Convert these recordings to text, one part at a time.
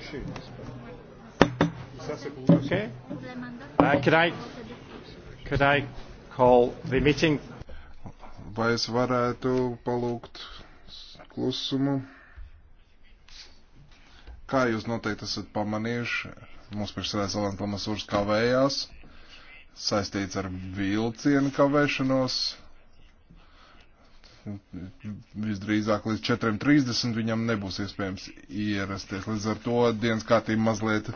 coucher, n'est-ce pas Ça, c'est pour vous. Okay. Uh, could I, could I call the meeting? Vai es varētu palūgt klusumu? Kā jūs noteikti esat pamanījuši, mūsu priekšsēdētājs Alans Lamasūrs kavējās, saistīts ar vilcienu kavēšanos visdrīzāk līdz 4.30 viņam nebūs iespējams ierasties. Līdz ar to dienas kārtība mazliet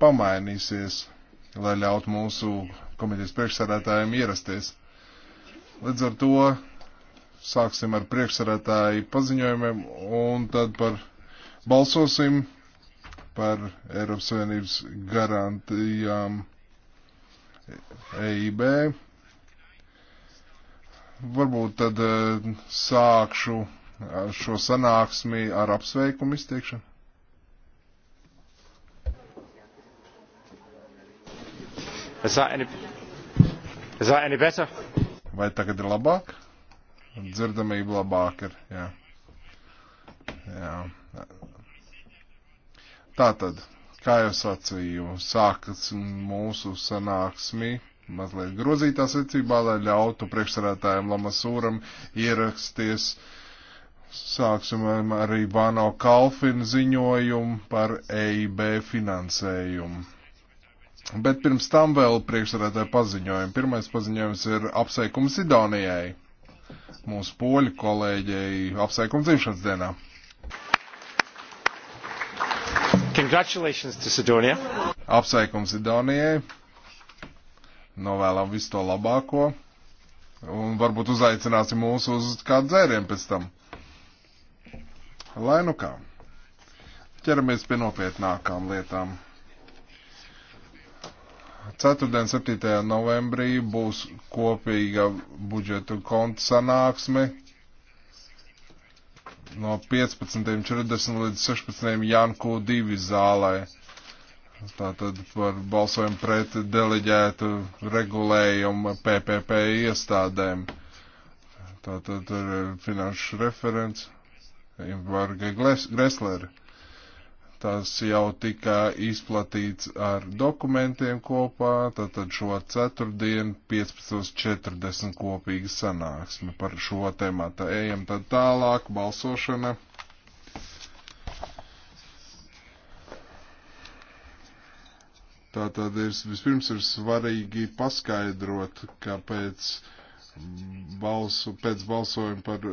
pamainīsies, lai ļaut mūsu komitejas priekšsarētājiem ierasties. Līdz ar to sāksim ar priekšsarētāju paziņojumiem un tad par balsosim par Eiropas Savienības garantijām EIB. Varbūt tad eh, sākšu šo sanāksmi ar apsveikumu izteikšanu. Vai tagad ir labāk? Dzirdamība labāk ir, jā. jā. Tātad, kā jau sacīju, sākas mūsu sanāksmi mazliet grozītā secībā, lai ļautu priekšsarētājiem Lamasūram ieraksties. Sāksim ar Ivano Kalfinu ziņojumu par EIB finansējumu. Bet pirms tam vēl priekšsarētāja paziņojumi. Pirmais paziņojums ir apsveikums Sidonijai, mūsu poļu kolēģei apsveikums dzimšanas dienā. Congratulations to Sidonia. Apsveikums Sidonijai. Novēlam visu to labāko. Un varbūt uzaicināsim mūs uz kādu dzērienu pēc tam. Lai nu kā. Ķeramies pie nopietnākām lietām. Ceturtdien, 7. novembrī būs kopīga budžetu konta sanāksme no 15.40 līdz 16. janku 2 zālē. Tātad par balsojumu pret deleģētu regulējumu PPP iestādēm. Tātad tur ir finanšu referents Varga Gresleri. Tas jau tika izplatīts ar dokumentiem kopā, tātad šo ceturtdienu 15.40 kopīga sanāksme par šo tematu. Ejam tad tālāk, balsošana. Tātad ir, vispirms ir svarīgi paskaidrot, ka pēc, balsu, pēc balsojuma par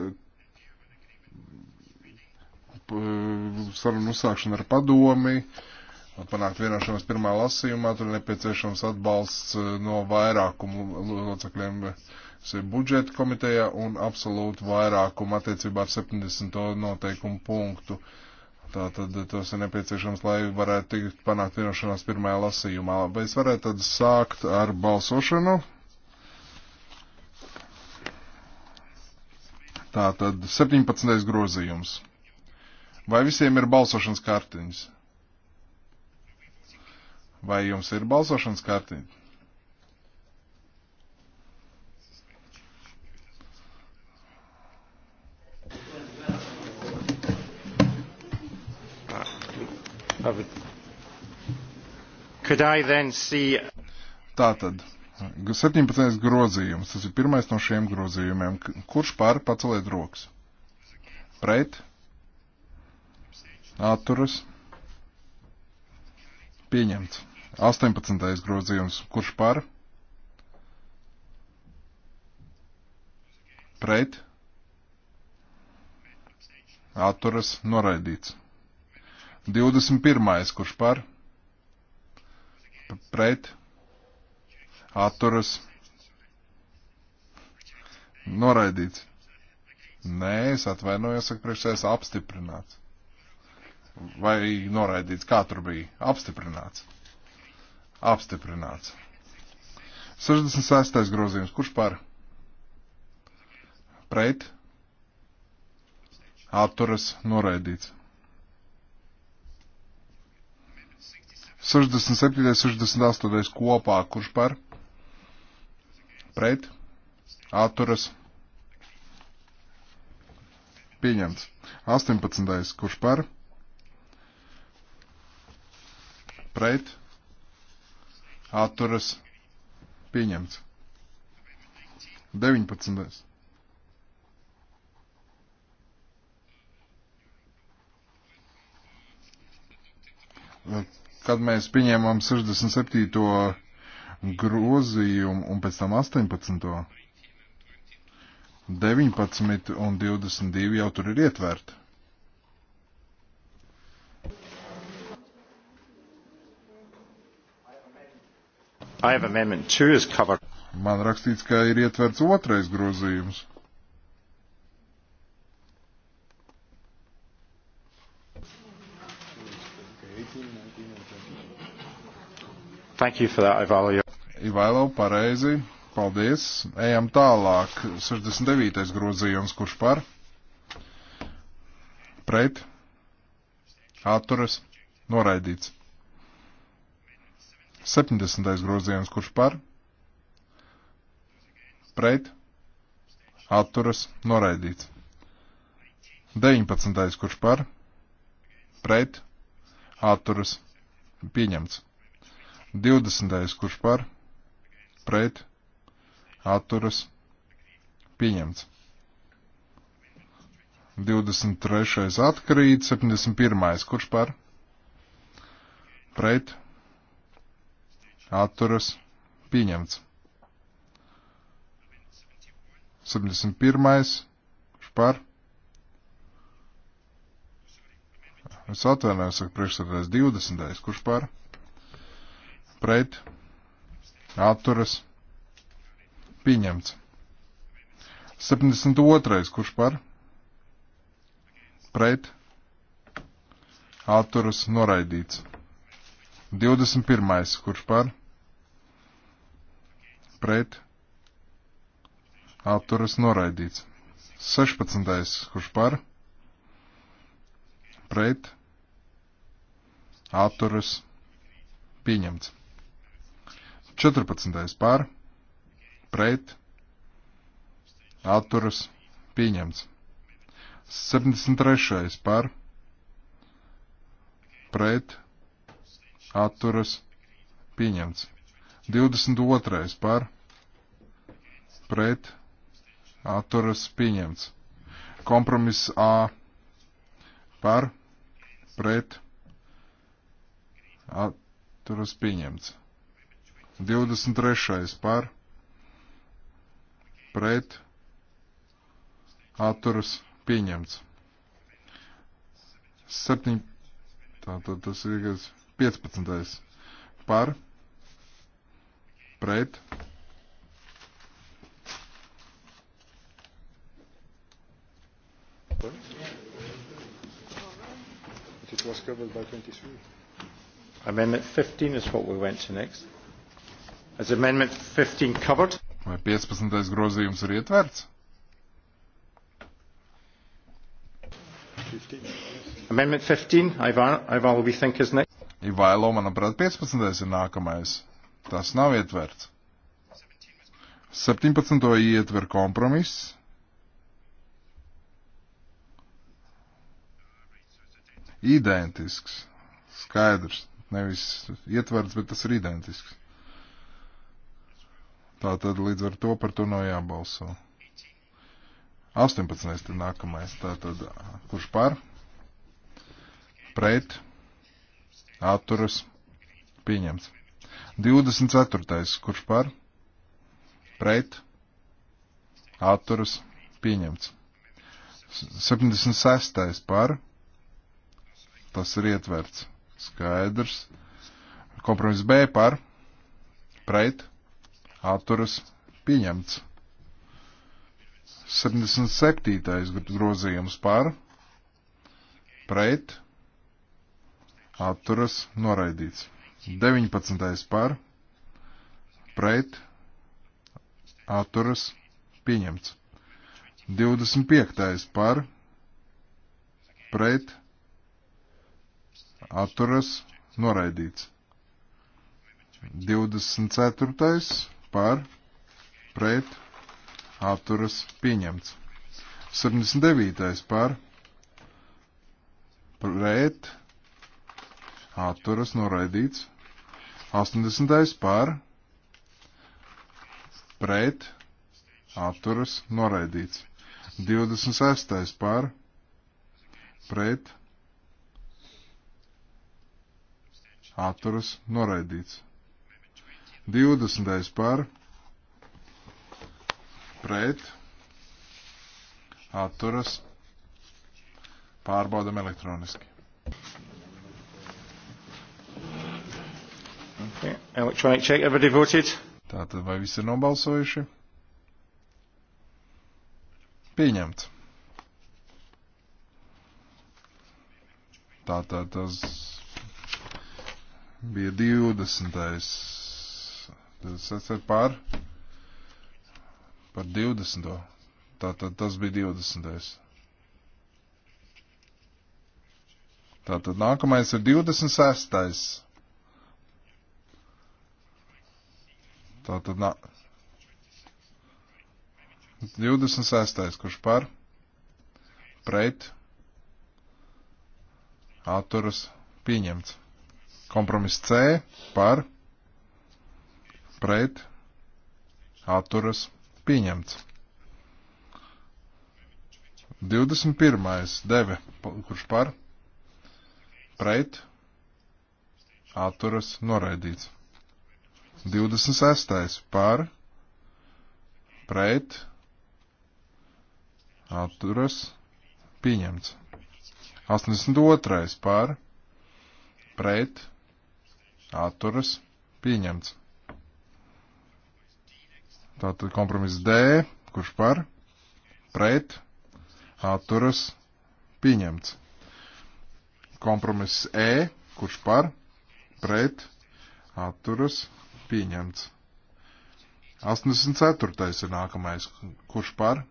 sarunu uzsākšanu ar padomi, panākt vienošanos pirmā lasījumā, tur nepieciešams atbalsts eh, no vairākumu locekļiem budžeta komitejā un absolūtu vairākumu attiecībā ar 70. noteikumu punktu. Uh, Tātad tos ir nepieciešams, lai varētu tikt panākt vienošanās pirmajā lasījumā. Vai es varētu tad sākt ar balsošanu? Tātad 17. grozījums. Vai visiem ir balsošanas kartiņas? Vai jums ir balsošanas kartiņas? Tātad, 17. grozījums, tas ir pirmais no šiem grozījumiem. Kurš pār paceliet rokas? Pret? Atturas? Pieņemts. 18. grozījums, kurš pār? Pret? Atturas noraidīts. 21. kurš par? Pret? Atturas? Noraidīts. Nē, es atvainojos, saka priekšsēdētājs apstiprināts. Vai noraidīts, kā tur bija? Apstiprināts. Apstiprināts. 66. grozījums. Kurš par? Pret? Atturas noraidīts. 67. un 68. kopā, kurš par pret atturas pieņemts. 18. kurš par pret atturas pieņemts. 19. Right kad mēs pieņēmām 67. grozījumu un pēc tam 18. 19 un 22 jau tur ir ietverti. Man rakstīts, ka ir ietverts otrais grozījums. Thank you for that, Ivailo. Ivailo, pareizi. Paldies. Ejam tālāk. 69. grozījums, kurš par? Pret? Atturas? Noraidīts. 70. grozījums, kurš par? Pret? Atturas? Noraidīts. 19. kurš par? Pret? Atturas? Pieņemts. 20. kurš par, pret, atturas, pieņemts. 23. atkrīt, 71. kurš par, pret, atturas, pieņemts. 71. kurš par, es atvainojos, saka priekšsēdētājs 20. kurš par, pret, pret, atturas, pieņemts. 72. kurš par, pret, atturas, noraidīts. 21. kurš par, pret, atturas, noraidīts. 16. kurš par, pret, atturas, pieņemts. 14. pār, pret, atturas, pieņemts. 73. pār, pret, atturas, pieņemts. 22. pār, pret, atturas, pieņemts. Kompromiss A par, pret, atturas, pieņemts. 23. par pret atturas pieņemts. 7. Tātad tas ir 15. par pret It was covered by 23. Amendment 15 is what we went to next. Vai 15. grozījums ir ietverts? 15. Amendment 15, Ivailo, we think is next. Ivailo, manuprāt, 15. ir nākamais. Tas nav ietverts. 17. ietver kompromiss. Identisks. Skaidrs. Nevis ietverts, bet tas ir identisks. Tā tad līdz ar to par to nav jābalso. 18. ir nākamais. Tātad, kurš par? Pret? Atturas? Pieņemts. 24. kurš par? Pret? Atturas? Pieņemts. 76. par? Tas ir ietverts. Skaidrs. Kompromiss B par? Pret? atturas pieņemts. 77. grozījums par, pret, atturas noraidīts. 19. par, pret, atturas pieņemts. 25. par, pret, atturas noraidīts. 24 par pret atturas pieņemts. 79. par pret atturas noraidīts. 80. par pret atturas noraidīts. 26. par pret atturas noraidīts. 20. par pret atturas pārbaudam elektroniski. Okay. Electronic check, everybody voted? Tātad vai visi ir nobalsojuši? Pieņemts. Tātad tas bija 20. Tas ir par, par 20. Tātad tas bija 20. Tātad nākamais ir 26. Tātad nā... 26. kurš par, pret, atturas, pieņemts. Kompromiss C par, pret pret, atturas, pieņemts. 21. deve, kurš par, pret, atturas, noraidīts. 26. par, pret, atturas, pieņemts. 82. par, pret, atturas, pieņemts. Tātad kompromiss D, kurš par, pret, atturas, pieņemts. Kompromiss E, kurš par, pret, atturas, pieņemts. 84. ir nākamais, kurš par,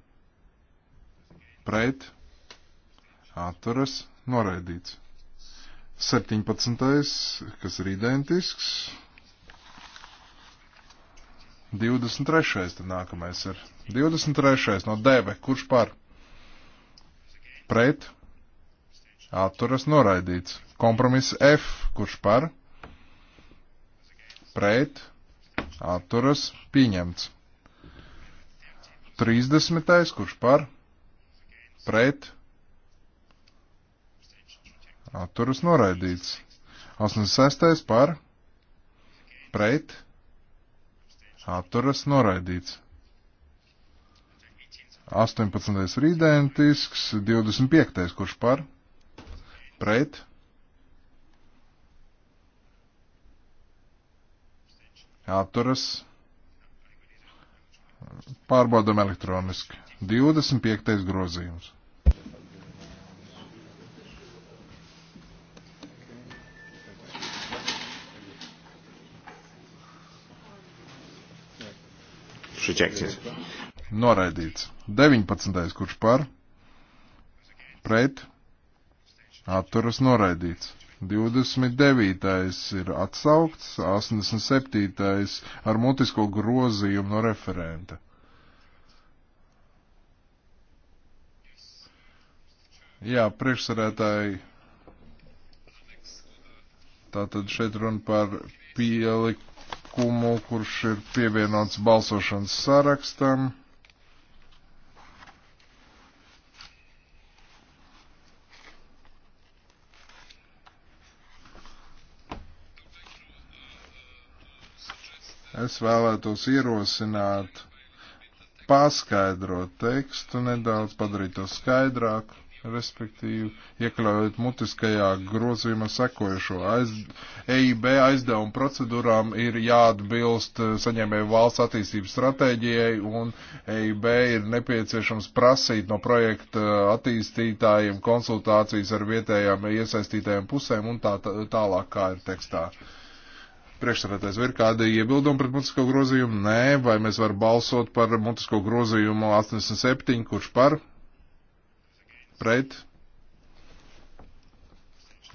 pret, atturas, noraidīts. 17. kas ir identisks, 23. nākamais ir. 23. no deve. Kurš par? Pret. Atturas noraidīts. Kompromiss F. Kurš par? Pret. Atturas pieņemts. 30. Kurš par? Pret. Atturas noraidīts. 86. par? Pret atturas noraidīts. 18. ir identisks, 25. kurš par, pret, atturas, pārbaudam elektroniski, 25. grozījums. Rejected. Noraidīts. 19. kurš par? Pret? Atturas noraidīts. 29. ir atsaukts, 87. ar mutisko grozījumu no referenta. Jā, priekšsarētāji. Tātad šeit runa par pielik, priekšlikumu, kurš ir pievienots balsošanas sarakstam. Es vēlētos ierosināt, paskaidrot tekstu nedaudz, padarīt to skaidrāku respektīvi iekļaujot mutiskajā grozījumā sekojošo. Aiz, EIB aizdevuma procedūrām ir jāatbilst eh, saņēmēju valsts attīstības stratēģijai, un EIB ir nepieciešams prasīt no projekta attīstītājiem konsultācijas ar vietējām iesaistītajām pusēm un tā, tā tālāk, kā ir tekstā. Priekšsarētais, vai ir kāda iebilduma pret mutisko grozījumu? Nē, vai mēs varam balsot par mutisko grozījumu 87, kurš par? pret,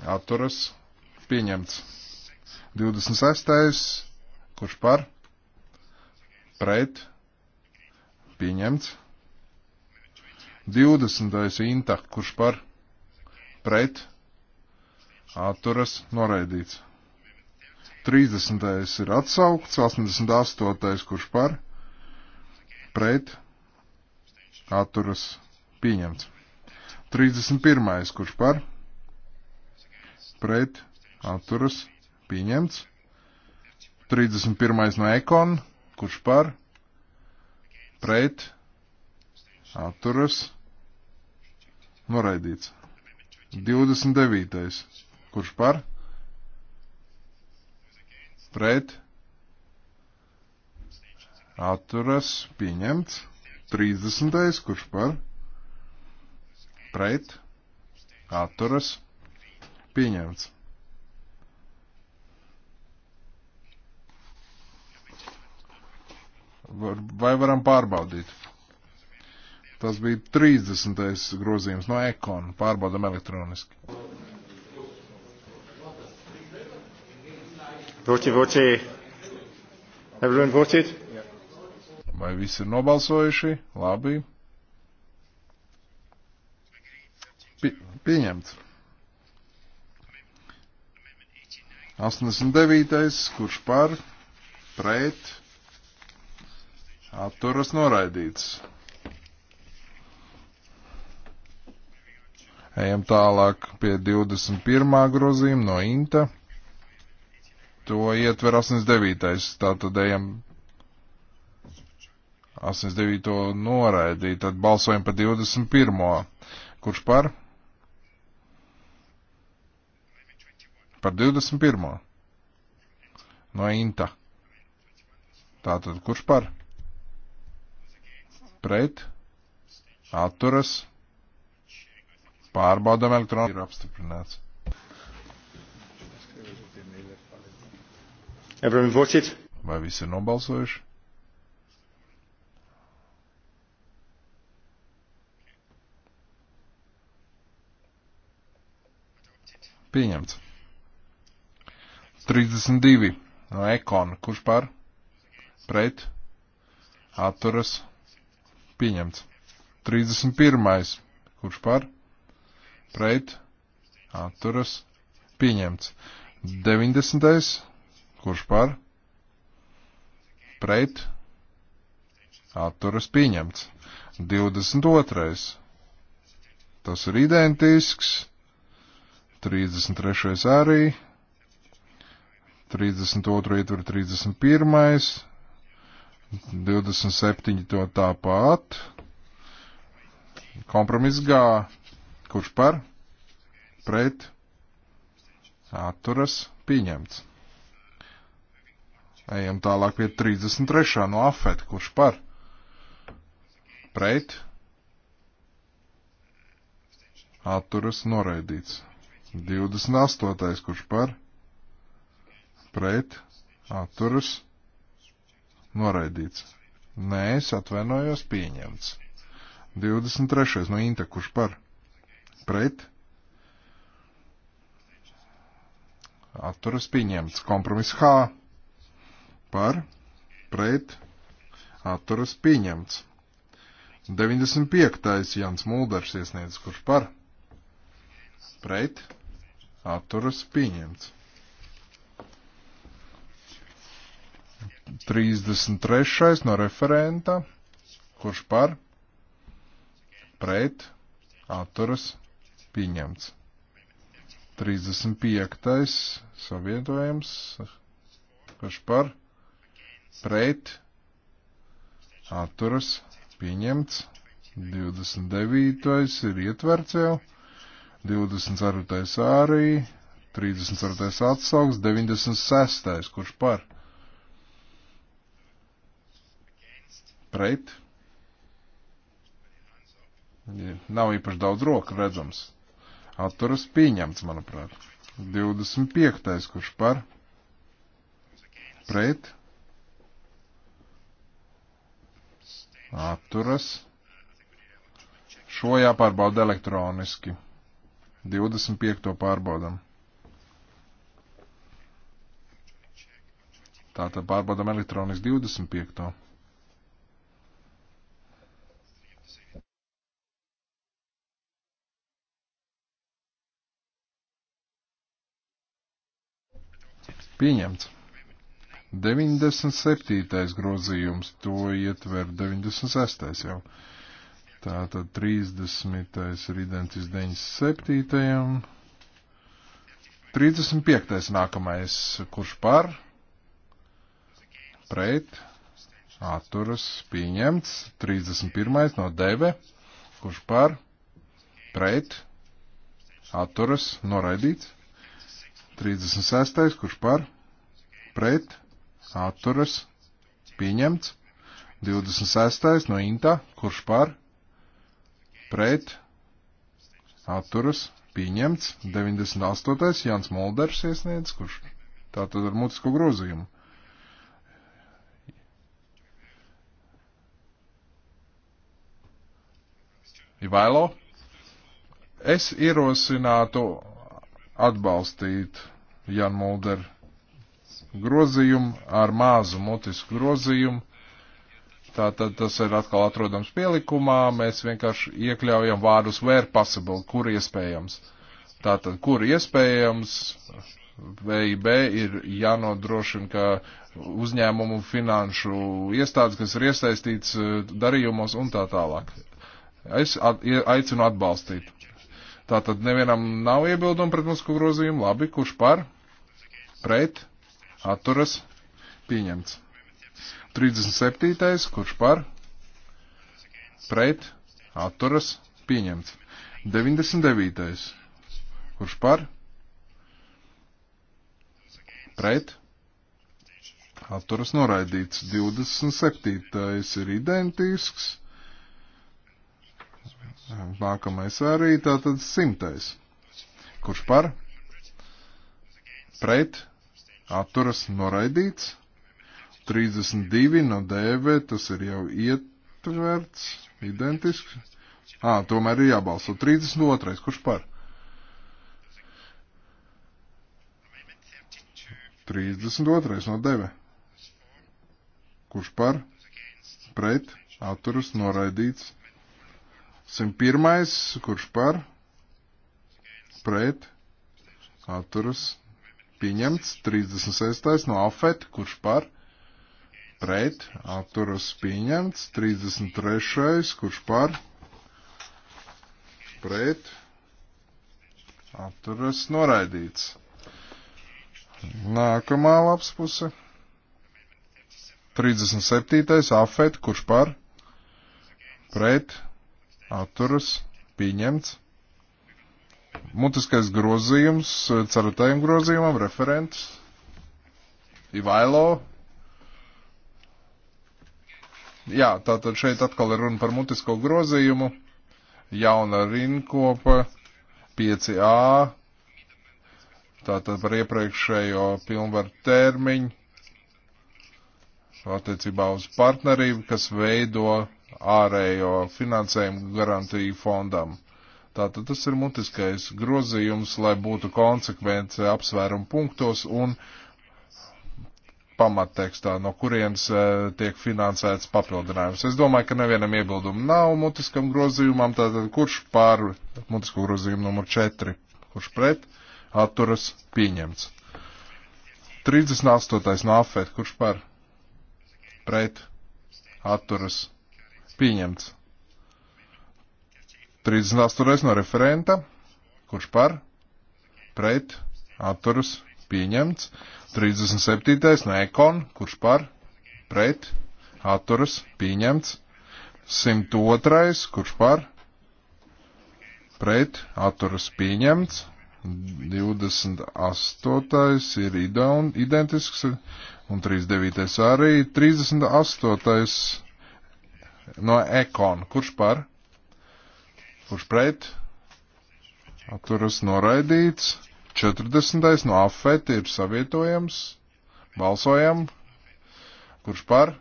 atturas, pieņemts. 26. kurš par, pret, pieņemts. 20. inta, kurš par, pret, atturas, noraidīts. 30. ir atsaukts, 88. kurš par, pret, atturas, pieņemts. 31. kurš par? Pret. Atturas. Pieņemts. 31. no Ekon. Kurš par? Pret. Atturas. Noraidīts. 29. Kurš par? Pret. Atturas. Pieņemts. 30. Kurš par? pret, atturas, pieņemts. Vai varam pārbaudīt? Tas bija 30. grozījums no Ekon. Pārbaudam elektroniski. Voči, voči. Everyone voted? Vai visi ir nobalsojuši? Labi. Pieņemts. 89. kurš par, pret, atturas noraidīts. Ejam tālāk pie 21. grozījuma no Inta. To ietver 89. Tātad ejam 89. noraidīt, tad balsojam par 21. Kurš par? par 21. no Inta. Tātad kurš par? Pret, atturas, pārbaudam elektronu, ir apstiprināts. Everyone voted? Vai visi ir nobalsojuši? Pieņemts. 32 no Ekona. Kurš par? Pret? Atturas? Pieņemts. 31. Kurš par? Pret? Atturas? Pieņemts. 90. Kurš par? Pret? Atturas pieņemts. 22. Tas ir identisks. 33. arī. 32 ietver 31, 27 to tāpat. Kompromiss gā, kurš par, pret, atturas, pieņemts. Ejam tālāk pie 33. no afeta, kurš par, pret, atturas, noraidīts. 28. kurš par, pret pret, atturas, noraidīts. Nē, es atvainojos, pieņemts. 23. no Inta, kurš par, pret, atturas, pieņemts. Kompromiss H, par, pret, atturas, pieņemts. 95. Jans Mulders iesniedz, kurš par, pret, atturas, pieņemts. 33. no referenta, kurš par, pret, atturas, pieņemts. 35. savietojums, kurš par, pret, atturas, pieņemts. 29. ir ietverts jau, 24. arī, 34. atsaugs, 96. kurš par Pret. Nav īpaši daudz roku redzams. Atturas pieņemts, manuprāt. 25. kurš par. Pret. Atturas. Šo jāpārbauda elektroniski. 25. pārbaudam. Tātad pārbaudam elektroniski 25. Pieņemts. 97. grozījums, to ietver 96. jau. Tātad 30. ir identisks 97. 35. nākamais, kurš par, pret, atturas, pieņemts. 31. no deve, kurš par, pret, atturas, noraidīts. 36. kurš par, pret, atturas, pieņemts. 26. no Intā, kurš par, pret, atturas, pieņemts. 98. Jans Mulders iesniedz, kurš tātad ar mutisko grozījumu. Ivailo, es ierosinātu atbalstīt Jan Mulder grozījumu ar mazu mutisku grozījumu. Tātad tas ir atkal atrodams pielikumā, mēs vienkārši iekļaujam vārdus where possible, kur iespējams. Tātad, kur iespējams, VIB ir jānodrošina, ka uzņēmumu finanšu iestādes, kas ir iesaistīts eh, darījumos un tā tālāk. Es at, aicinu atbalstīt. Tātad nevienam nav iebildumu pret mūsu grozījumu. Labi, kurš par? Pret? Atturas? Pieņemts. 37. Kurš par? Pret? Atturas? Pieņemts. 99. Kurš par? Pret? Atturas noraidīts. 27. ir identisks. Nākamais arī tātad simtais. Kurš par? Pret? Atturas noraidīts. 32 no DV, tas ir jau ietverts, identisks. Ā, tomēr ir jābalso. 32. Kurš par? 32. no DV. Kurš par? Pret? Atturas noraidīts. 101. Kurš par? Pret. Atturas. Pieņemts. 36. no Afet. Kurš par? Pret. Atturas. Pieņemts. 33. Kurš par? Pret. Atturas. Noraidīts. Nākamā lapas puse. 37. afet, kurš par? Pret atturas pieņemts. Mutiskais grozījums eh, ceratajam grozījumam referents Ivailo. Jā, tātad šeit atkal ir runa par mutisko grozījumu. Jauna rinkopa 5A. Tātad par iepriekšējo pilnvaru termiņu attiecībā uz partnerību, kas veido ārējo finansējumu garantiju fondam. Tātad tas ir mutiskais grozījums, lai būtu konsekvence apsvērumu punktos un pamattekstā, no kurienes e, tiek finansēts papildinājums. Es domāju, ka nevienam iebildumu nav mutiskam grozījumam, tātad kurš pār mutisko grozījumu numur 4, kurš pret, atturas pieņemts. 38. no afet, kurš par pret, atturas pieņemts Pieņemts. 38. no referenta. Kurš par? Pret. Atturas. Pieņemts. 37. no ekon. Kurš par? Pret. Atturas. Pieņemts. 102. Kurš par? Pret. Atturas. Pieņemts. 28. ir identisks un 39. arī 38 no Ekon. Kurš par? Kurš pret? Atturas noraidīts. 40. no Afet ir savietojams. Balsojam. Kurš par?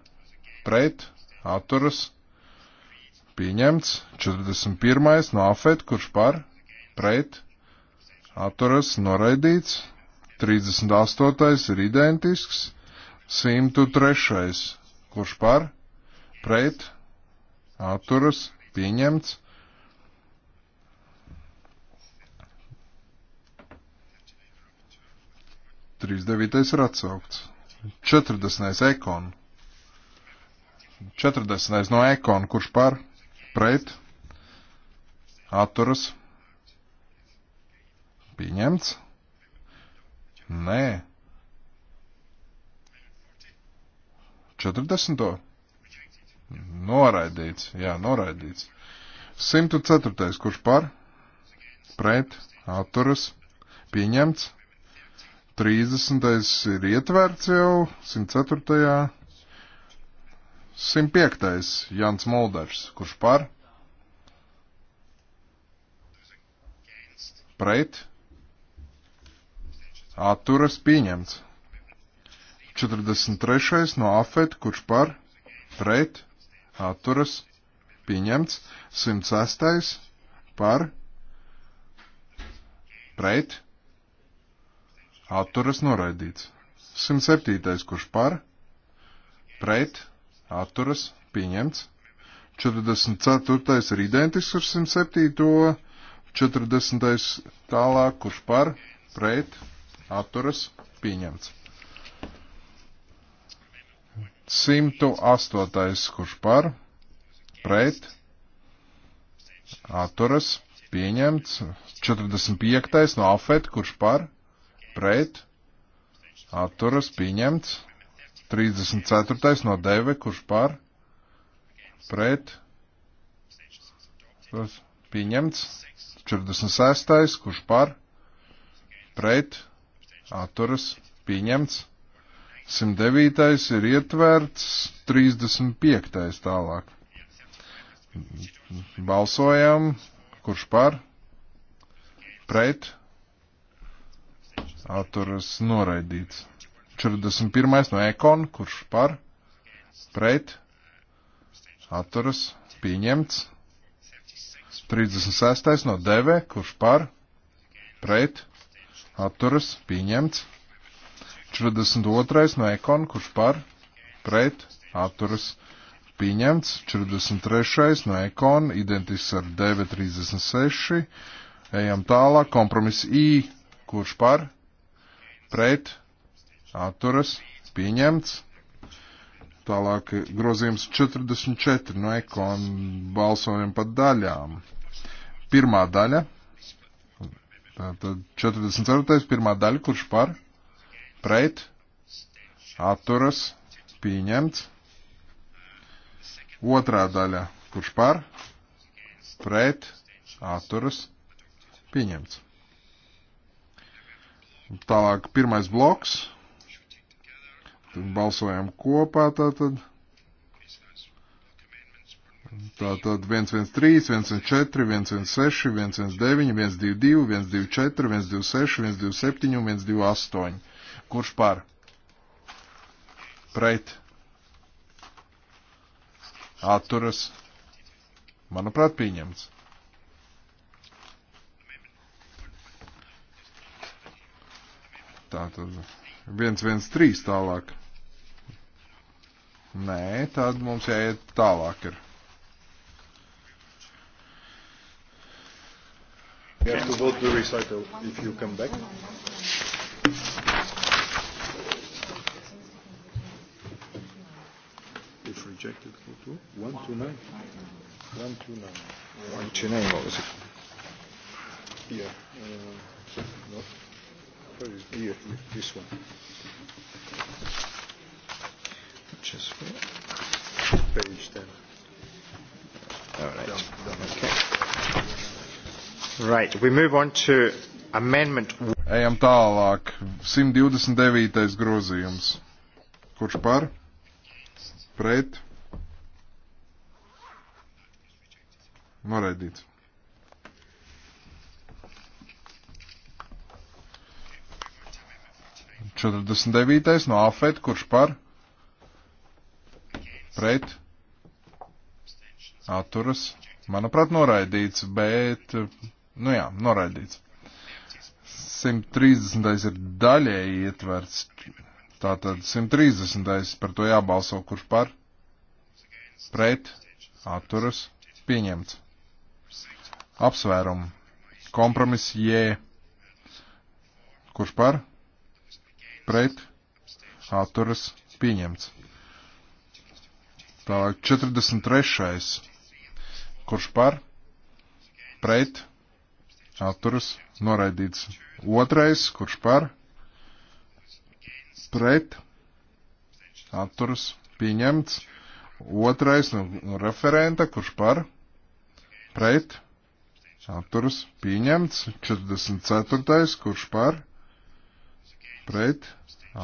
Pret? Atturas. Pieņemts. 41. no Afet. Kurš par? Pret? Atturas. Noraidīts. 38. ir identisks. 103. Kurš par? Pret? atturas pieņemts. Trīs devītais ir atsaukts. Četrdesmitais ekon. Četrdesmitais no ekon, kurš par pret atturas pieņemts. Nē. 40. Noraidīts, jā, noraidīts. 104. kurš par, pret, atturas, pieņemts. 30. ir ietverts jau 104. 105. Jans Mulders, kurš par, pret, atturas, pieņemts. 43. no afet, kurš par, pret, atturas atturas pieņemts. 106. par pret atturas noraidīts. 107. kurš par pret atturas pieņemts. 44. ir identisks ar 107. 40. tālāk, kurš par pret atturas pieņemts. 108. kurš par, pret, atturas, pieņemts. 45. no afet, kurš par, pret, atturas, pieņemts. 34. no deve, kurš par, pret, tas pieņemts. 46. kurš par, pret, atturas, pieņemts. 109. ir ietverts, 35. tālāk. Balsojam, kurš par, pret, atturas noraidīts. 41. no Ekon, kurš par, pret, atturas pieņemts. 36. no Deve, kurš par, pret, atturas pieņemts. 42. no Ekon, kurš par, pret, atturas, pieņemts. 43. no Ekon, identisks ar 936. Ejam tālāk, kompromiss I, kurš par, pret, atturas, pieņemts. Tālāk grozījums 44 no ekon balsojam pa daļām. Pirmā daļa, tātad 44. pirmā daļa, kurš par, pret, atturas, pieņemts. Otrā daļa, kurš par, pret, atturas, pieņemts. Tālāk pirmais bloks. Balsojam kopā tātad. Tātad 113, 114, 116, 119, 122, 124, 126, 127 un 128. Kurš par? Pret. Atturas. Manuprāt, pieņemts. Tātad 113 tālāk. Nē, tad mums jāiet tālāk ir. You have to vote the recital if you come back. rejected for two? One, two, nine. One, two, nine. One, two, nine. What was it? Yeah. Uh, no. Where is here, here? This one. Just for page ten. All right. Down, down. Okay. Right. We move on to amendment. Ejam tālāk. 129. grozījums. Kurš par? Pret? Noraidīts. Četrdesmit devītais no afet, kurš par? Pret? Atturas? Manuprāt, noraidīts, bet, nu jā, noraidīts. 130. ir daļēji ietverts. Tātad 130. par to jābalso, kurš par, pret, atturas, pieņemts apsvērumu. Kompromiss J. Kurš par? Pret. Atturas pieņemts. Tālāk 43. Kurš par? Pret. Atturas noraidīts. Otrais. Kurš par? Pret. Atturas pieņemts. Otrais no nu, referenta. Kurš par? Pret Atturas pieņemts. 44. Kurš par? Pret.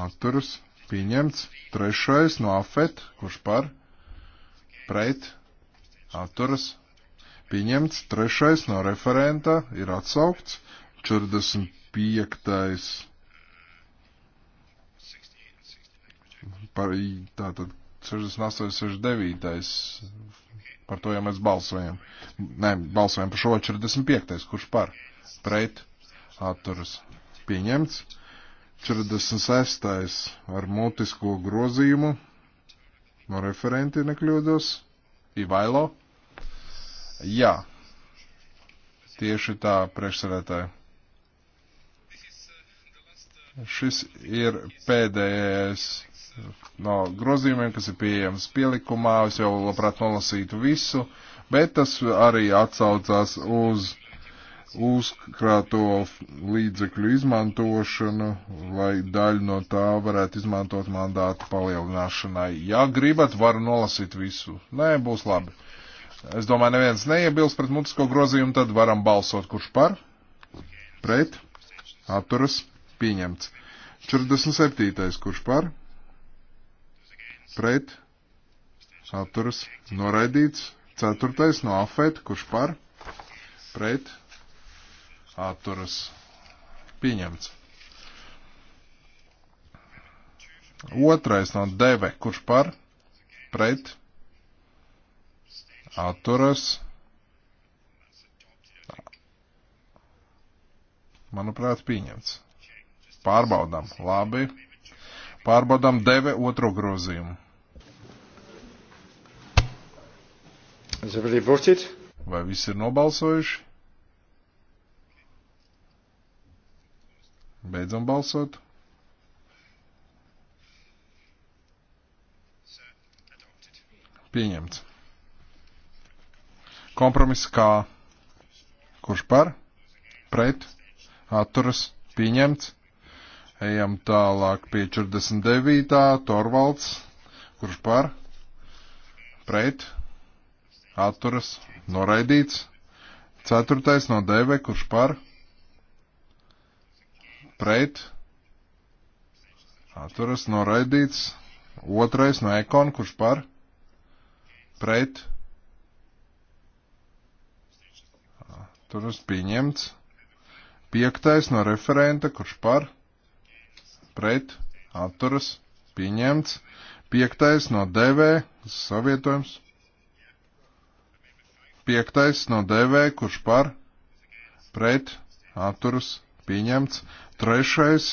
Atturas pieņemts. 3. No afet. Kurš par? Pret. Atturas pieņemts. 3. No referenta ir atsaukts. 45. Par, tātad 68, 69 Par to jau mēs balsojam. Nē, balsojam par šo 45. Kurš par? Pret. Atturas. Pieņemts. 46. ar mutisko grozījumu. No referenti nekļūdos. Ivailo. Jā. Tieši tā, priekšsēdētāji. Šis ir pēdējais e no grozījumiem, kas ir pieejams pielikumā. Es jau labprāt nolasītu visu, bet tas arī atsaucās uz uzkrāto līdzekļu izmantošanu, lai daļu no tā varētu izmantot mandātu palielināšanai. Ja gribat, varu nolasīt visu. Nē, būs labi. Es domāju, neviens neiebilst pret mutisko grozījumu, tad varam balsot, kurš par, pret, atturas, pieņemts. 47. kurš par, pret, atturas, noraidīts. Ceturtais no afet, kurš par, pret, atturas, pieņemts. Otrais no deve, kurš par, pret, atturas, manuprāt, pieņemts. Pārbaudām, labi, Pārbaudām deve otro grozījumu. Vai visi ir nobalsojuši? Beidzam balsot. Pieņemts. Kompromiss kā? Kurš par? Pret? Atturas? Pieņemts. Ejam tālāk pie 49. Torvalds, kurš par, pret, atturas, noraidīts. Ceturtais no DV, kurš par, pret, atturas, noraidīts. Otrais no Ekon, kurš par, pret, atturas, pieņemts. Piektais no referenta, kurš par, pret pret, atturas, pieņemts. Piektais no DV, savietojums. Piektais no DV, kurš par, pret, atturas, pieņemts. Trešais,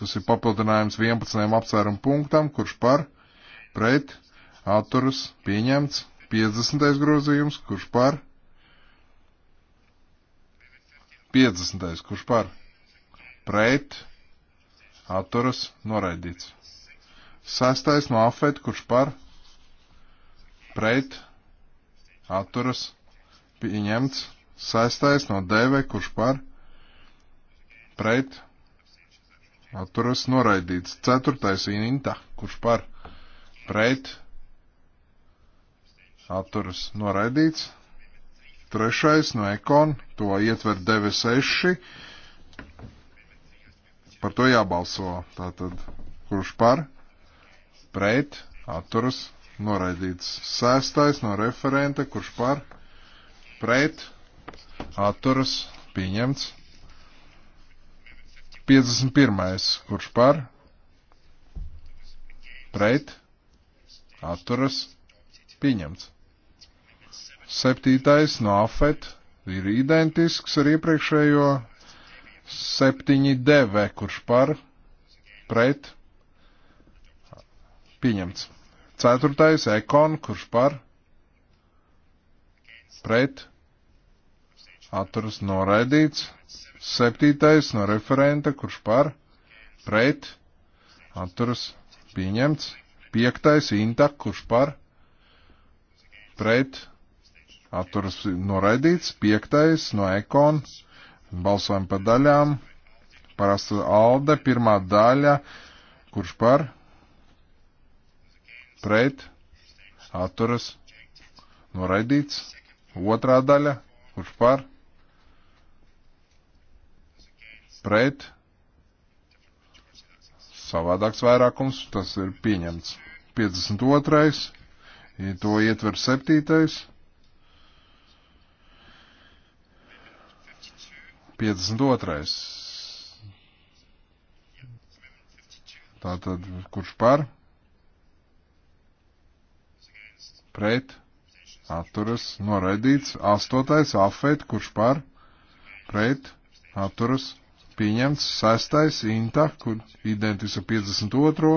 tas ir papildinājums 11. apsvērumu punktam, kurš par, pret, atturas, pieņemts. 50. grozījums, kurš par, 50. kurš par, pret, atturas noraidīts. Sestais no afet, kurš par pret atturas pieņemts. Sestais no deve, kurš par pret atturas noraidīts. Ceturtais ininta, kurš par pret atturas noraidīts. Trešais no ekon, to ietver deve seši Par to jābalso. Tātad, kurš par, pret, atturas, noraidīts. Sēstais no referenta, kurš par, pret, atturas, pieņemts. 51. kurš par, pret, atturas, pieņemts. 7. no afet ir identisks ar iepriekšējo, 7DV, kurš par, pret, pieņemts. Ceturtais, Ekon, kurš par, pret, atturas noraidīts. Septītais no referenta, kurš par, pret, atturas pieņemts. Piektais, Inta, kurš par, pret, atturas noraidīts. Piektais no Ekon, kurš par, Balsojam pa daļām. Parasta alde, pirmā daļa, kurš par, pret, atturas, noraidīts. Otrā daļa, kurš par, pret, savādāks vairākums, tas ir pieņemts. 52. To ietver 7. 52. Tātad, kurš par? Pret. Atturas. Noraidīts. 8. Afeit. Kurš par? Pret. Atturas. Pieņemts. 6. Inta. Kur identis ar 52.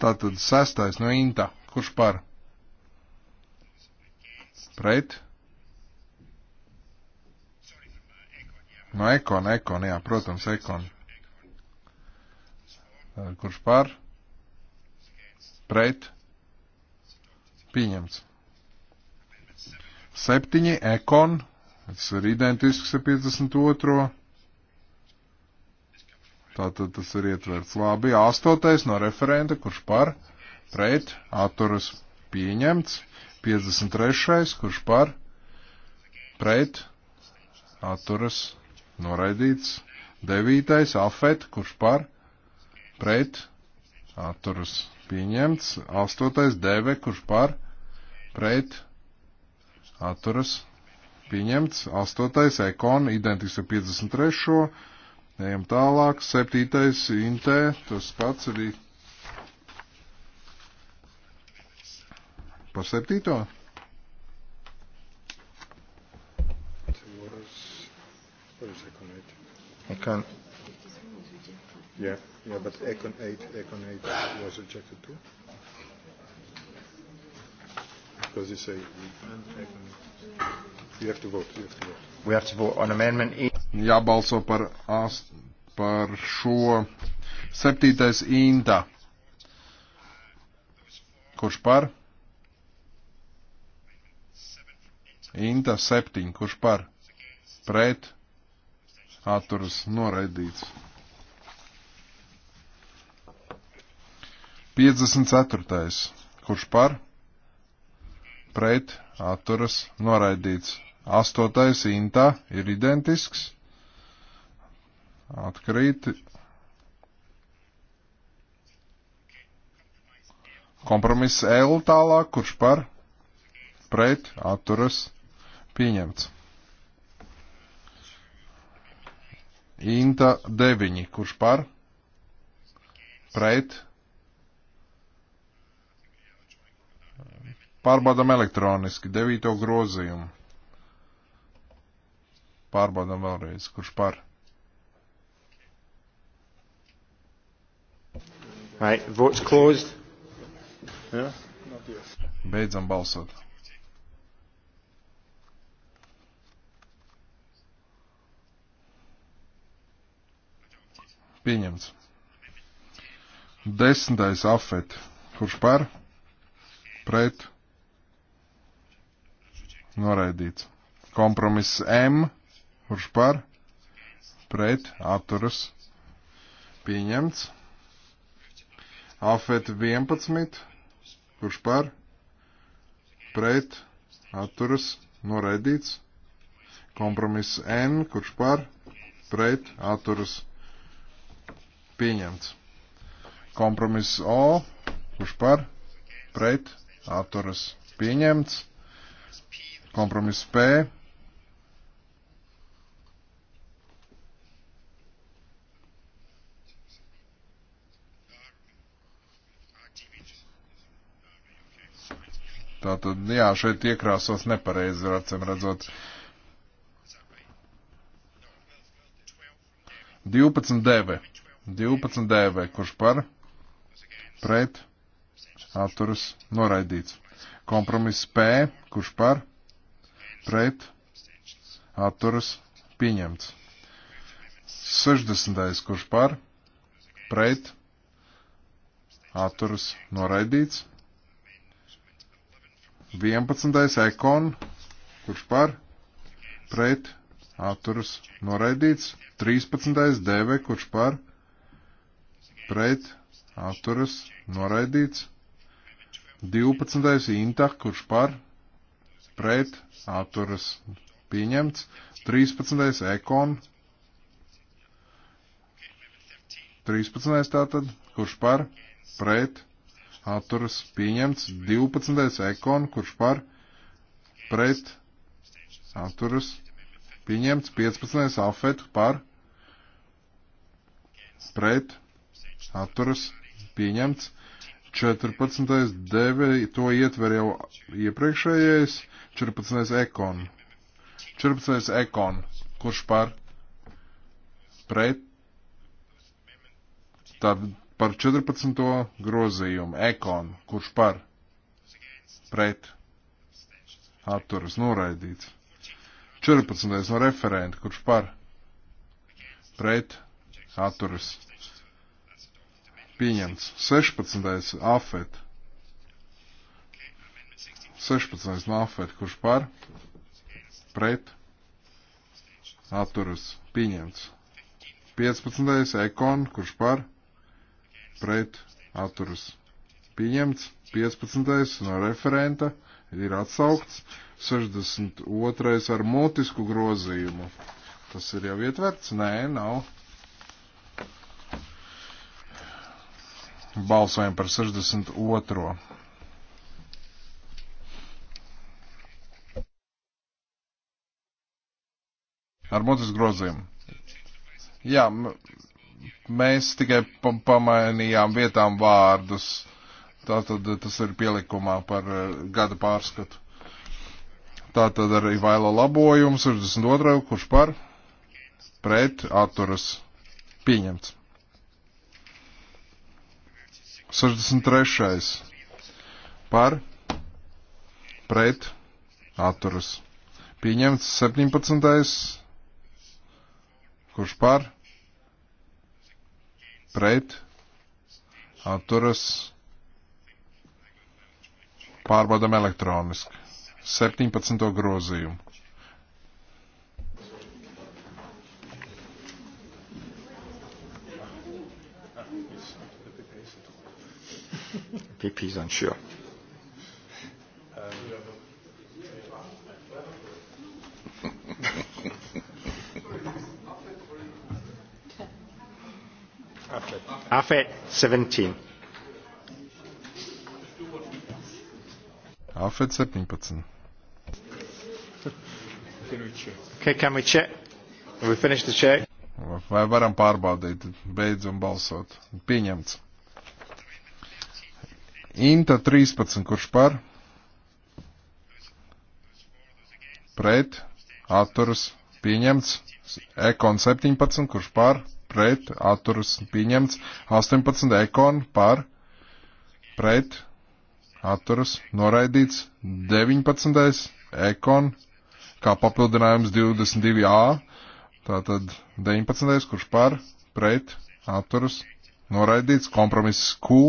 Tātad 6. no Inta. Kurš par? Pret No nu, ekona, ekona, jā, protams, ekona. Kurš pār? Pret? Pieņemts. Septiņi, ekon. Tas ir identisks ar 52. Tātad tas ir ietverts labi. Astotais no referenta, kurš par? Pret? Atturas pieņemts. 53. kurš par? Pret? Atturas noraidīts. Devītais afet, kurš par, pret, atturas pieņemts. Astotais deve, kurš par, pret, atturas pieņemts. Astotais ekon, identisks ar 53. Ejam tālāk. Septītais intē, tas pats arī. Par septīto? Econ. Yeah, yeah, but Econ 8, Econ 8 was rejected too. Because you say and Econ. You have to vote. You have to vote. We have to vote on amendment 8. E. Jābalso par, ast, par šo septītais inta. Kurš par? Inta septiņi. Kurš par? Pret? atturas noraidīts. 54. Kurš par? Pret atturas noraidīts. 8. Intā ir identisks. Atkrīt. Kompromiss L tālāk, kurš par? Pret atturas pieņemts. Inta 9, kurš par? Pret? Pārbaudam elektroniski, 9. grozījumu. Pārbaudam vēlreiz, kurš par? Right, votes closed. Yeah? Beidzam balsot. Pieņemts. Desmitais afet. Kurš par? Pret. Noraidīts. Kompromiss M. Kurš par? Pret. Atturas. Pieņemts. Afet 11. Kurš par? Pret. Atturas. Noraidīts. Kompromiss N. Kurš par? Pret. Atturas. Pieņemts Pieņemts. Kompromiss O. Kurš par? Pret. Atturas. Pieņemts. Kompromiss P. Tātad, jā, šeit iekrāsos nepareizi, acīm redzot. 12 deve. 12 dēvē, kurš par, pret, atturas, noraidīts. Kompromiss P, kurš par, pret, atturas, pieņemts. 60. kurš par, pret, atturas, noraidīts. 11. ekon, kurš par, pret, atturas, noraidīts. 13. dēvē, kurš par, pret, pret, atturas, noraidīts. 12. Inta, kurš par, pret, atturas, pieņemts. 13. Ekon. 13. tātad, kurš par, pret, atturas, pieņemts. 12. Ekon, kurš par, pret, atturas, pieņemts. 15. Afet par, pret, atturas pieņemts. 14. devi, to ietver jau iepriekšējais, 14. ekon. 14. ekon, kurš par pret, tad par 14. grozījumu, ekon, kurš par pret, atturas noraidīts. 14. no referenta, kurš par pret, atturas Pieņemts. 16. afet. 16. no afet, kurš par? Pret. Atturas. Pieņemts. 15. ekon, kurš par? Pret. Atturas. Pieņemts. 15. no referenta ir atsaukts. 62. ar mutisku grozījumu. Tas ir jau ietverts? Nē, nav. Balsojam par 62. Ar mutes grozījumu. Jā, mēs tikai pamainījām vietām vārdus. Tātad eh, tas ir pielikumā par eh, gada pārskatu. Tātad arī vailo labojumu 62. kurš par pret atturas pieņemts. 63. par pret atturas. Pieņemts 17. kurš par pret atturas. Pārbaudam elektroniski. 17. grozījumu. MEPs, I'm sure. AFET 17. AFET 17. Okay, can we check? Have we finished the check? Vai varam pārbaudīt? Beidzam balsot. Pieņemts. Inta 13, kurš par? Pret, atturas, pieņemts. Ekon 17, kurš par? Pret, atturas, pieņemts. 18, ekon par? Pret, atturas, noraidīts. 19, ekon, kā papildinājums 22a. Tātad 19, kurš par? Pret, atturas, noraidīts. Kompromiss Q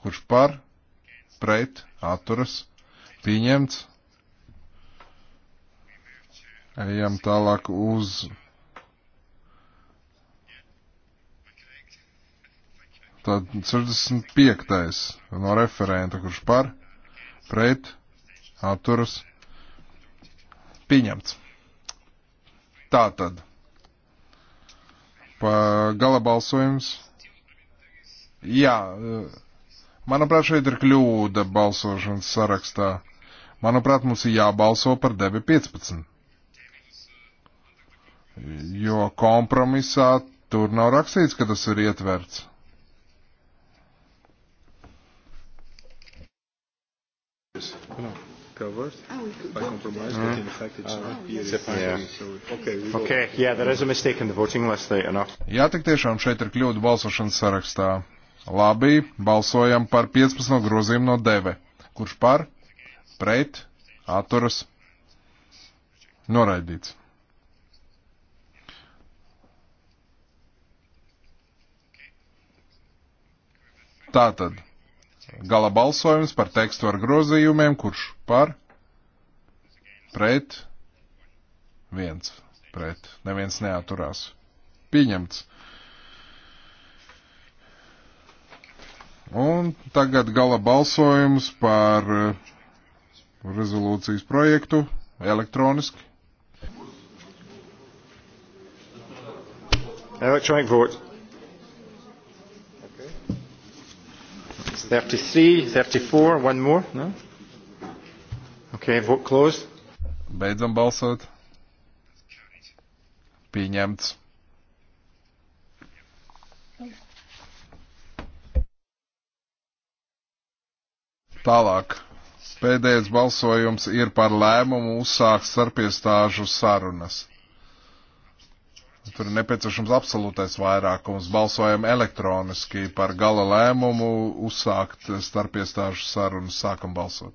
Kurš par? Pret? Atturas? Pieņemts. Ejam tālāk uz. Tad 65. no referenta, kurš par, pret, atturas, pieņemts. Tātad. Pa gala balsojums. Jā. Uh, Manuprāt, šeit ir kļūda balsošanas sarakstā. Manuprāt, mums ir jābalso par debi 15. Jo kompromisā tur nav rakstīts, ka tas ir ietverts. No. Covered oh, by compromise, but in fact it's uh, not here. Yeah. So, okay, we okay, yeah, there is a mistake in the voting list, later enough. Jā, tik tiešām šeit ir kļūda balsošanas sarakstā. Labi, balsojam par 15 grozījumu no deve. Kurš par? Pret? Atturas? Noraidīts. Tātad, gala balsojums par tekstu ar grozījumiem, kurš par? Pret? Viens. Pret. Neviens neaturās. Pieņemts. Un tagad gala balsojums par eh, rezolūcijas projektu elektroniski. Electronic vote. Okay. 33, 34, one more, no? Okay, vote closed. Beidzam balsot. Pieņemts. Tālāk. Pēdējais balsojums ir par lēmumu uzsākt starpiestāžu sarunas. Tur ir nepieciešams absolūtais vairākums. Balsojam elektroniski par gala lēmumu uzsākt starpiestāžu sarunas. Sākam balsot.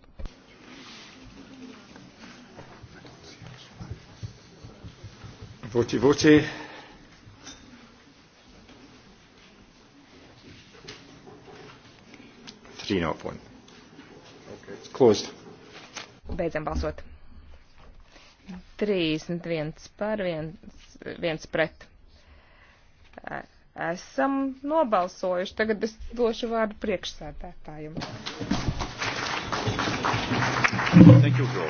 Voti, voti. Trīnoponi. Closed. Beidzam balsot. 31 par 1, 1 pret. Esam nobalsojuši. Tagad es došu vārdu priekšsēdētājiem. Thank you, Joe.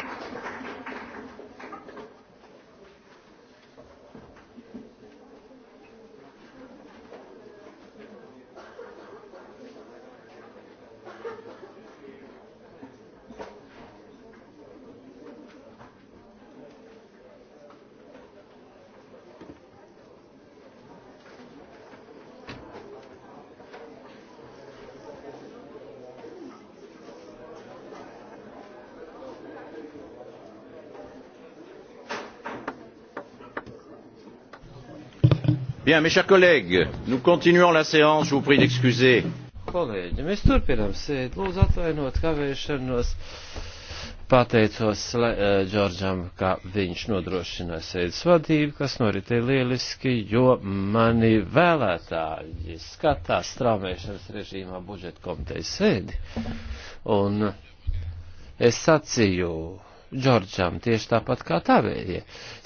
Bien, mes chers collègues, nous continuons la séance, je vous prie d'excuser. Kolēģi, mēs turpinām sēdi. Lūdzu atvainot kavēšanos. Pateicos le, uh, Džordžam, ka viņš nodrošināja sēdes vadību, kas noritēja lieliski, jo mani vēlētāji skatās straumēšanas režīmā budžeta komitejas sēdi. Un es sacīju Džordžam, tieši tāpat kā tavējie,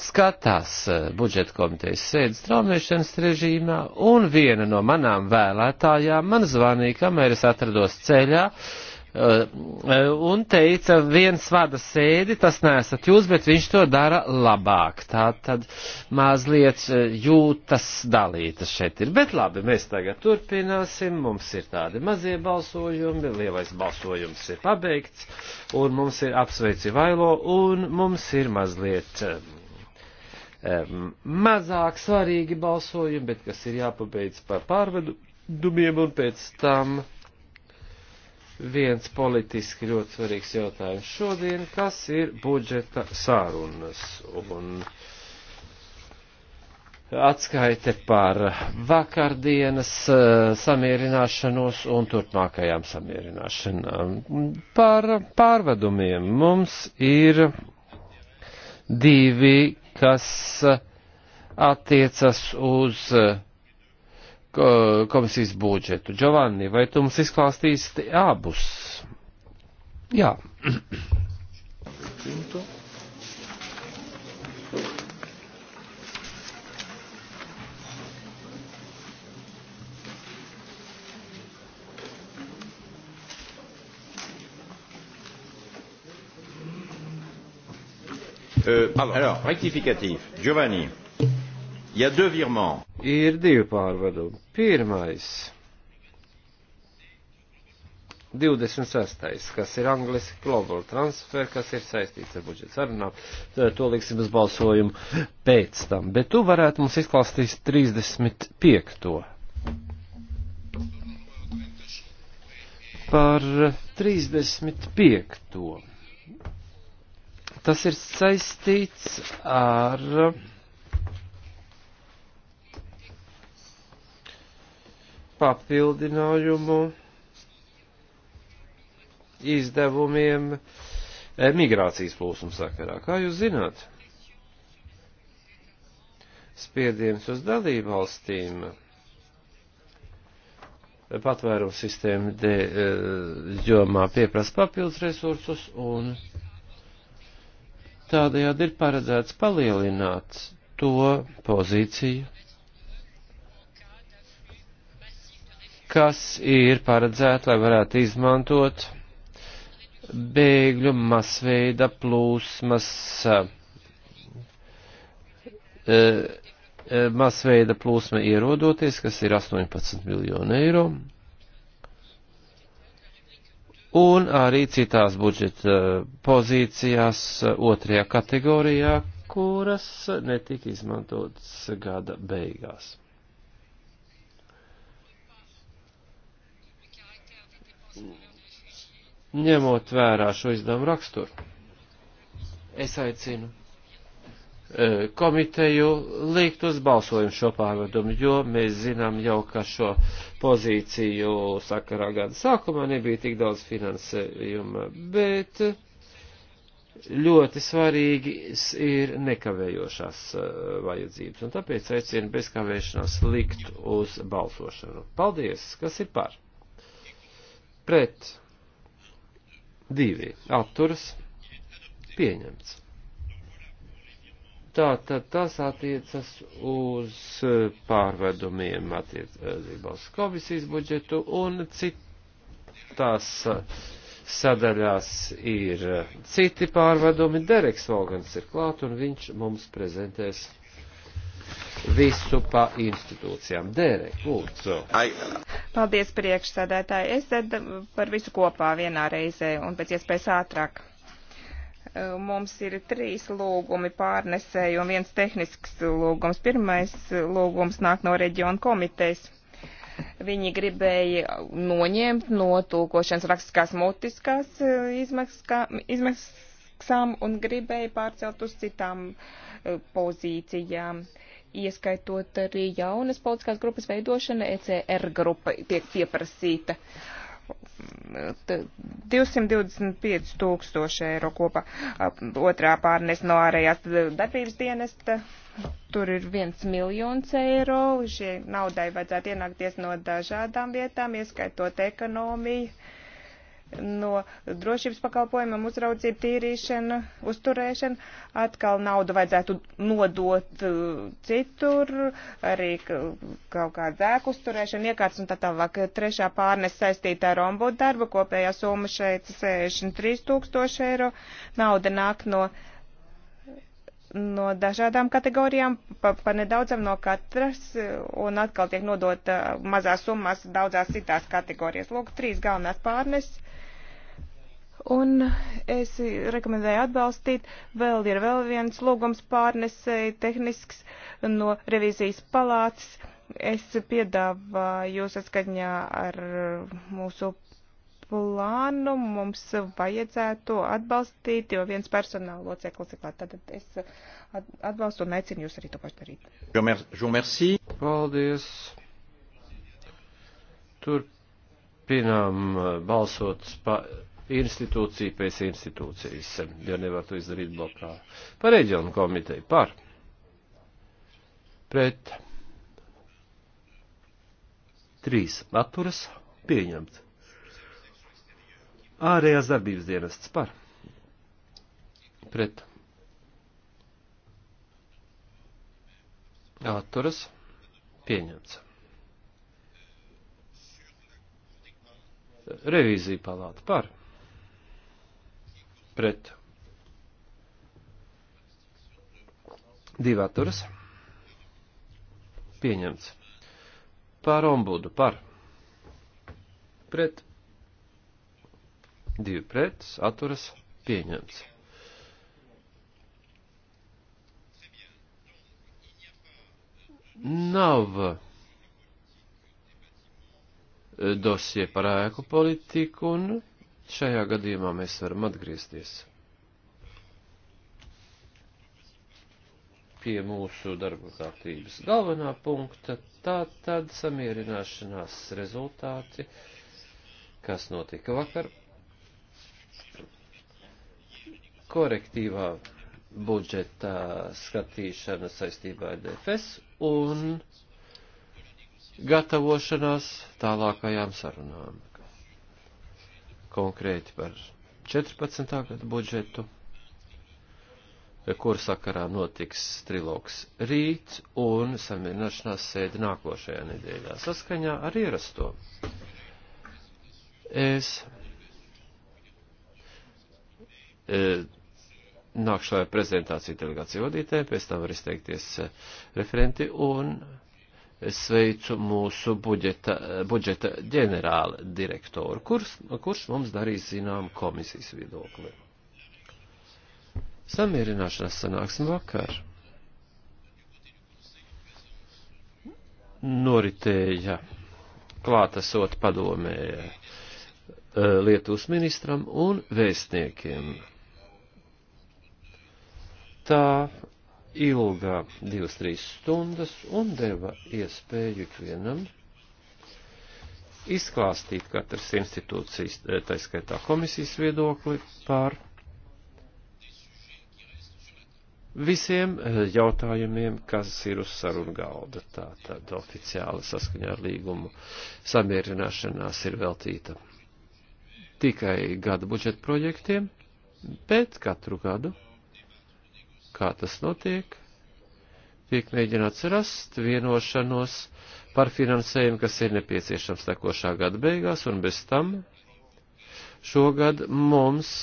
skatās eh, budžeta komitejas sēdes traumēšanas režīmā, un viena no manām vēlētājām man zvanīja, kamēr es atrados ceļā, uh, Eh, un teica, viens vada sēdi, tas nesat jūs, bet viņš to dara labāk. Tā tad mazliet eh, jūtas dalītas šeit ir. Bet labi, mēs tagad turpināsim, mums ir tādi mazie balsojumi, lielais balsojums ir pabeigts, un mums ir apsveici vailo, un mums ir mazliet um, mazāk svarīgi balsojumi, bet kas ir jāpabeidz par pārvedumiem, un pēc tam viens politiski ļoti svarīgs jautājums šodien, kas ir budžeta sārunas un atskaite par vakardienas eh, samierināšanos un turpmākajām samierināšanām. Par pārvedumiem mums ir divi, kas attiecas uz uh, komisijas budžetu. Giovanni, vai tu mums izklāstīsi abus? Jā. Punto. Euh, alors, rectificatif. Giovanni. Ja ir divi pārvadumi. Pirmais. 26. kas ir angliski global transfer, kas ir saistīts ar budžeta sarunām. To liksim uz balsojumu pēc tam. Bet tu varētu mums izklāstīt 35. Par 35. Tas ir saistīts ar. papildinājumu izdevumiem eh, migrācijas plūsmu sakarā. Kā jūs zināt, spiediens uz dalību valstīm eh, patvērumu sistēmu de, eh, jomā pieprasa papildus resursus un tādējādi ir paredzēts palielināt to pozīciju, kas ir paredzēta, lai varētu izmantot bēgļu masveida plūsmas, eh, eh, masveida plūsma ierodoties, kas ir 18 miljonu eiro, un arī citās budžeta pozīcijās otrajā kategorijā, kuras netika izmantotas gada beigās. ņemot vērā šo izdevumu raksturu. Es aicinu e, komiteju likt uz balsojumu šo pārvedumu, jo mēs zinām jau, ka šo pozīciju sakarā gada sākumā nebija tik daudz finansējuma, bet ļoti svarīgi ir nekavējošās e, vajadzības, un tāpēc aicinu bez kavēšanās likt uz balsošanu. Paldies, kas ir par? pret, divi atturas pieņemts. Tātad tas attiecas uz pārvedumiem attiecībā uz komisijas budžetu un citās sadaļās ir citi pārvedumi. Dereks Vogans ir klāt un viņš mums prezentēs visu pa institūcijām. Derek, lūdzu. Paldies priekšsēdētāji. Es tad par visu kopā vienā reizē un pēc iespējas ātrāk. E, mums ir trīs lūgumi pārnesēji un viens tehnisks lūgums. Pirmais lūgums nāk no reģiona komitejas. Viņi gribēja noņemt no tūkošanas rakstiskās mutiskās e, izmaksām un gribēja pārcelt uz citām e, pozīcijām. Uh, ieskaitot arī jaunas politiskās grupas veidošana, ECR grupa tiek pieprasīta. 225 tūkstoši eiro kopā. Otrā pārnes no ārējās darbības dienesta. Tur ir viens miljons eiro. Šie naudai vajadzētu ienākties no dažādām vietām, ieskaitot ekonomiju no drošības pakalpojumiem, uzraudzība, tīrīšana, uzturēšana. Atkal naudu vajadzētu nodot uh, citur, arī kaut kāda ēku uzturēšana, iekārtas un tā tālāk. Trešā pārnes saistīta ar ombudu darbu, kopējā summa šeit 63 tūkstoši eiro. Nauda nāk no no dažādām kategorijām, pa, pa nedaudzam no katras, un atkal tiek nodota uh, mazās summas daudzās citās kategorijās. Lūk, trīs galvenās pārnes. Un es rekomendēju atbalstīt. Vēl ir vēl viens lūgums pārnesēji tehnisks no revīzijas palātas. Es piedāvāju saskaņā ar mūsu plānu mums vajadzētu atbalstīt, jo viens personāla loceklis ir klāt. Tātad es atbalstu un aicinu jūs arī to pašu darīt. Paldies. Turpinām uh, balsot pa institūciju pēc institūcijas, um, ja nevar to izdarīt blokā. Par reģionu komiteju, par. Pret. Trīs atturas pieņemts. Ārējās darbības dienests par. Pret. Atturas. Pieņemts. Revīzija palāta par. Pret. Divi atturas. Pieņemts. Par ombudu par. Pret. 2 pret, atturas pieņemts. Nav eh, dosie par ēku politiku, un šajā gadījumā mēs varam atgriezties pie mūsu darba kārtības galvenā punkta, tā tad samierināšanās rezultāti, kas notika vakar. korektīvā budžeta skatīšana saistībā ar DFS un gatavošanās tālākajām sarunām. Konkrēti par 14. gadu budžetu, kur sakarā notiks trilogs rīt un samierināšanās sēde nākošajā nedēļā saskaņā ar ierasto. Es e, nākšā prezentācija delegācija vadītē, pēc tam var izteikties eh, referenti un sveicu mūsu budžeta, eh, budžeta ģenerāla direktoru, kurš, kurš mums darīs zinām komisijas viedokli. Samierināšanās sanāksim vakar. Noritēja klātesot padomē eh, Lietuvas ministram un vēstniekiem tā ilgā divas, trīs stundas un deva iespēju ikvienam izklāstīt katras institūcijas, eh, taiskaitā komisijas viedokli par visiem eh, jautājumiem, kas ir uz sarunu galda. Tā tad oficiāla saskaņā ar līgumu samierināšanās ir veltīta tikai gada budžeta projektiem, bet katru gadu kā tas notiek, tiek mēģināts rast vienošanos par finansējumu, kas ir nepieciešams tekošā gada beigās, un bez tam šogad mums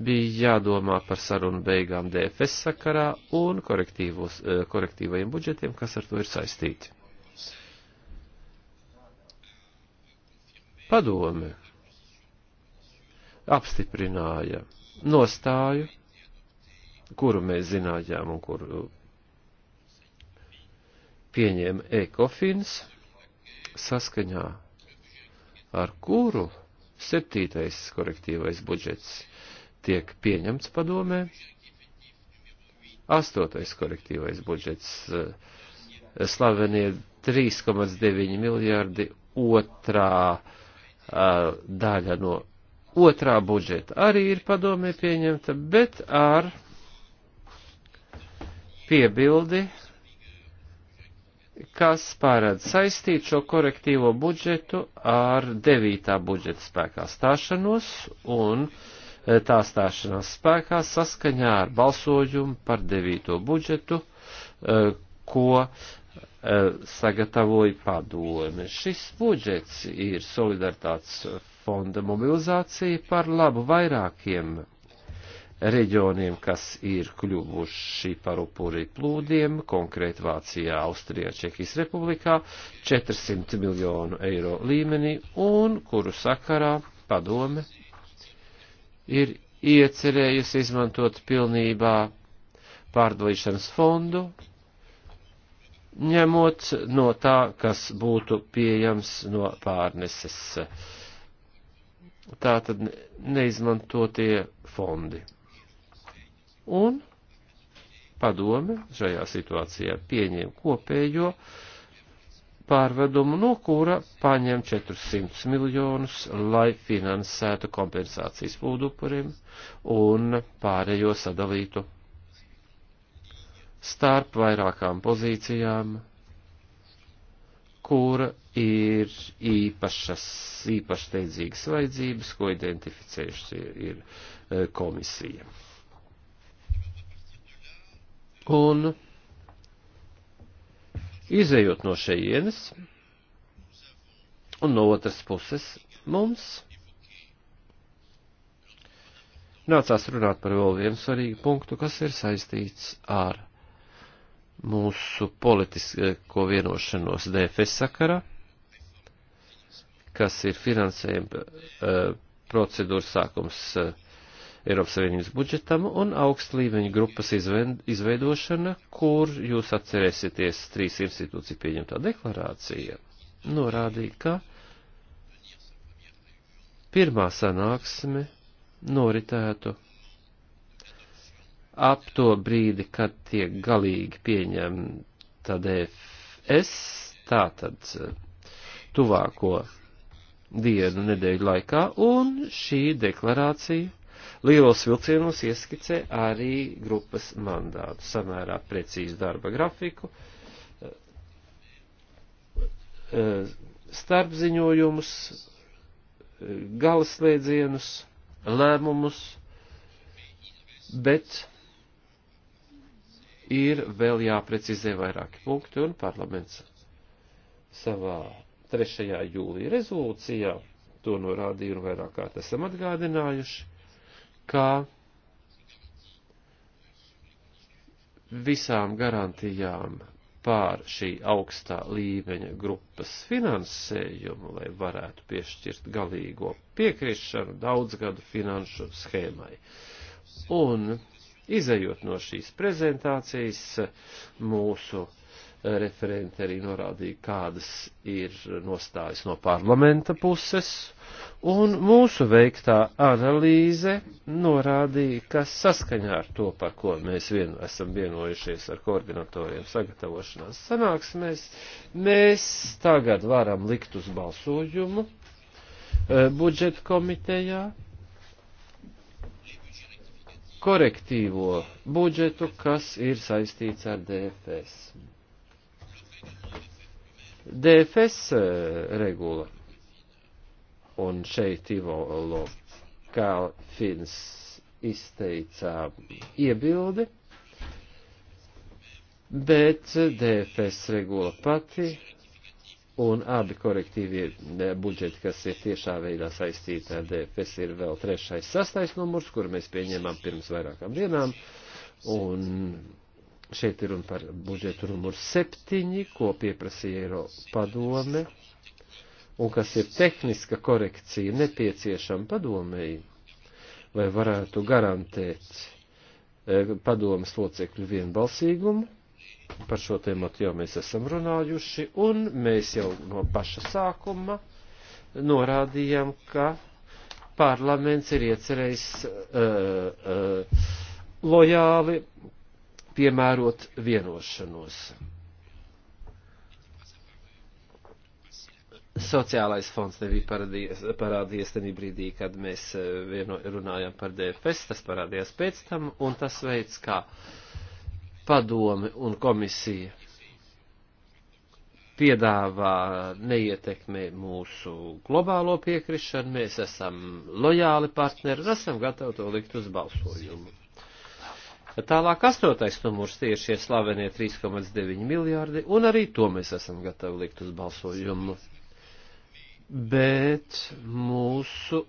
bija jādomā par sarunu beigām DFS sakarā un eh, korektīvajiem budžetiem, kas ar to ir saistīti. Padome apstiprināja nostāju kuru mēs zinājām un kuru pieņēma ekofins, saskaņā ar kuru septītais korektīvais budžets tiek pieņemts padomē, astotais korektīvais budžets eh, slavenie 3,9 miljārdi otrā a, eh, daļa no otrā budžeta arī ir padomē pieņemta, bet ar piebildi, kas pārēd saistīt šo korektīvo budžetu ar 9. budžeta spēkā stāšanos un e, tā stāšanās spēkā saskaņā ar balsojumu par 9. budžetu, e, ko e, sagatavoja padome. Šis budžets ir solidaritātes fonda mobilizācija par labu vairākiem reģioniem, kas ir kļuvuši par upuri plūdiem, konkrēti Vācijā, Austrijā, Čehijas republikā, 400 miljonu eiro līmenī un kuru sakarā padome ir iecerējusi izmantot pilnībā pārdalīšanas fondu, ņemot no tā, kas būtu pieejams no pārneses. Tātad neizmantotie fondi. Un padome šajā situācijā pieņēma kopējo pārvedumu, no kura paņem 400 miljonus, lai finansētu kompensācijas pūdupurim un pārējo sadalītu starp vairākām pozīcijām, kur ir īpašas, īpaši steidzīgas vajadzības, ko identificējuši ir eh, komisija. Un izējot no šejienes, un no otras puses mums nācās runāt par vēl vienu svarīgu punktu, kas ir saistīts ar mūsu politisko vienošanos DFS sakara, kas ir finansējuma eh, procedūras sākums uh, Eiropas Savienības budžetam un augsta līmeņa grupas izveidošana, kur jūs atcerēsieties trīs institūciju pieņemtā deklarācija, norādīja, ka pirmā sanāksme noritētu ap to brīdi, kad tiek galīgi pieņemta DFS, tātad tuvāko dienu nedēļu laikā, un šī deklarācija lielos vilcienos ieskicē arī grupas mandātu, samērā precīzu darba grafiku, eh, eh, starpziņojumus, eh, galaslēdzienus, lēmumus, bet ir vēl jāprecizē vairāki punkti, un parlaments savā 3. jūlija rezolūcijā to norādīju un vairāk kārt esam atgādinājuši kā visām garantijām pār šī augstā līmeņa grupas finansējumu, lai varētu piešķirt galīgo piekrišanu daudzgadu finanšu schēmai. Un, izējot no šīs prezentācijas, mūsu referente arī norādīja, kādas ir nostājas no parlamenta puses, un mūsu veiktā analīze norādīja, ka saskaņā ar to, par ko mēs vien, esam vienojušies ar koordinatoriem sagatavošanās sanāksmēs, mēs tagad varam likt uz balsojumu eh, budžeta komitejā korektīvo budžetu, kas ir saistīts ar DFS. DFS eh, regula. Un šeit Ivo Lokāfins izteica iebildi, bet DFS regula pati un abi korektīvie eh, budžeti, kas ir tiešā veidā saistīti ar DFS, ir vēl trešais, sastais numurs, kur mēs pieņēmām pirms vairākām dienām. Un Šeit ir runa par budžetu numur 7, ko pieprasīja Eiro padome, un kas ir tehniska korekcija nepieciešama padomēji, lai varētu garantēt e, padomas locekļu vienbalsīgumu. Par šo tēmu jau mēs esam runājuši, un mēs jau no paša sākuma norādījām, ka parlaments ir iecerējis uh, uh, lojāli piemērot vienošanos. Sociālais fonds nebija parādījies, parādījies tenī brīdī, kad mēs eh, vieno, runājam par DFS, tas parādījās pēc tam, un tas veids, kā padomi un komisija piedāvā neietekmē mūsu globālo piekrišanu, mēs esam lojāli partneri, esam gatavi to likt uz balsojumu. Tālāk astotais numurs tieši ir slavenie 3,9 miljārdi, un arī to mēs esam gatavi likt uz balsojumu. Bet mūsu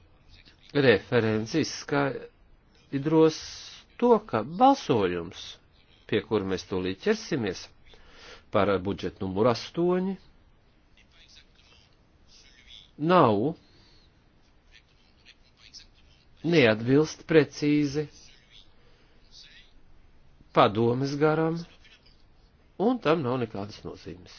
referents izskaidros to, ka balsojums, pie kura mēs tūlīt ķersimies, par budžetu numuru 8, nav neatbilst precīzi padomes garam, un tam nav nekādas nozīmes.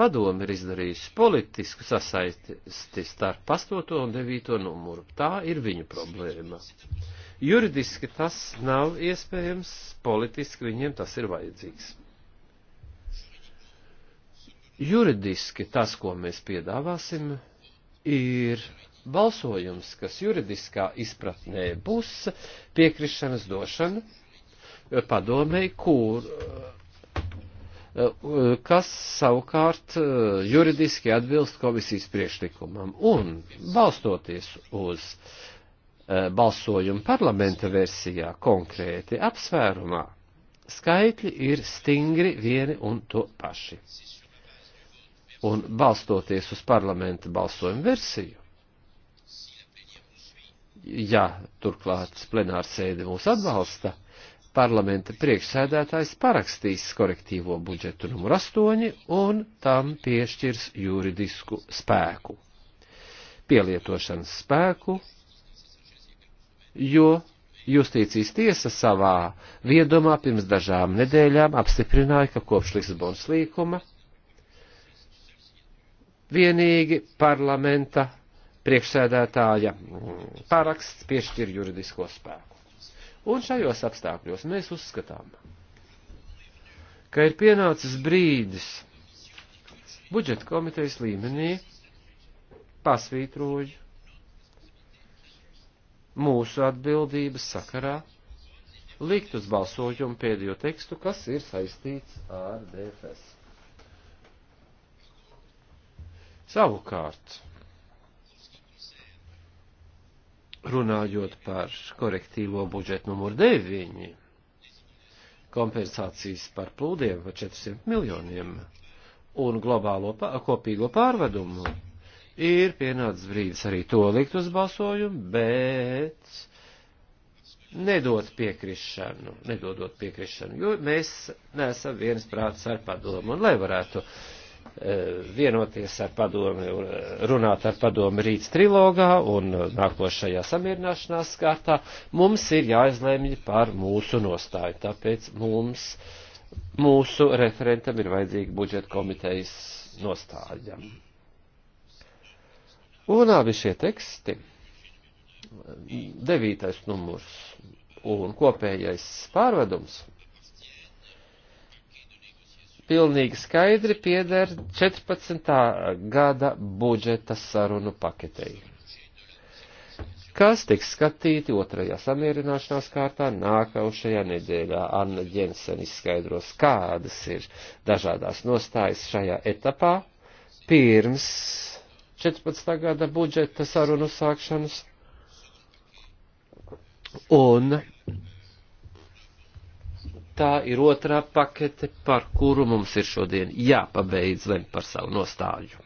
Padome ir izdarījusi politisku sasaisti starp 8 un 9 numuru. Tā ir viņu problēma. Juridiski tas nav iespējams, politiski viņiem tas ir vajadzīgs. Juridiski tas, ko mēs piedāvāsim, ir balsojums, kas juridiskā izpratnē būs piekrišanas došana padomēji, kur, kas savukārt juridiski atbilst komisijas priekšlikumam. Un balstoties uz balsojumu parlamenta versijā konkrēti apsvērumā, skaitļi ir stingri vieni un to paši. Un balstoties uz parlamenta balsojumu versiju, ja turklāt plenārsēde mūs atbalsta, parlamenta priekšsēdētājs parakstīs korektīvo budžetu numur 8 un tam piešķirs juridisku spēku, pielietošanas spēku, jo Justīcijas tiesa savā viedumā pirms dažām nedēļām apstiprināja, ka kopš Lisabonas līkuma vienīgi parlamenta priekšsēdētāja paraksts piešķir juridisko spēku. Un šajos apstākļos mēs uzskatām, ka ir pienācis brīdis budžeta komitejas līmenī pasvītroju mūsu atbildības sakarā likt uz balsojumu pēdējo tekstu, kas ir saistīts ar DFS. Savukārt, runājot par korektīvo budžetu numur 9, kompensācijas par plūdiem par 400 miljoniem un globālo kopīgo pārvedumu, ir pienācis brīdis arī to likt uz balsojumu, bet nedot piekrišanu, nedodot piekrišanu, jo mēs nesam viens prāts ar padomu, un lai varētu uh, Eh, vienoties ar padomi, eh, runāt ar padomi rīt trilogā un eh, nākošajā samierināšanās kārtā, mums ir jāizlēmj par mūsu nostāju. Tāpēc mums, mūsu referentam ir vajadzīga budžeta komitejas nostāja. Un abi šie teksti, devītais numurs un kopējais pārvedums pilnīgi skaidri pieder 14. gada budžeta sarunu paketei, kas tiks skatīti otrajā samierināšanās kārtā nākaušajā nedēļā. Anna Jensen izskaidros, kādas ir dažādās nostājas šajā etapā pirms 14. gada budžeta sarunu sākšanas. Un tā ir otrā pakete, par kuru mums ir šodien jāpabeidz lemt par savu nostāju.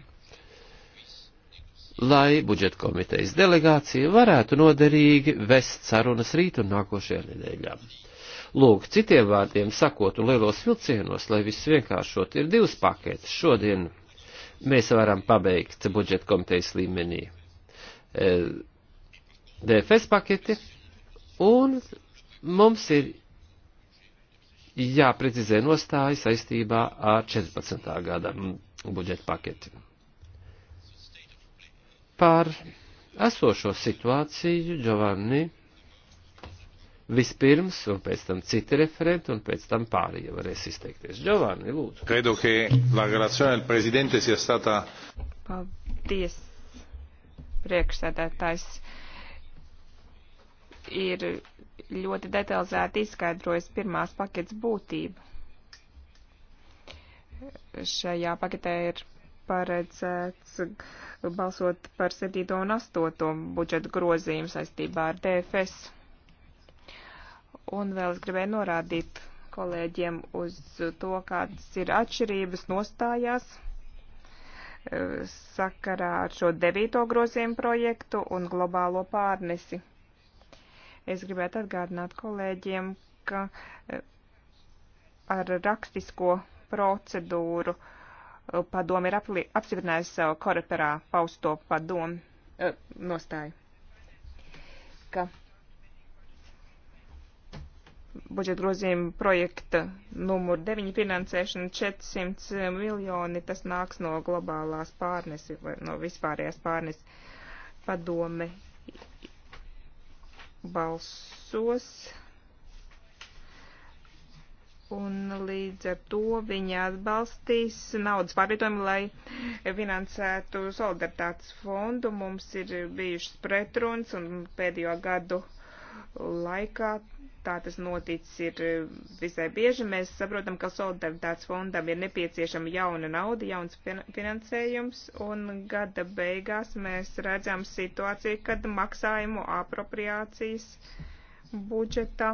Lai budžeta komitejas delegācija varētu noderīgi vest sarunas rīt un nākošajā nedēļā. Lūk, citiem vārdiem sakot un lielos vilcienos, lai viss vienkāršot, ir divas paketes. Šodien mēs varam pabeigt budžeta komitejas līmenī eh, DFS paketi un mums ir jāprecizē nostāja saistībā ar 14. gada budžeta paketi. Par esošo situāciju Giovanni vispirms, un pēc tam citi referenti, un pēc tam pārējie varēs izteikties. Giovanni, lūdzu. Credo che la relazione del Presidente sia stata. Paldies, priekšsēdētājs. Ir ļoti detalizēti izskaidrojas pirmās paketes būtība. Šajā paketē ir paredzēts balsot par 7. un 8. budžeta grozījumu saistībā ar DFS. Un vēl es gribēju norādīt kolēģiem uz to, kādas ir atšķirības nostājās eh, sakarā ar šo devīto grozījumu projektu un globālo pārnesi. Es gribētu atgādināt kolēģiem, ka eh, ar rakstisko procedūru eh, padomi ir apstiprinājusi savu koreperā pausto padomu eh, nostāju. Ka budžeta grozījuma projekta numur 9 finansēšana 400 miljoni, tas nāks no globālās pārnes, no vispārējās pārnes padome balsos. Un līdz ar to viņi atbalstīs naudas pārvietojumu, lai finansētu solidaritātes fondu. Mums ir bijušas pretruns un pēdējo gadu laikā tā tas noticis ir eh, visai bieži. Mēs saprotam, ka solidaritātes fondam ir nepieciešama jauna nauda, jauns finansējums, un gada beigās mēs redzam situāciju, kad maksājumu apropriācijas budžeta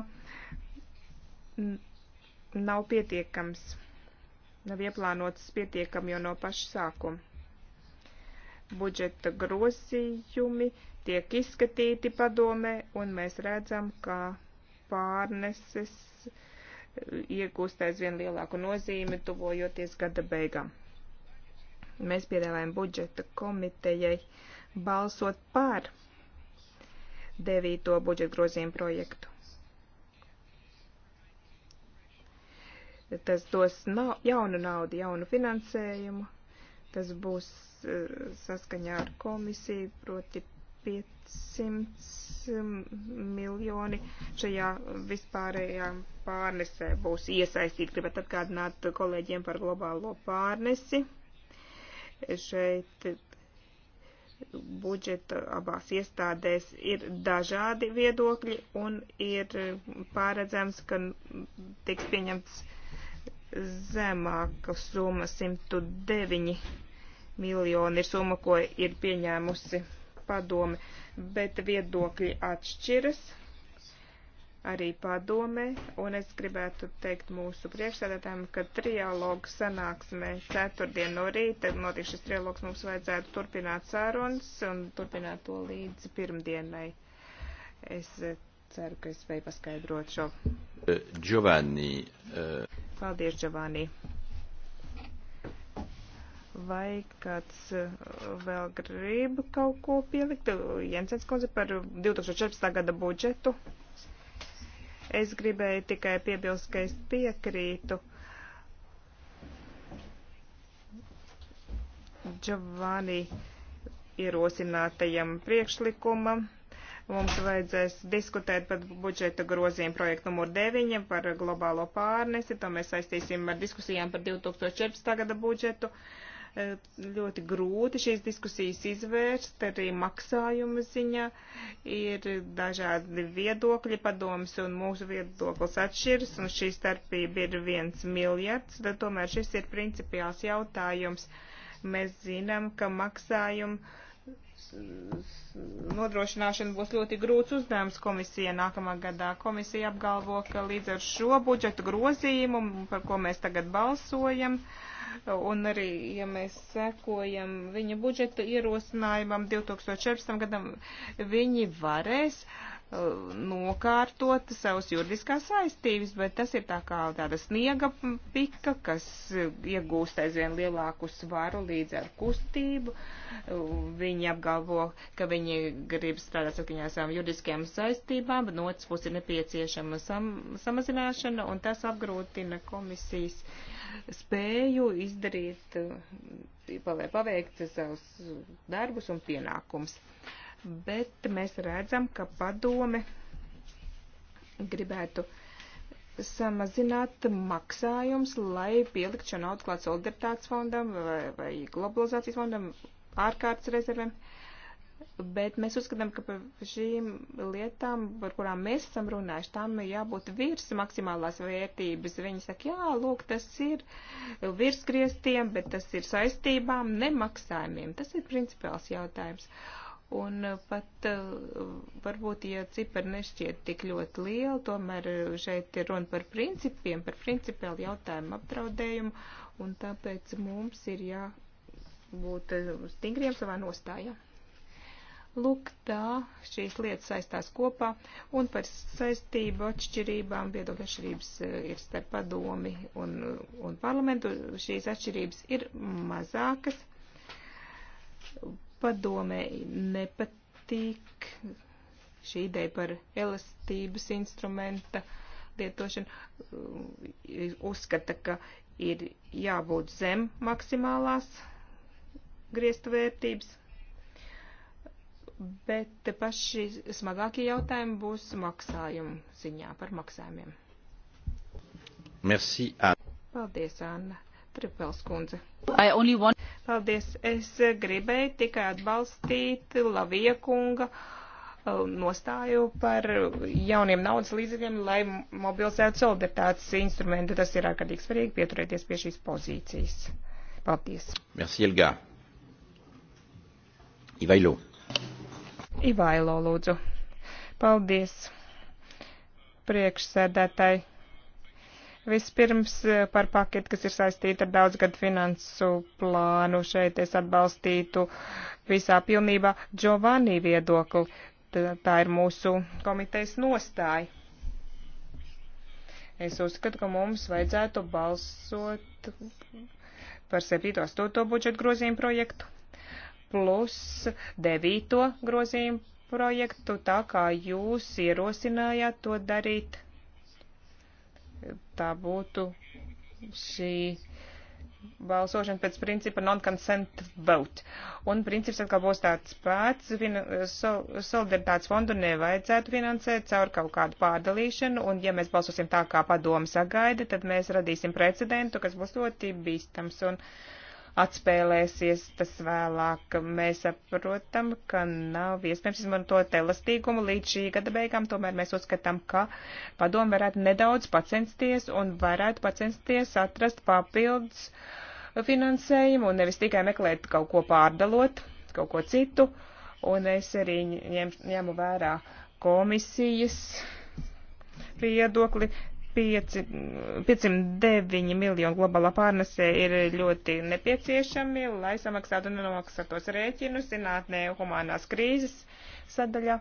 nav pietiekams, nav ieplānotas pietiekami jau no paša sākuma. Budžeta grozījumi tiek izskatīti padome, un mēs redzam, ka pārneses iegūst aizvien lielāku nozīmi, tuvojoties gada beigām. Mēs piedāvājam budžeta komitejai balsot par devīto budžeta grozījumu projektu. Tas dos nav, jaunu naudu, jaunu finansējumu. Tas būs eh, saskaņā ar komisiju, proti 500 miljoni šajā vispārējā pārnesē būs iesaistīti. Gribētu atgādināt kolēģiem par globālo pārnesi. Šeit budžeta abās iestādēs ir dažādi viedokļi un ir pāredzams, ka tiks pieņemts zemāka summa 109 miljoni ir summa, ko ir pieņēmusi padome bet viedokļi atšķiras arī padomē, un es gribētu teikt mūsu priekšsēdētājiem, ka trialogu sanāksmē ceturtdien no rīta notiek šis trialogs, mums vajadzētu turpināt sārunas un turpināt to līdz pirmdienai. Es ceru, ka es spēju paskaidrot šo. Giovanni. Uh... Paldies, Giovanni. Vai kāds eh, vēl grib kaut ko pielikt? Jensens kundze par 2014. gada budžetu. Es gribēju tikai piebilst, ka es piekrītu Giovanni ierosinātajam priekšlikumam. Mums vajadzēs diskutēt par budžeta grozījumu projektu numur 9 par globālo pārnesi. To mēs saistīsim ar diskusijām par 2014. gada budžetu. Uh, Eh, ļoti grūti šīs diskusijas izvērst, arī maksājuma ziņā ir dažādi viedokļi, padomas un mūsu viedoklis atšķiras, un šī starpība ir viens miljards, tad tomēr šis ir principiāls jautājums. Mēs zinām, ka maksājuma nodrošināšana būs ļoti grūts uzdevums komisija nākamā gadā. Komisija apgalvo, ka līdz ar šo budžeta grozījumu, par ko mēs tagad balsojam, uh, Un arī, ja mēs sekojam viņa budžeta ierosinājumam 2014. gadam, viņi varēs uh, nokārtot savus juridiskās saistības, bet tas ir tā kā tāda sniega pika, kas iegūst aizvien lielāku svaru līdz ar kustību. Viņi apgalvo, ka viņi grib strādāt saskaņā ar savām juridiskajām saistībām, bet no otras puses ir nepieciešama sam samazināšana, un tas apgrūtina komisijas spēju izdarīt, paveikt savus darbus un pienākums. Uh, bet mēs redzam, ka padome gribētu samazināt maksājums, lai pielikt šo naudu klāt solidaritātes fondam vai, vai globalizācijas fondam ārkārtas rezervēm. Bet mēs uzskatām, ka par šīm lietām, par kurām mēs esam runājuši, tam jābūt virs maksimālās vērtības. Viņi saka, jā, lūk, tas ir virs griestiem, bet tas ir saistībām, nemaksājumiem. Tas ir principāls jautājums. Uh, Un uh, pat uh, varbūt, ja cipari nešķiet tik ļoti lieli, tomēr uh, šeit ir runa par principiem, par principiālu jautājumu apdraudējumu, un tāpēc mums ir jābūt stingriem savā nostājā. Lūk, tā šīs lietas saistās kopā, un par saistību atšķirībām viedokļu atšķirības ir starp padomi un, un parlamentu. Šīs atšķirības ir mazākas padomēji nepatīk šī ideja par elastības instrumenta lietošanu. Uzskata, ka ir jābūt zem maksimālās griestu vērtības, bet paši smagākie jautājumi būs maksājumu ziņā par maksājumiem. Merci, Anna. Paldies, Anna. Tripels kundze. Want... Paldies. Es gribēju tikai atbalstīt Lavija kunga uh, nostāju par jauniem naudas līdzekļiem, lai mobilizētu solidaritātes instrumentu. Tas ir ārkārtīgi svarīgi pieturēties pie šīs pozīcijas. Paldies. Merci, Ilgā. Ivailo. Ivailo, lūdzu. Paldies. Priekšsēdētāji Vispirms eh, par paketu, kas ir saistīta ar daudzgadu finansu plānu. Šeit es atbalstītu visā pilnībā Giovanni viedokli. Tā ir mūsu komitejas nostāja. Es uzskatu, ka mums vajadzētu balsot par 7. 8. budžetu grozījumu projektu plus 9. grozījumu projektu, tā kā jūs ierosinājāt to darīt tā būtu šī balsošana pēc principa non-consent vote. Un princips atkal būs tāds pats, sol solidaritātes fondu nevajadzētu finansēt caur kaut kādu pārdalīšanu, un ja mēs balsosim tā, kā padoma sagaida, tad mēs radīsim precedentu, kas būs ļoti bīstams. Un, uh, atspēlēsies tas vēlāk. Mēs saprotam, ka nav iespējams izmantot elastīgumu līdz šī gada beigām, tomēr mēs uzskatām, ka padomu varētu nedaudz pacensties un varētu pacensties atrast papildus finansējumu un nevis tikai meklēt kaut ko pārdalot, kaut ko citu. Un es arī ņem, ņemu vērā komisijas viedokli. 5, 509 miljoni globālā pārnesē ir ļoti nepieciešami, lai samaksātu nenomaksātos rēķinus zinātnē humanās krīzes sadaļā.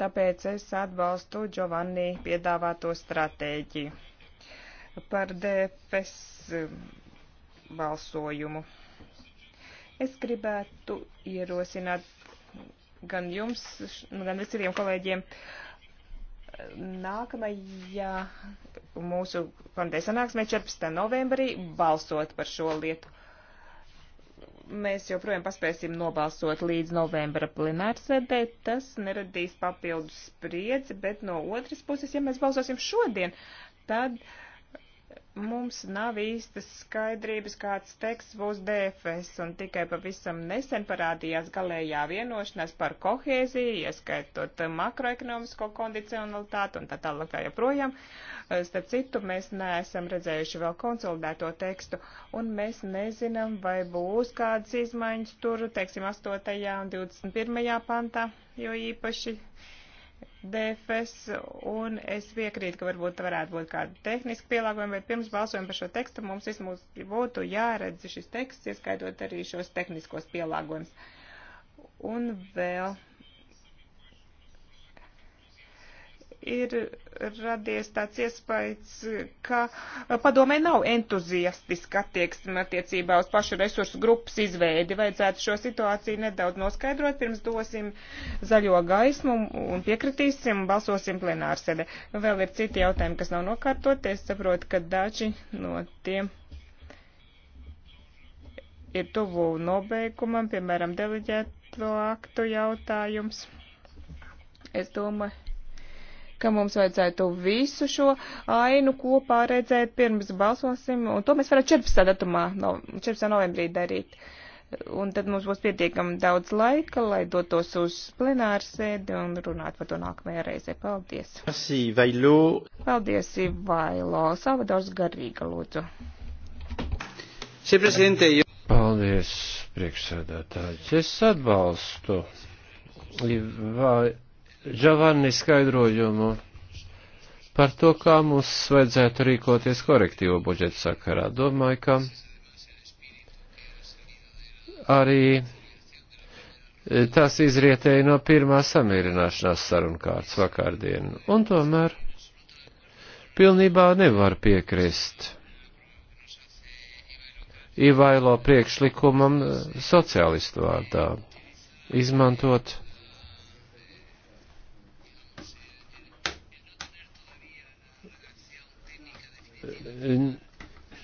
Tāpēc es atbalstu Giovanni piedāvāto stratēģiju par DFS balsojumu. Es gribētu ierosināt gan jums, gan visiem kolēģiem uh, nākamajā mūsu komiteja sanāksmē 14. novembrī balsot par šo lietu. Mēs joprojām paspēsim nobalsot līdz novembra plenārsēdē. Tas neradīs papildus spriedzi, bet no otras puses, ja mēs balsosim šodien, tad uh, mums nav īstas skaidrības, kāds teksts būs DFS, un tikai pavisam nesen parādījās galējā vienošanās par kohēziju, ieskaitot makroekonomisko kondicionalitāti un tā tālāk tā joprojām. Eh, starp citu, mēs neesam redzējuši vēl konsolidēto tekstu, un mēs nezinām, vai būs kādas izmaiņas tur, teiksim, 8. un 21. pantā, jo īpaši DFS, un es piekrītu, ka varbūt varētu būt kāda tehniska pielāgojuma, bet pirms balsojuma par šo tekstu mums vismaz būtu jāredz šis teksts, ieskaitot arī šos tehniskos pielāgojumus. Un vēl ir radies tāds iespējas, ka padomē nav entuziastiska attieksme attiecībā uz pašu resursu grupas izveidi. Vajadzētu šo situāciju nedaudz noskaidrot, pirms dosim zaļo gaismu un piekritīsim, balsosim plenārsēdē. Vēl ir citi jautājumi, kas nav nokārtoti. Es saprotu, ka daži no tiem ir tuvu nobeigumam, piemēram, deleģēto aktu jautājums. Es domāju ka mums vajadzētu visu šo ainu kopā redzēt pirms balsosim, un to mēs varētu 14. datumā, no, 14. novembrī darīt. Un tad mums būs pietiekami daudz laika, lai dotos uz plenāru sēdi un runāt par to nākamajā reizē. Paldies! Merci, Vailo! Paldies, Vailo! Salvadors Garīga, lūdzu! Paldies, priekšsēdētāji! Es atbalstu! Vai Džavanni skaidrojumu par to, kā mums vajadzētu rīkoties korektīvo budžetu sakarā. Domāju, ka arī tas izrietēja no pirmā samierināšanās sarunkārtas vakardien. Un tomēr pilnībā nevar piekrist Ivailo priekšlikumam sociālistu vārdā, izmantot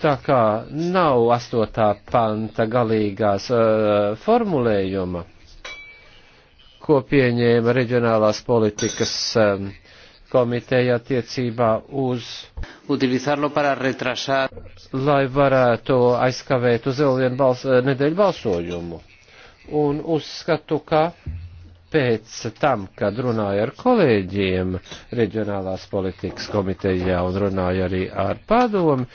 tā kā nav astotā panta galīgās uh, formulējuma, ko pieņēma reģionālās politikas um, komiteja attiecībā uz. Retrasar... Lai varētu aizkavēt uz vēl vienu bals, nedēļu balsojumu. Un uzskatu, ka pēc tam, kad runāju ar kolēģiem reģionālās politikas komitejā un runāju arī ar padomu,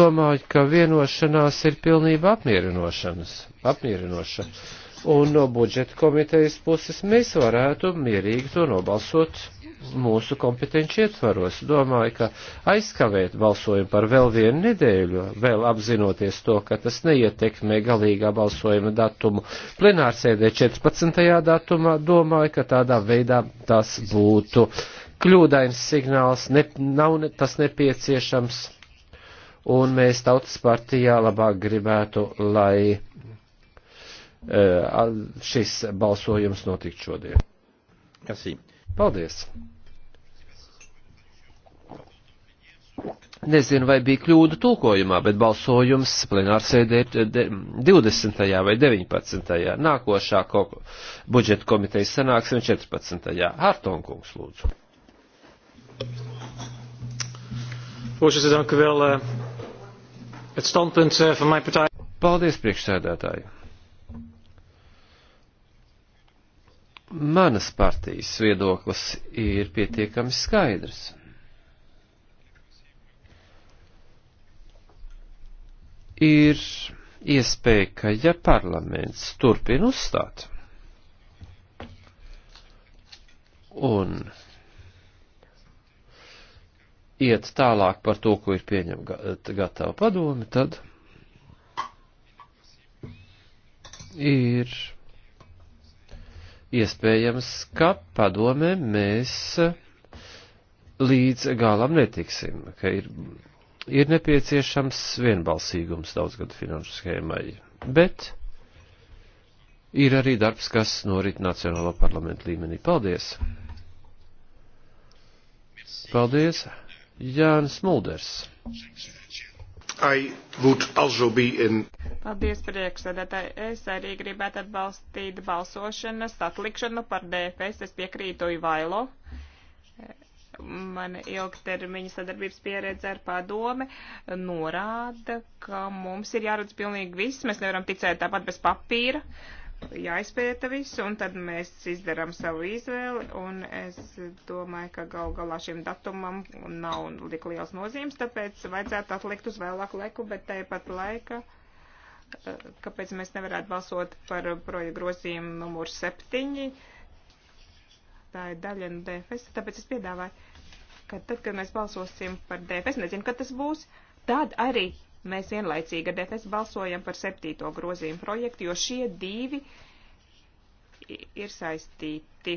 domāju, ka vienošanās ir pilnība apmierinoša. Un no budžeta komitejas puses mēs varētu mierīgi to nobalsot mūsu kompetenci ietvaros. Domāju, ka aizkavēt balsojumu par vēl vienu nedēļu, vēl apzinoties to, ka tas neietekmē galīgā balsojuma datumu plenārsēdē 14. datumā, domāju, ka tādā veidā tas būtu kļūdains signāls, ne, nav ne, tas nepieciešams, un mēs tautas partijā labāk gribētu, lai eh, šis balsojums notiktu šodien. Merci. Paldies! Nezinu, vai bija kļūda tulkojumā, bet balsojums plenārsēdē 20. vai 19. nākošā ko, budžeta komitejas sanāksim 14. Hartonkungs, lūdzu. Voorzitter, dank u wel. Eh, het standpunt eh, van mijn partij. Paldies, priekšsēdētāji. manas partijas viedoklis ir pietiekami skaidrs. Ir iespēja, ka ja parlaments turpina uzstāt un iet tālāk par to, ko ir pieņemta gatava padomi, tad ir iespējams, ka padomē mēs līdz galam netiksim, ka ir, ir nepieciešams vienbalsīgums daudzgadu finanšu schēmai. Bet ir arī darbs, kas norit Nacionālo parlamentu līmenī. Paldies! Paldies! Jānis Mulders. I would also be in. Paldies, priekšsēdētāji. Es arī gribētu atbalstīt balsošanas atlikšanu par DFS. Es piekrītu Ivailo. Man ilgtermiņa sadarbības pieredze ar padome norāda, ka mums ir jārūdz pilnīgi viss. Mēs nevaram ticēt tāpat bez papīra. Uh, jāizpēta viss, un tad mēs izdarām savu izvēli, un es domāju, ka gal galā šim datumam nav tik liels nozīmes, tāpēc vajadzētu atlikt uz vēlāku laiku, bet tāpat laika, eh, kāpēc mēs nevarētu balsot par projektu grozījumu numur 7, tā ir daļa no DFS, tāpēc es piedāvāju, ka tad, kad mēs balsosim par DFS, nezinu, kad tas būs, tad arī Mēs vienlaicīgi ar DFS balsojam par septīto grozījumu projektu, jo šie divi ir saistīti.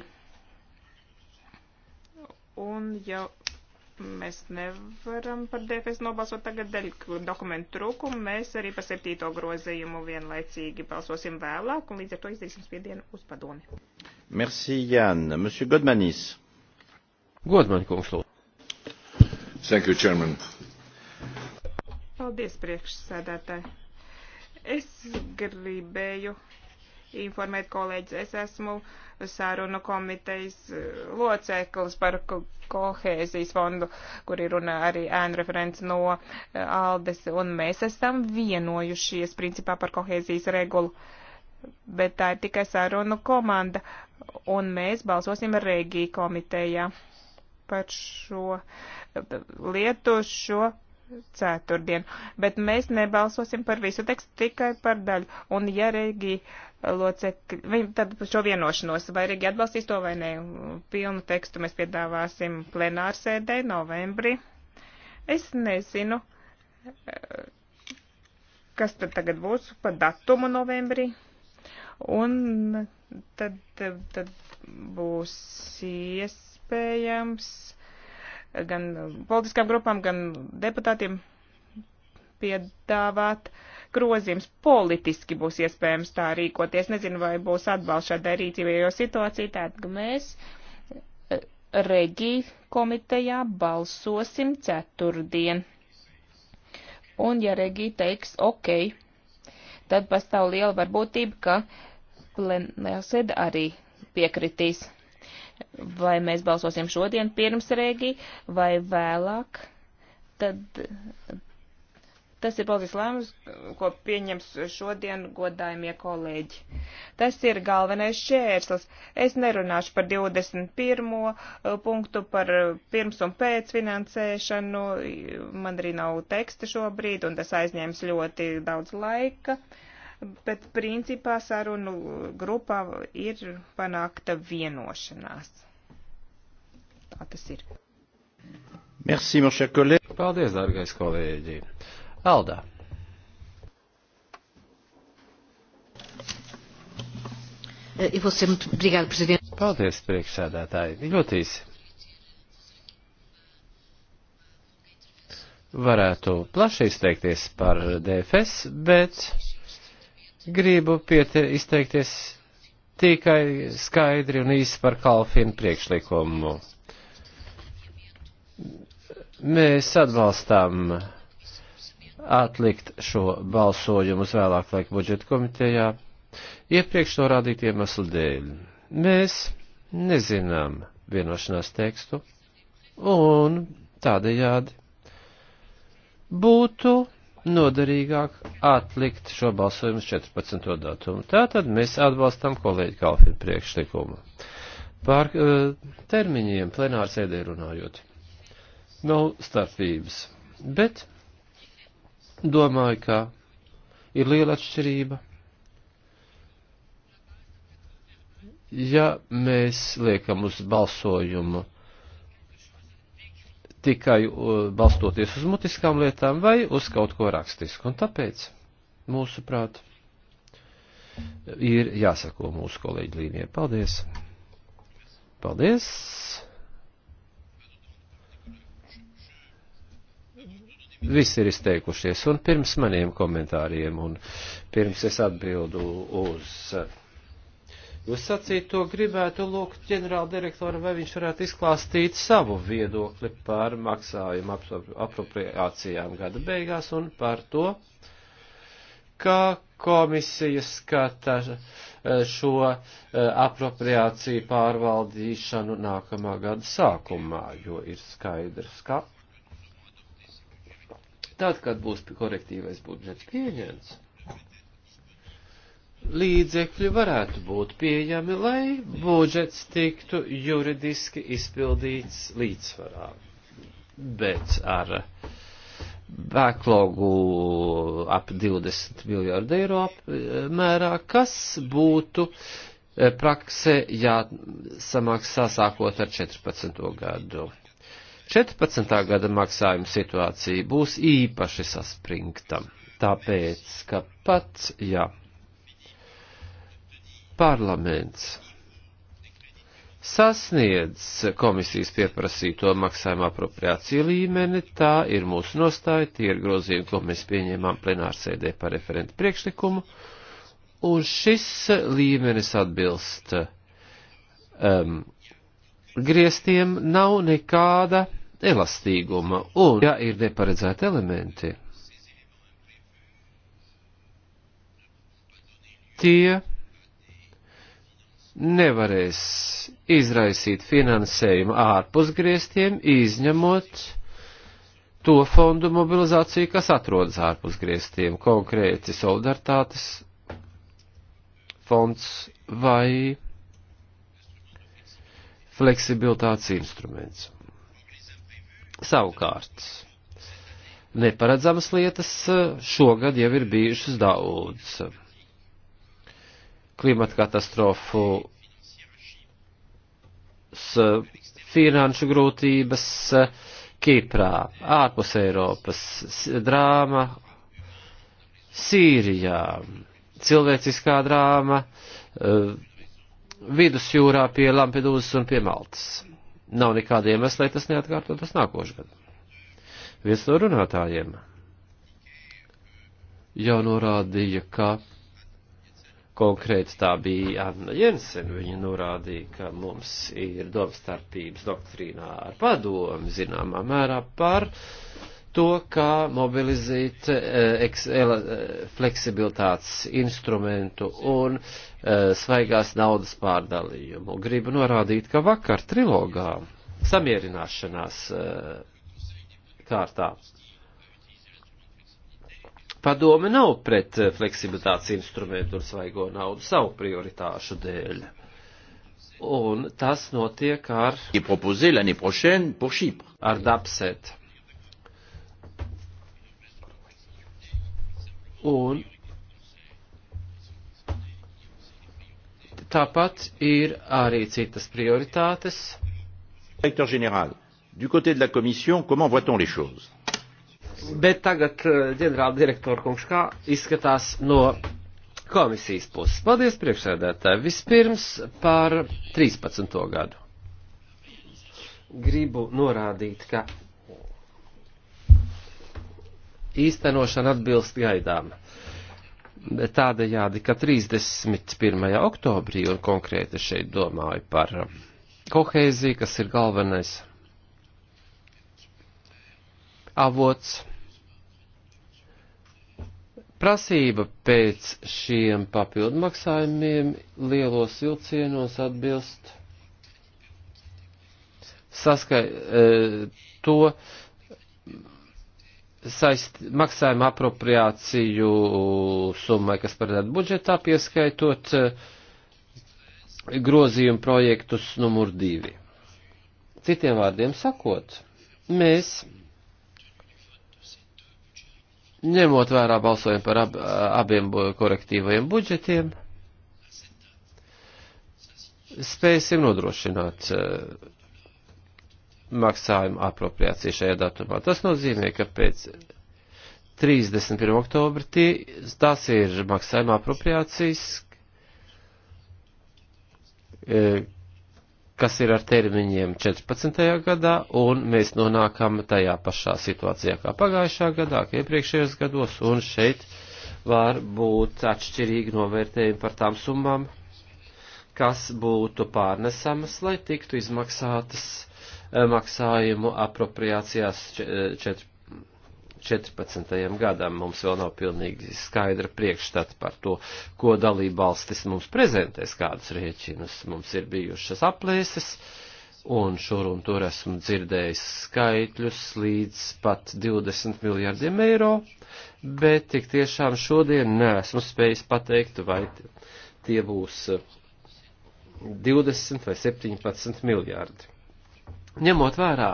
Un jau mēs nevaram par DFS nobalsot tagad dēļ dokumentu trūkumu. Mēs arī par septīto grozījumu vienlaicīgi balsosim vēlāk, un līdz ar to izdarīsim spiedienu uz padomi. Merci, Jan. Monsieur Godmanis. Godman, kungs, lūdzu. Thank you, Chairman. Paldies, priekšsēdētāji. Es gribēju informēt kolēģis, es esmu sārunu komitejas loceklis par kohēzijas fondu, kur ir runa arī ēnu referents no eh, Aldes, un mēs esam vienojušies principā par kohēzijas regulu, bet tā ir tikai sārunu komanda, un mēs balsosim Regī komitejā par šo eh, lietu, šo ceturtdienu, bet mēs nebalsosim par visu tekstu, tikai par daļu. Un ja Regi locekļi, viņi tad šo vienošanos, vai Regi atbalstīs to vai nē, pilnu tekstu mēs piedāvāsim plenārsēdē novembrī. Es nezinu, kas tad tagad būs pa datumu novembrī. Un tad, tad būs iespējams gan politiskām grupām, gan deputātiem piedāvāt grozījums. Politiski būs iespējams tā rīkoties. Nezinu, vai būs atbalsts šādai rīcībai, jo situācija tāda, ka mēs eh, reģī komitejā balsosim ceturtdien. Un ja reģī teiks ok, tad pastāv liela varbūtība, ka plenēsēda arī piekritīs vai mēs balsosim šodien pirms regi vai vēlāk, tad tas ir politisks lēmums, ko pieņems šodien godājumie kolēģi. Tas ir galvenais šķērslis. Es nerunāšu par 21. Uh, punktu, par uh, pirms un pēc finansēšanu. Man arī nav teksta šobrīd, un tas aizņems ļoti daudz laika. Uh, bet principā sarunu grupā ir panākta vienošanās. Tā tas ir. Merci, mon cher collègue. Paldies, dārgais kolēģi. Aldā. E eh, você, muito obrigado, Presidente. Paldies, priekšsēdētāji. Ļoti īsi. Varētu plaši izteikties par DFS, bet Gribu piete, izteikties tikai skaidri un īsi par Kalfinu priekšlikumu. Mēs atbalstām atlikt šo balsojumu uz vēlāk laiku budžeta komitejā, iepriekš norādīt iemeslu dēļ. Mēs nezinām vienošanās tekstu, un tādējādi būtu noderīgāk atlikt šo balsojumu 14. datumu. Tātad mēs atbalstam kolēģi Kalfinu priekšlikumu. Par uh, termiņiem plenāra sēdē runājot. Nav starpības, bet domāju, ka ir liela atšķirība. Ja mēs liekam uz balsojumu tikai balstoties uz mutiskām lietām vai uz kaut ko rakstisku. Un tāpēc, mūsuprāt, ir jāsako mūsu kolēģi līnijai. Paldies! Paldies! Visi ir izteikušies, un pirms maniem komentāriem, un pirms es atbildu uz. Uh, Jūs sacīt to gribētu lūgt ģenerāla direktora, vai viņš varētu izklāstīt savu viedokli par maksājumu apropriācijām gada beigās un par to, kā komisija skata e, šo e, apropriāciju pārvaldīšanu nākamā gada sākumā, jo ir skaidrs, ka tad, kad būs korektīvais budžets pieņemts, līdzekļi varētu būt pieejami, lai budžets tiktu juridiski izpildīts līdzsvarā. Bet ar backlogu ap 20 miljārdu eiro apmērā, e, kas būtu e, praksē jāsamaksā sākot ar 14. gadu. 14. gada maksājuma situācija būs īpaši saspringta, tāpēc, ka pats, jā. Ja parlaments sasniedz komisijas pieprasīto maksājuma apropriāciju līmeni, tā ir mūsu nostāja, tie ir grozījumi, ko mēs pieņēmām plenārsēdē par referentu priekšlikumu, un šis līmenis atbilst um, griestiem, nav nekāda elastīguma, un, ja ir neparedzēti elementi, tie nevarēs izraisīt finansējumu ārpus griestiem, izņemot to fondu mobilizāciju, kas atrodas ārpus griestiem, konkrēti solidaritātes fonds vai fleksibilitātes instruments. Savukārt, neparedzamas lietas eh, šogad jau ir bijušas daudz klimata katastrofu finanšu grūtības Kiprā, ārpus Eiropas, drāma Sīrijā, cilvēciskā drāma e, vidusjūrā pie Lampedūzas un pie Maltas. Nav nekāda iemesla, lai tas neatkārtotos nākošgad. Viens no runātājiem jau norādīja, ka konkrēti tā bija Anna Jensen, viņa norādīja, ka mums ir domstarpības doktrīnā ar padomu, zināmā mērā par to, kā mobilizēt eh, eh, fleksibilitātes instrumentu un eh, svaigās naudas pārdalījumu. Gribu norādīt, ka vakar trilogā samierināšanās kārtā Padome nav pret eh, fleksibilitātes instrumentu un svaigo naudu savu prioritāšu dēļ. Un tas notiek ar. Ar Dabset. Un tāpat ir arī citas prioritātes. Directeur général, du côté de la Commission, comment voit-on les choses Bet tagad, eh, ģenerāla direktora kungs, kā izskatās no komisijas puses? Paldies, priekšsēdētāji. Vispirms par 13. gadu. Gribu norādīt, ka īstenošana atbilst gaidām. Tādējādi, ka 31. oktobrī, un konkrēti šeit domāju par um, kohēziju, kas ir galvenais avots Prasība pēc šiem papildmaksājumiem lielos vilcienos atbilst saskai, e, to saist, maksājuma apropriāciju summai, kas paredzēta budžetā, pieskaitot e, grozījumu projektus numur divi. Citiem vārdiem sakot, mēs ņemot vērā balsojumu par ab, abiem korektīvajiem budžetiem, spēsim nodrošināt eh, maksājumu apropriāciju šajā datumā. Tas nozīmē, ka pēc 31. oktobra tie, tās ir maksājuma apropriācijas, eh, kas ir ar termiņiem 14. gadā, un mēs nonākam tajā pašā situācijā kā pagājušā gadā, kā iepriekšējos gados, un šeit var būt atšķirīgi novērtējumi par tām summām, kas būtu pārnesamas, lai tiktu izmaksātas eh, maksājumu apropriācijās 14. Eh, 2014. gadam mums vēl nav pilnīgi skaidra priekšstata par to, ko dalība valstis mums prezentēs, kādus rēķinus mums ir bijušas aplēses, un šur un tur esmu dzirdējis skaitļus līdz pat 20 miljardiem eiro, bet tik tiešām šodien nesmu spējis pateikt, vai tie būs 20 vai 17 miljardi. Ņemot vērā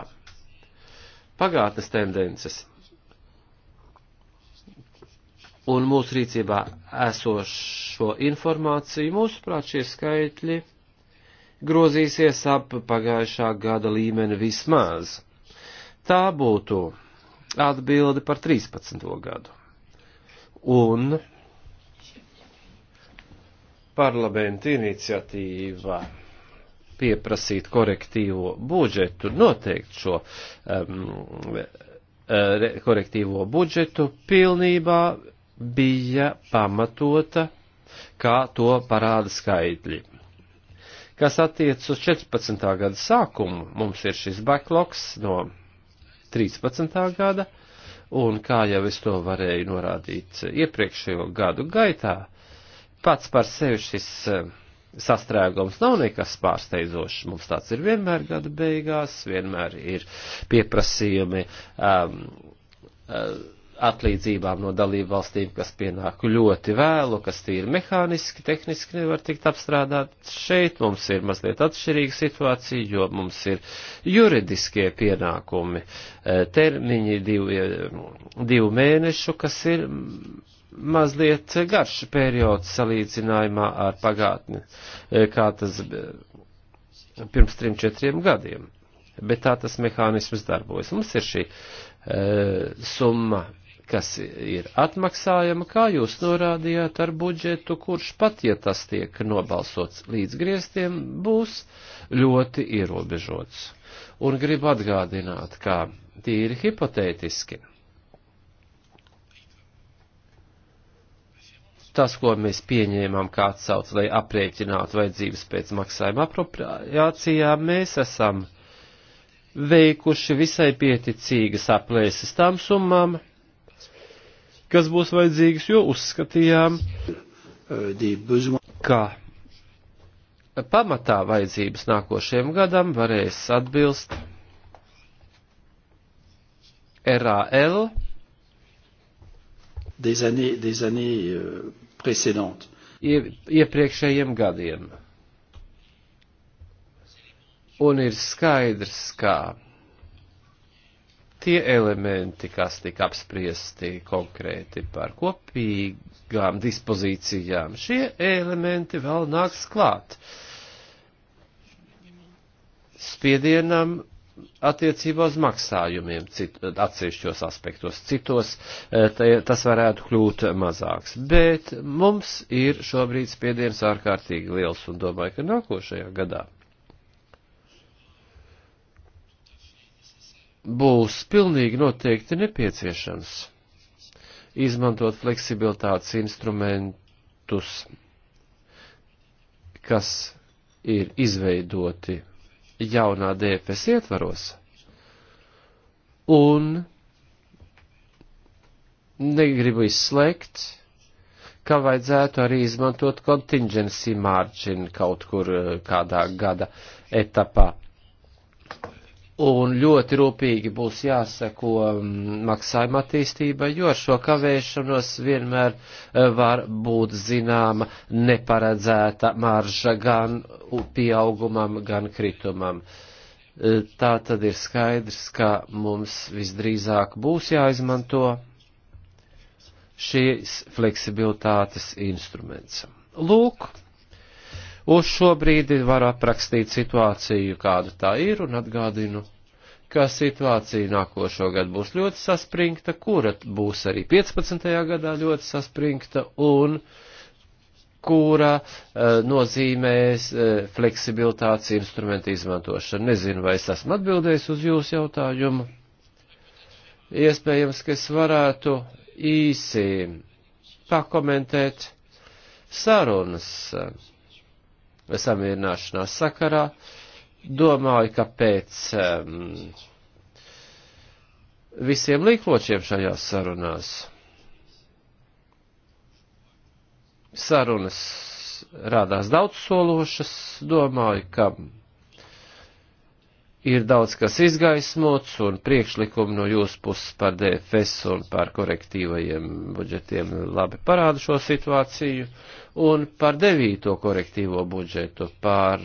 pagātnes tendences, un mūsu rīcībā esošo informāciju, mūsuprāt, šie skaitļi grozīsies ap pagājušā gada līmeni vismaz. Tā būtu atbildi par 13. gadu. Un parlamenta iniciatīva pieprasīt korektīvo budžetu, noteikt šo um, korektīvo budžetu pilnībā bija pamatota, kā to parāda skaidri. Kas attiec uz 14. gada sākumu, mums ir šis backlogs no 13. gada, un kā jau es to varēju norādīt iepriekšējo gadu gaitā, pats par sevi šis eh, sastrēgums nav nekas pārsteidzošs. Mums tāds ir vienmēr gada beigās, vienmēr ir pieprasījumi. Um, uh, atlīdzībām no dalību valstīm, kas pienāk ļoti vēlu, kas tīri mehāniski, tehniski nevar tikt apstrādāt. Šeit mums ir mazliet atšķirīga situācija, jo mums ir juridiskie pienākumi, e, termiņi divu, e, divu mēnešu, kas ir mazliet garš periods salīdzinājumā ar pagātni, e, kā tas pirms trim, četriem gadiem. Bet tā tas mehānisms darbojas. Mums ir šī summa kas ir atmaksājama, kā jūs norādījāt, ar budžetu, kurš pat, ja tas tiek nobalsots līdz griestiem, būs ļoti ierobežots. Un gribu atgādināt, kā tīri hipotētiski. Tas, ko mēs pieņēmām kā atsauc, lai aprēķinātu vajadzības pēc maksājuma apropriācijā, mēs esam veikuši visai pieticīgas aplēses tām summām, kas būs vajadzīgas, jo uzskatījām, ka pamatā vajadzības nākošajam gadam varēs atbilst RAL des années, des années euh, précédentes. Iepriekšējiem gadiem. Un ir skaidrs, ka tie elementi, kas tika apspriesti konkrēti par kopīgām dispozīcijām, šie elementi vēl nāks klāt spiedienam attiecībā uz maksājumiem cit, atsevišķos aspektos, citos e, tā, tas varētu kļūt mazāks. Bet mums ir šobrīd spiediens ārkārtīgi liels un domāju, ka nākošajā gadā būs pilnīgi noteikti nepieciešams izmantot fleksibilitātes instrumentus, kas ir izveidoti jaunā DFS ietvaros, un negribu izslēgt, ka vajadzētu arī izmantot contingency margin kaut kur eh, kādā gada etapā un ļoti rūpīgi būs jāseko mm, maksājuma attīstībai, jo ar šo kavēšanos vienmēr eh, var būt zināma neparedzēta marža gan pieaugumam, gan kritumam. Eh, tā tad ir skaidrs, ka mums visdrīzāk būs jāizmanto šīs fleksibilitātes instruments. Lūk, Uz šo brīdi var aprakstīt situāciju, kāda tā ir, un atgādinu, ka situācija nākošo gadu būs ļoti saspringta, kura būs arī 15. gadā ļoti saspringta, un kura uh, nozīmēs uh, fleksibilitātes instrumentu izmantošanu. Nezinu, vai es esmu atbildējis uz jūsu jautājumu. Iespējams, ka es varētu īsi pakomentēt sarunas. Uh, samierināšanās sakarā. Domāju, ka pēc um, visiem līkločiem šajās sarunās sarunas rādās daudz sološas, domāju, ka ir daudz kas izgaismots un priekšlikumi no jūsu puses par DFS un par korektīvajiem budžetiem labi parāda šo situāciju. Un par devīto korektīvo budžetu, par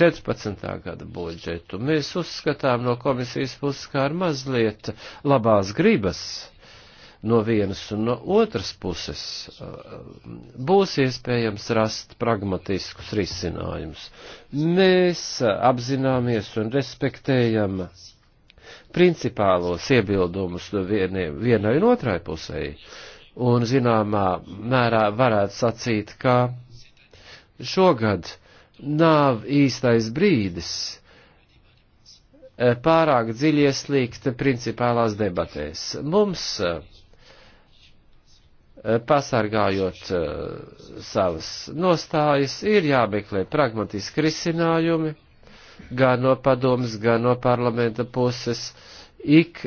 14. gada budžetu mēs uzskatām no komisijas puses kā ar mazliet labās gribas no vienas un no otras puses eh, būs iespējams rast pragmatiskus risinājumus. Mēs apzināmies un respektējam principālos iebildumus no vienai, vienai un otrai pusē, un zināmā mērā varētu sacīt, ka šogad nav īstais brīdis eh, pārāk dziļi ieslīgt principālās debatēs. Mums uh, Eh, pasargājot eh, savas nostājas, ir jāmeklē pragmatiski risinājumi, gan no padomas, gan no parlamenta puses. Ik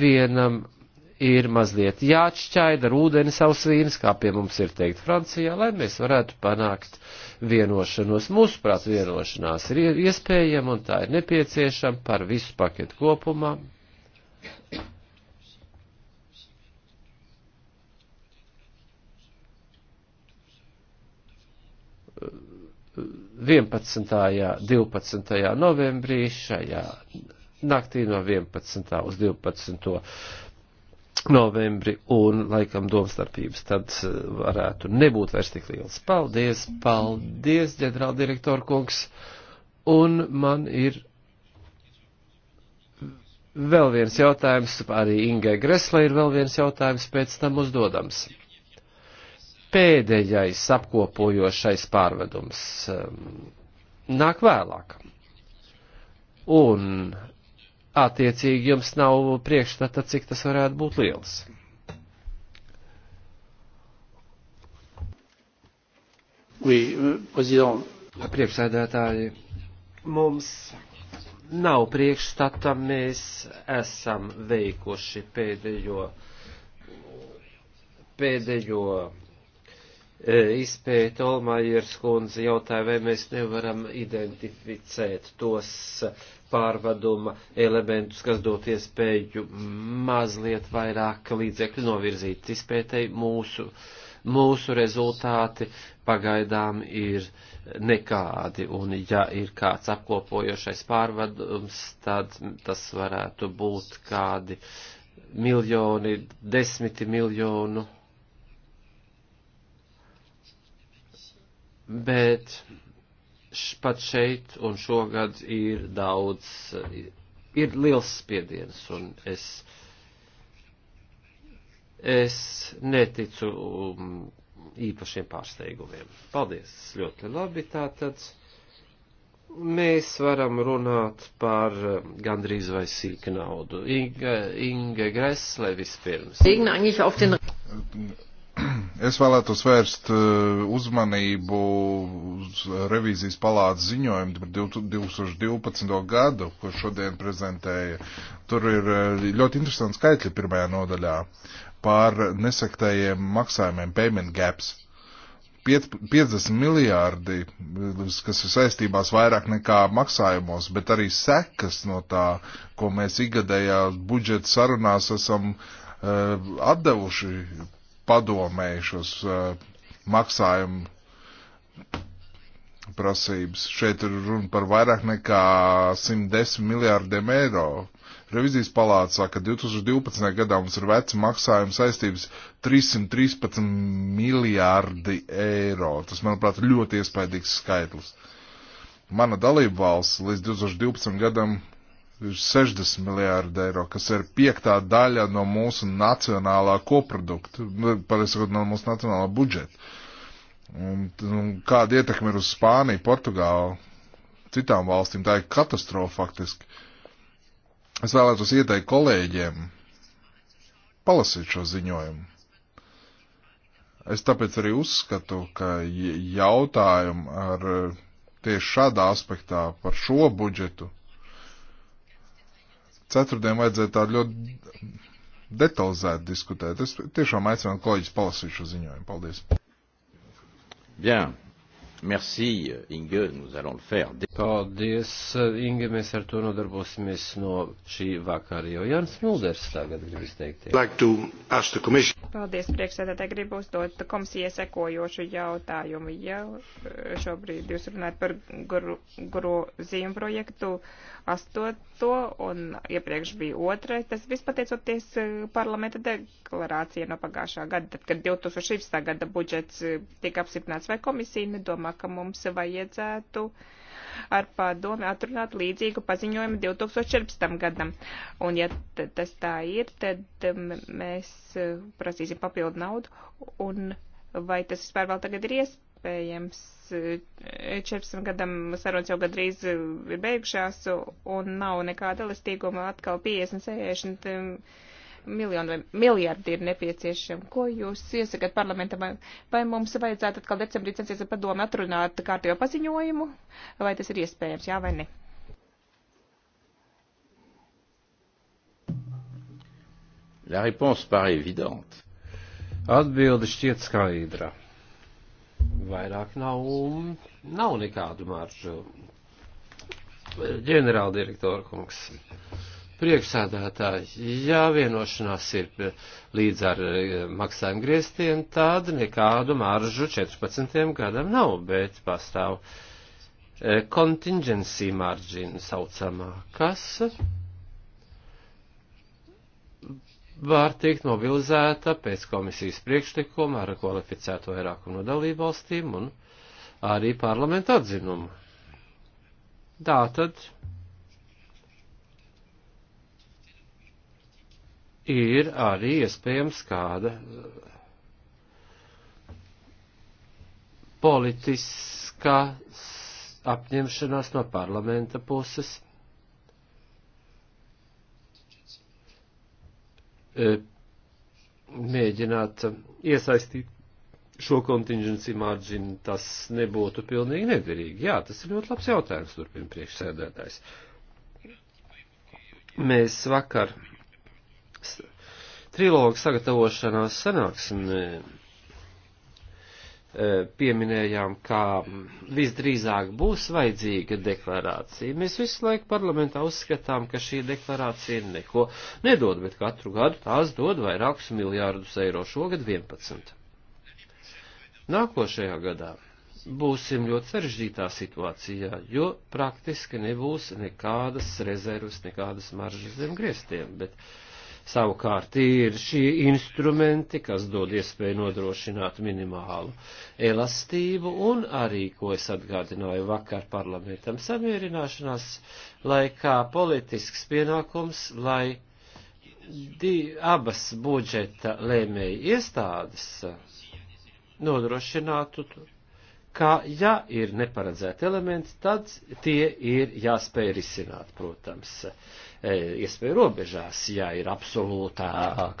vienam ir mazliet jāatšķaida ar ūdeni savs vīns, kā pie mums ir teikt Francijā, lai mēs varētu panākt vienošanos. Mūsuprāt, vienošanās ir iespējama un tā ir nepieciešama par visu paketu kopumā. 11. 12. novembrī šajā naktī no 11. uz 12. novembri un laikam domstarpības tad eh, varētu nebūt vairs tik liels. Paldies, paldies, ģenerāldirektor kungs. Un man ir vēl viens jautājums, arī Ingai Greslai ir vēl viens jautājums pēc tam uzdodams pēdējais apkopojošais pārvedums um, nāk vēlāk. Un attiecīgi jums nav priekšstata, cik tas varētu būt liels. Oui, euh, Priekšsēdētāji, mums nav priekšstata, mēs esam veikuši pēdējo, pēdējo E, izpēta Olmajers kundze jautāja, vai mēs nevaram identificēt tos pārvaduma elementus, kas dot iespēju mazliet vairāk līdzekļu novirzīt izpētei mūsu. Mūsu rezultāti pagaidām ir nekādi, un ja ir kāds apkopojošais pārvadums, tad tas varētu būt kādi miljoni, desmiti miljonu bet pat šeit un šogad ir daudz, ir liels spiediens, un es, es neticu um, īpašiem pārsteigumiem. Paldies, ļoti labi, tātad mēs varam runāt par um, gandrīz vai sīku naudu. Inga, Inga Gresle vispirms. Inga, Es vēlētos vērst e, uzmanību uz revīzijas palātas ziņojumu par 2012. gadu, ko šodien prezentēja. Tur ir e, ļoti interesanti skaitļi pirmajā nodaļā par nesaktējiem maksājumiem, payment gaps. 50 miljārdi, kas ir saistībās vairāk nekā maksājumos, bet arī sekas no tā, ko mēs igadējā budžeta sarunās esam uh, atdevuši padomējušos eh, maksājumu prasības. Šeit ir runa par vairāk nekā 110 miljārdiem eiro. Revizijas palāca saka, ka 2012. gadā mums ir veca maksājuma saistības 313 miljārdi eiro. Tas, manuprāt, ir ļoti iespaidīgs skaitlis. Mana dalība valsts līdz 2012. gadam ir 60 miljārdi eiro, kas ir piektā daļa no mūsu nacionālā koprodukta, nu, pareizsakot, no mūsu nacionālā budžeta. Un, un kāda ietekme ir uz Spāniju, Portugālu, citām valstīm, tā ir katastrofa faktiski. Es vēlētos ieteikt kolēģiem palasīt šo ziņojumu. Es tāpēc arī uzskatu, ka jautājumu ar tieši šādā aspektā par šo budžetu ceturtdien vajadzētu tādu ļoti detalizētu diskutēt. Es tiešām aicinu kolēģis palasīšu ziņojumu. Paldies. Jā. Yeah. Merci, euh, Inge, nous allons le faire. Paldies, euh, Inge, mēs ar to nodarbosimies no šī vakara, jo Jānis Mulders tagad grib izteikties. Like Paldies, priekšsēdētāji, gribu uzdot komisijai sekojošu jautājumu. Ja eh, šobrīd jūs runājat par grozījumu projektu astoto un iepriekš bija otrais, tas viss pateicoties eh, parlamenta deklarācija no pagājušā gada, kad 2016. gada budžets eh, tika apstiprināts, vai komisija nedomā domā, ka mums vajadzētu ar padomi atrunāt līdzīgu paziņojumu 2014. gadam. Un ja tas tā ir, tad mēs eh, prasīsim papildu naudu. Un vai tas vispār vēl tagad ir iespējams? 14 gadam sarunas jau gadrīz eh, ir beigušās un nav nekāda elastīguma atkal 50, 60 miljoni vai miljardi ir nepieciešami. Ko jūs iesakat parlamentam? Vai, vai mums vajadzētu atkal decembrī censties ar padomu atrunāt kārtējo paziņojumu, vai tas ir iespējams, jā vai ne? La réponse paraît évidente. Atbilde šķiet skaidra. Vairāk nav, nav nekādu maržu. Ģenerāldirektora kungs. Priekšsēdētāji, ja vienošanās ir līdz ar eh, maksājuma griestiem, tad nekādu maržu 14. gadam nav, bet pastāv eh, contingency margin saucamā, kas var tikt mobilizēta pēc komisijas priekšlikuma ar kvalificēto vairākumu no dalību valstīm un arī parlamentu atzinumu. Tā tad ir arī iespējams kāda uh, politiskā apņemšanās no parlamenta puses. Uh, mēģināt uh, iesaistīt šo contingency margin, tas nebūtu pilnīgi nederīgi. Jā, tas ir ļoti labs jautājums, turpina priekšsēdētājs. Mēs vakar trilogu sagatavošanās sanāksmē e, pieminējām, ka visdrīzāk būs vajadzīga deklarācija. Mēs visu laiku parlamentā uzskatām, ka šī deklarācija neko nedod, bet katru gadu tās dod vairākus miljārdus eiro, šogad 11. Nākošajā gadā būsim ļoti sarežģītā situācijā, jo praktiski nebūs nekādas rezervas, nekādas maržas zem griestiem, bet uh, Savukārt ir šie instrumenti, kas dod iespēju nodrošināt minimālu elastību un arī, ko es atgādināju vakar parlamentam samierināšanās laikā, politisks pienākums, lai di, abas budžeta lēmēji iestādes nodrošinātu, ka, ja ir neparedzēti elementi, tad tie ir jāspēj risināt, protams. Uh, E, iespēju robežās, ja ir absolūtā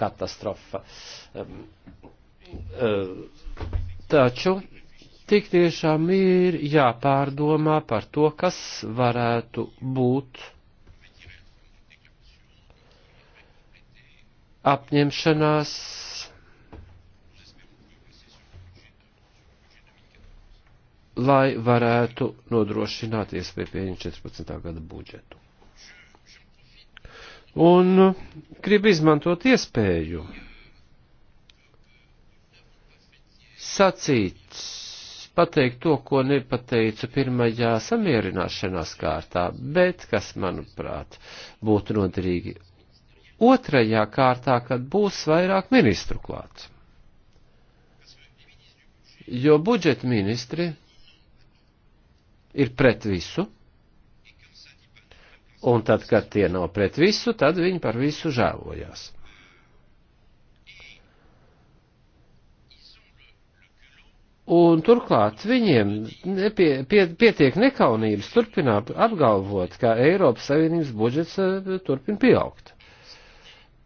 katastrofa. E, taču tik tiešām ir jāpārdomā par to, kas varētu būt apņemšanās lai varētu nodrošināt iespēju pieņemt 14. gada budžetu un uh, grib izmantot iespēju sacīt, pateikt to, ko nepateicu pirmajā samierināšanās kārtā, bet kas, manuprāt, būtu noderīgi otrajā kārtā, kad būs vairāk ministru klāt. Jo budžeta ministri ir pret visu un tad, kad tie nav pret visu, tad viņi par visu žēlojās. Un turklāt viņiem nepie, pie, pietiek nekaunības turpināt apgalvot, ka Eiropas Savienības budžets eh, turpin pieaugt.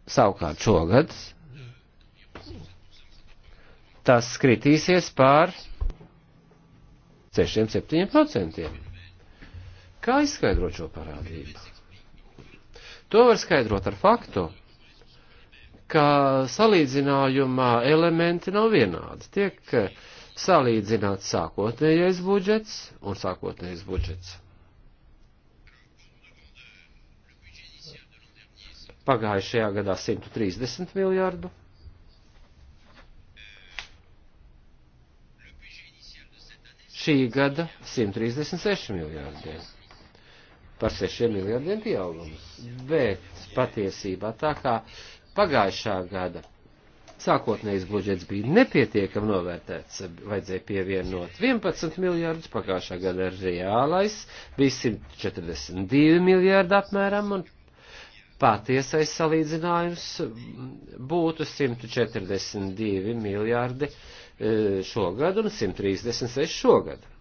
Savukārt šogad tas kritīsies pār 6-7%. Kā izskaidrot šo parādību? To var skaidrot ar faktu, ka salīdzinājumā elementi nav vienādi. Tiek eh, salīdzināts sākotnējais budžets un sākotnējais budžets. pagājušajā gadā 130 miljārdu. Šī gada 136 miljārdiem par 6 miljardiem pieaugums. Bet patiesībā tā kā pagājušā gada sākotnējais budžets bija nepietiekam novērtēts, vajadzēja pievienot 11 miljārdus, pagājušā gada reālais bija 142 miljārdi apmēram, un patiesais salīdzinājums būtu 142 miljārdi eh, šogad un 136 šogad.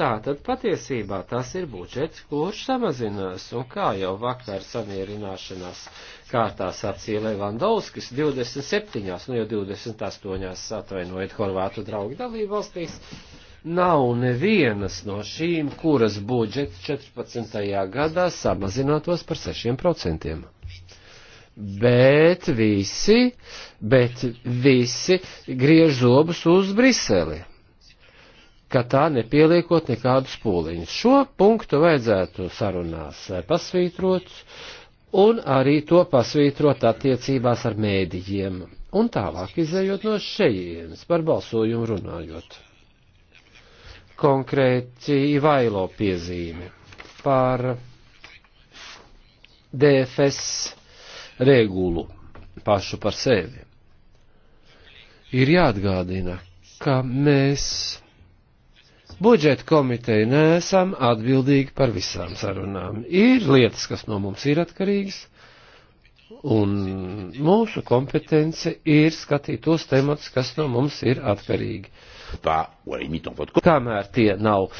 Tātad patiesībā tas ir budžets, kurš samazinās, un kā jau vakar samierināšanās kārtā sacīja Levandovskis, 27, nu jau 28 atvainojiet Horvātu draugu dalību valstīs, nav nevienas no šīm, kuras budžets 14. gadā samazinātos par 6%. Bet visi, bet visi griež zobus uz Briseli ka tā nepieliekot nekādus pūliņus. Šo punktu vajadzētu sarunās eh, pasvītrot un arī to pasvītrot attiecībās ar mēdījiem. Un tālāk izējot no šejienes par balsojumu runājot. Konkrēti Ivailo piezīme par DFS regulu pašu par sevi. Ir jāatgādina, ka mēs Budžeta komiteja nesam atbildīgi par visām sarunām. Ir lietas, kas no mums ir atkarīgas, un mūsu kompetence ir skatīt tos temats, kas no mums ir atkarīgi. Kamēr tie nav uh,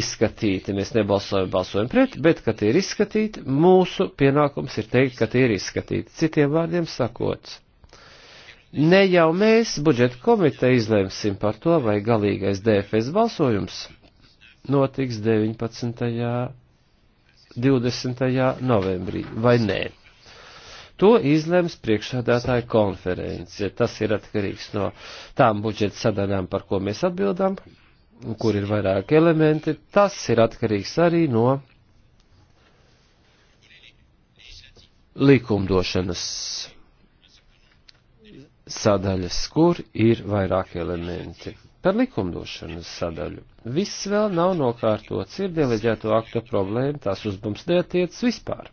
izskatīti, mēs nebalsojam, balsojam pret, bet, kad tie ir izskatīti, mūsu pienākums ir teikt, ka tie ir izskatīti. Citiem vārdiem sakots Ne jau mēs budžeta komiteja izlemsim par to, vai galīgais DFS balsojums notiks 19. 20. novembrī vai nē. To izlems priekšsādātāja konference. Tas ir atkarīgs no tām budžeta sadanām, par ko mēs atbildam, kur ir vairāki elementi. Tas ir atkarīgs arī no likumdošanas sadaļas, kur ir vairāk elementi. Par likumdošanas sadaļu. Viss vēl nav nokārtots, ir deleģēto akta problēma, tās uz mums neatiec vispār.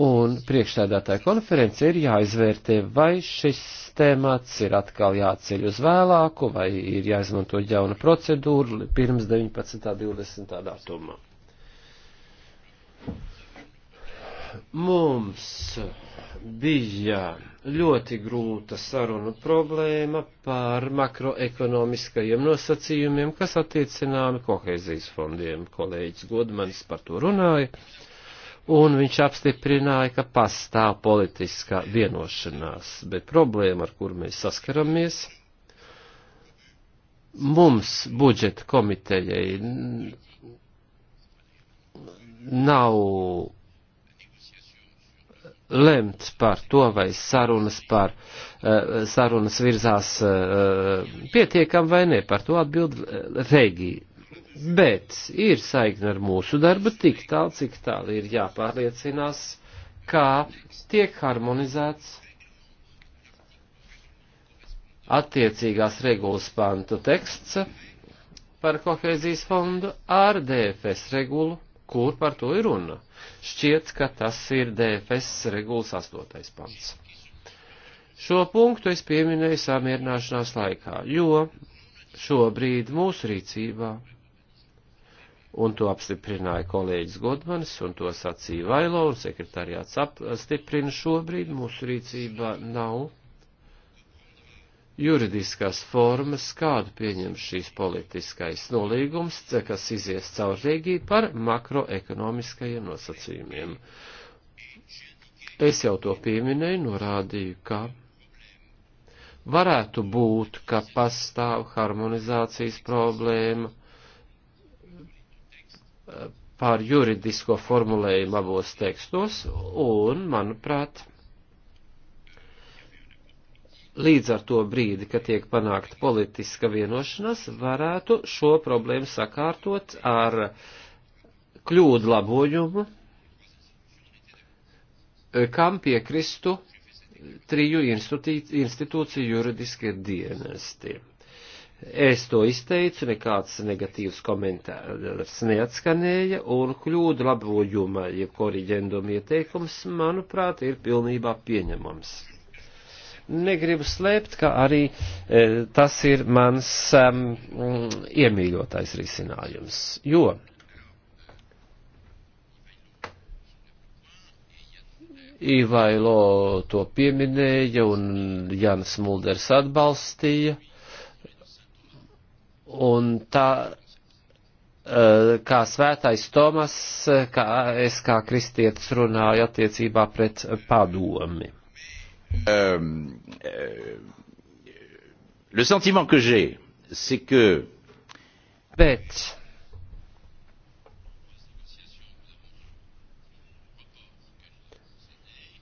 Un priekšstādātāja konference ir jāizvērtē, vai šis temats ir atkal jāceļ uz vēlāku, vai ir jāizmanto jauna procedūra pirms 19.20. datumā. Mums bija ļoti grūta saruna problēma par makroekonomiskajiem nosacījumiem, kas attiecināmi koheizijas fondiem. Kolēģis Godmanis par to runāja, un viņš apstiprināja, ka pastāv politiskā vienošanās, bet problēma, ar kur mēs saskaramies, mums budžeta komitejai nav lemt par to, vai sarunas, par, eh, sarunas virzās eh, pietiekam vai ne. Par to atbild eh, Regī. Bet ir saikne ar mūsu darbu tik tālu, cik tālu ir jāpārliecinās, kā tiek harmonizēts attiecīgās regulas pantu teksts par kohēzijas fondu ar DFS regulu kur par to ir runa. Šķiet, ka tas ir DFS regulas 8. pants. Šo punktu es pieminēju samierināšanās laikā, jo šobrīd mūsu rīcībā, un to apstiprināja kolēģis Godmanis, un to sacīja Vailo, un sekretariāts apstiprina šobrīd mūsu rīcībā nav juridiskās formas, kādu pieņem šīs politiskais nolīgums, kas izies caur Rīgiju par makroekonomiskajiem nosacījumiem. Es jau to pieminēju, norādīju, ka varētu būt, ka pastāv harmonizācijas problēma eh, pār juridisko formulējumu abos tekstos, un, manuprāt, līdz ar to brīdi, kad tiek panākta politiska vienošanās, varētu šo problēmu sakārtot ar kļūdu labojumu, kam piekristu triju institūciju juridiskie dienesti. Es to izteicu, nekāds negatīvs komentārs neatskanēja, un kļūdu labojuma, jeb ja koriģenduma ieteikums, manuprāt, ir pilnībā pieņemams negribu slēpt, ka arī e, tas ir mans um, iemīļotais risinājums. Jo Ivailo to pieminēja un Jans Mulders atbalstīja. Un tā e, kā svētais Tomas, e, kā es kā kristietis runāju attiecībā pret padomi. Euh, euh, le sentiment que j'ai, c'est que. Bet.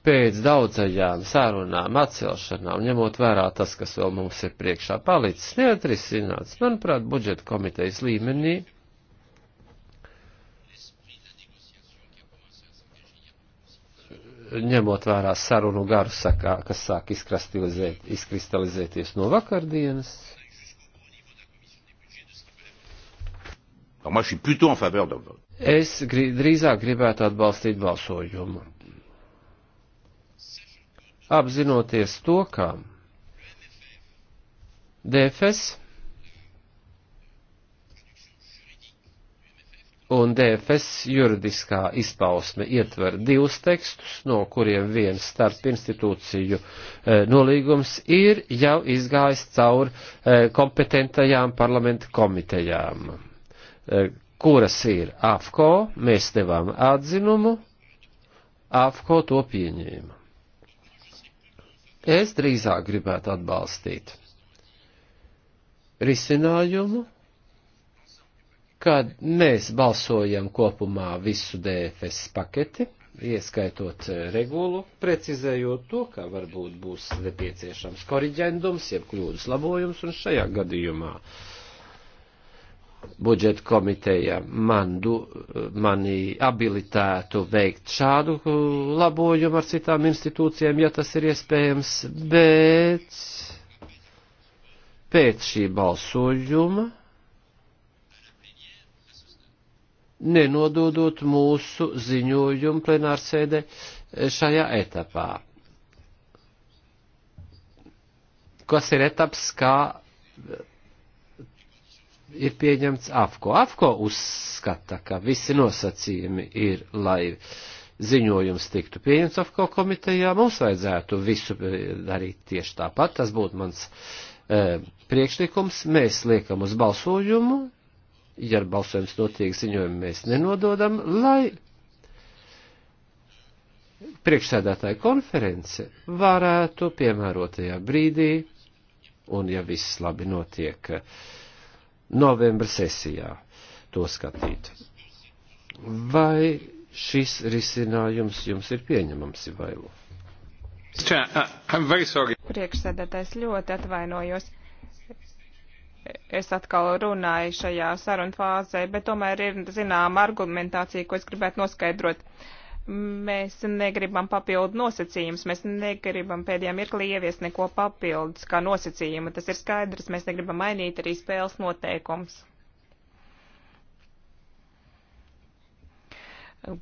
Pēc daudzajām sarunām, atcelšanām, ņemot vērā tas, kas vēl mums ir priekšā palicis neatrisināts, manuprāt, budžeta komitejas līmenī ņemot vērā sarunu garu, sakā, kas sāk izkristalizēties no vakardienas. Es drīzāk gribētu atbalstīt balsojumu. Apzinoties to, ka DFS un DFS juridiskā izpausme ietver divus tekstus, no kuriem viens starp institūciju e, nolīgums ir jau izgājis cauri e, kompetentajām parlamenta komitejām, e, kuras ir AFCO, mēs devām atzinumu, AFCO to pieņēma. Es drīzāk gribētu atbalstīt risinājumu, kad mēs balsojam kopumā visu DFS paketi, ieskaitot eh, regulu, precizējot to, ka varbūt būs nepieciešams koriģendums, jeb kļūdas labojums, un šajā gadījumā budžeta komiteja mandu, mani abilitētu veikt šādu eh, labojumu ar citām institūcijām, ja tas ir iespējams, bet pēc šī balsojuma nenododot mūsu ziņojumu plenārsēdē eh, šajā etapā. Kas ir etaps, kā eh, ir pieņemts AFCO. AFCO uzskata, ka visi nosacījumi ir, lai ziņojums tiktu pieņemts AFCO komitejā. Mums vajadzētu visu eh, darīt tieši tāpat. Tas būtu mans e, priekšlikums. Mēs liekam uz balsojumu ja balsojums notiek ziņojumu mēs nenododam, lai priekšsēdētāja konference varētu piemērotajā brīdī, un ja viss labi notiek, novembra sesijā to skatīt. Vai šis risinājums jums ir pieņemams, Ivailu? Uh, Priekšsēdētājs ļoti atvainojos es atkal runāju šajā sarunu fāzē, bet tomēr ir zināma argumentācija, ko es gribētu noskaidrot. Mēs negribam papildu nosacījumus, mēs negribam pēdējā mirklī ieviest neko papildus kā nosacījumu. Tas ir skaidrs, mēs negribam mainīt arī spēles noteikums.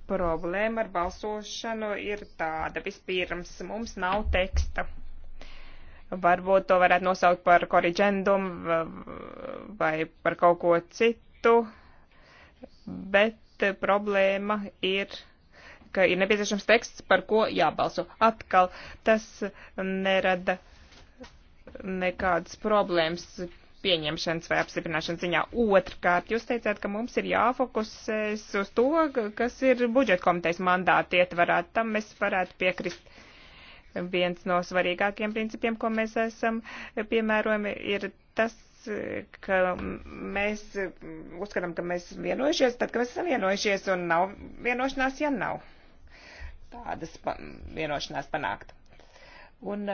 Problēma ar balsošanu ir tāda. Vispirms mums nav teksta. Varbūt to varētu nosaukt par korrigendumu vai par kaut ko citu, bet problēma ir, ka ir nepieciešams teksts, par ko jābalso. Atkal tas nerada nekādas problēmas pieņemšanas vai apstiprināšanas ziņā. Otrkārt, jūs teicāt, ka mums ir jāfokusēs uz to, kas ir budžeta komitejas mandāti ietvarā. Tam mēs varētu piekrist Viens no svarīgākiem principiem, ko mēs esam piemērojami, ir tas, ka mēs uzskatām, ka mēs vienojušies, tad, ka mēs esam vienojušies, un nav vienošanās, ja nav tādas pa vienošanās panākt. Un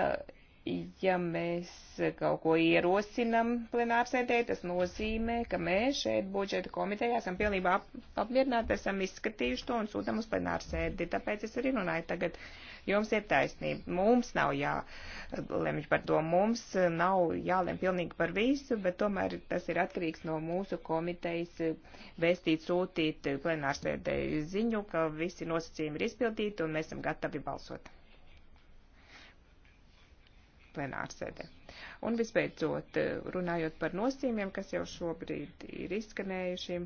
ja mēs kaut ko ierosinam plenārsēdē, tas nozīmē, ka mēs šeit budžeta komitejā esam pilnībā apmierināti, esam izskatījuši to un sūtam uz plenārsēdi. Tāpēc es arī runāju tagad Jums ir taisnība. Mums nav jālemj par to. Mums eh, nav jālem pilnīgi par visu, bet tomēr tas ir atkarīgs no mūsu komitejas eh, vēstīt, sūtīt eh, plenārsēdē ziņu, ka visi nosacījumi ir izpildīti un mēs esam gatavi balsot plenārsēdē. Un visbeidzot, runājot par nosīmiem, kas jau šobrīd ir izskanējuši,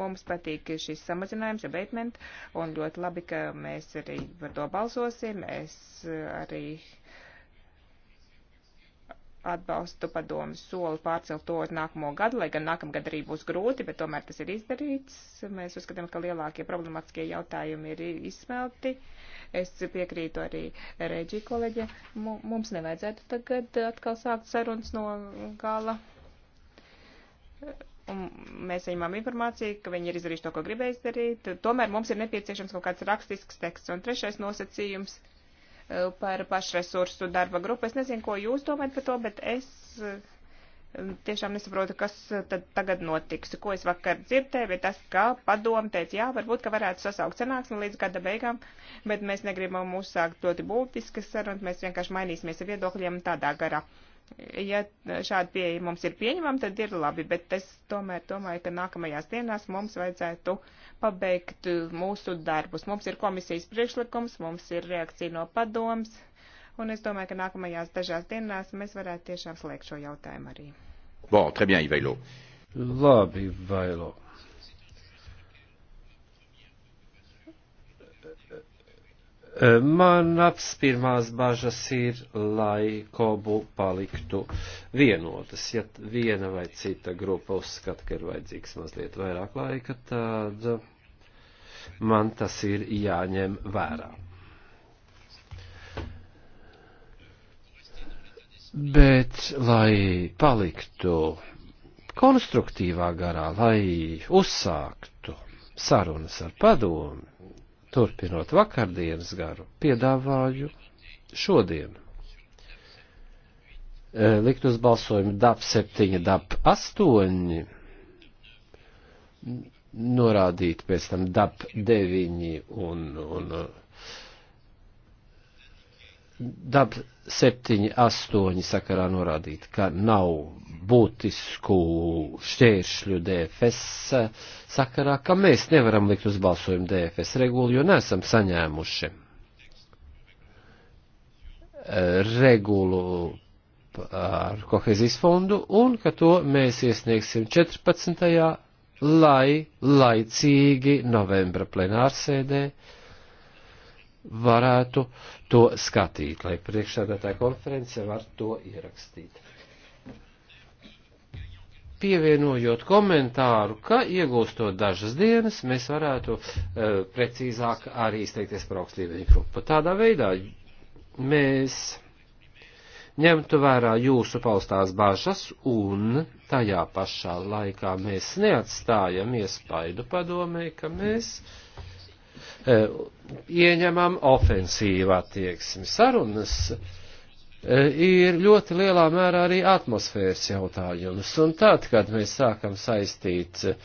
Mums patīk šis samazinājums, abatement, un ļoti labi, ka mēs arī par to balsosim. Es eh, arī atbalstu padomu soli pārcelt to uz nākamo gadu, lai gan nākamgad arī būs grūti, bet tomēr tas ir izdarīts. Mēs uzskatām, ka lielākie problematiskie jautājumi ir izsmelti. Es piekrītu arī Reģi kolēģi. Mums nevajadzētu tagad atkal sākt sarunas no gala un mēs saņemam informāciju, ka viņi ir izdarījuši to, ko gribēja izdarīt. Tomēr mums ir nepieciešams kaut kāds rakstisks teksts. Un trešais nosacījums eh, par pašresursu darba grupu. Es nezinu, ko jūs domājat par to, bet es eh, tiešām nesaprotu, kas eh, tad tagad notiks. Ko es vakar dzirdēju, bet tas, ka padomu teica, jā, varbūt, ka varētu sasaukt sanāksmi līdz gada beigām, bet mēs negribam uzsākt ļoti būtiskas sarunas, mēs vienkārši mainīsimies ar viedokļiem tādā garā. Uh, ja šāda pieeja mums ir pieņemama, tad ir labi, bet es tomēr domāju, ka nākamajās dienās mums vajadzētu pabeigt mūsu darbus. Mums ir komisijas priekšlikums, mums ir reakcija no padoms, un es domāju, ka nākamajās dažās dienās mēs varētu tiešām slēgt šo jautājumu arī. Bon, très bien, Ivailo. Labi, Ivailo. Manas pirmās bažas ir, lai kobu paliktu vienotas. Ja viena vai cita grupa uzskata, ka ir vajadzīgs mazliet vairāk laika, tad man tas ir jāņem vērā. Bet, lai paliktu konstruktīvā garā, lai uzsāktu sarunas ar padomu, Turpinot vakardienas garu, piedāvāju šodien e, likt uz balsojumu DAP 7, DAP 8, norādīt pēc tam DAP 9 un, un DAP 7, 8 sakarā norādīt, ka nav būtisku šķēršļu DFS sakarā, ka mēs nevaram likt uz balsojumu DFS regulu, jo nesam saņēmuši eh, regulu ar kohezijas fondu un ka to mēs iesniegsim 14. lai laicīgi novembra plenārsēdē varētu to skatīt, lai priekšsēdētāja konference var to ierakstīt pievienojot komentāru, ka iegūstot dažas dienas, mēs varētu e, precīzāk arī izteikties par augstlīmeņu grupu. Tādā veidā mēs ņemtu vērā jūsu paustās bažas un tajā pašā laikā mēs neatstājam iespaidu padomē, ka mēs e, ieņemam ofensīvā tieksmi sarunas. E, E, ir ļoti lielā mērā arī atmosfēras jautājums. Un tad, kad mēs sākam saistīt e,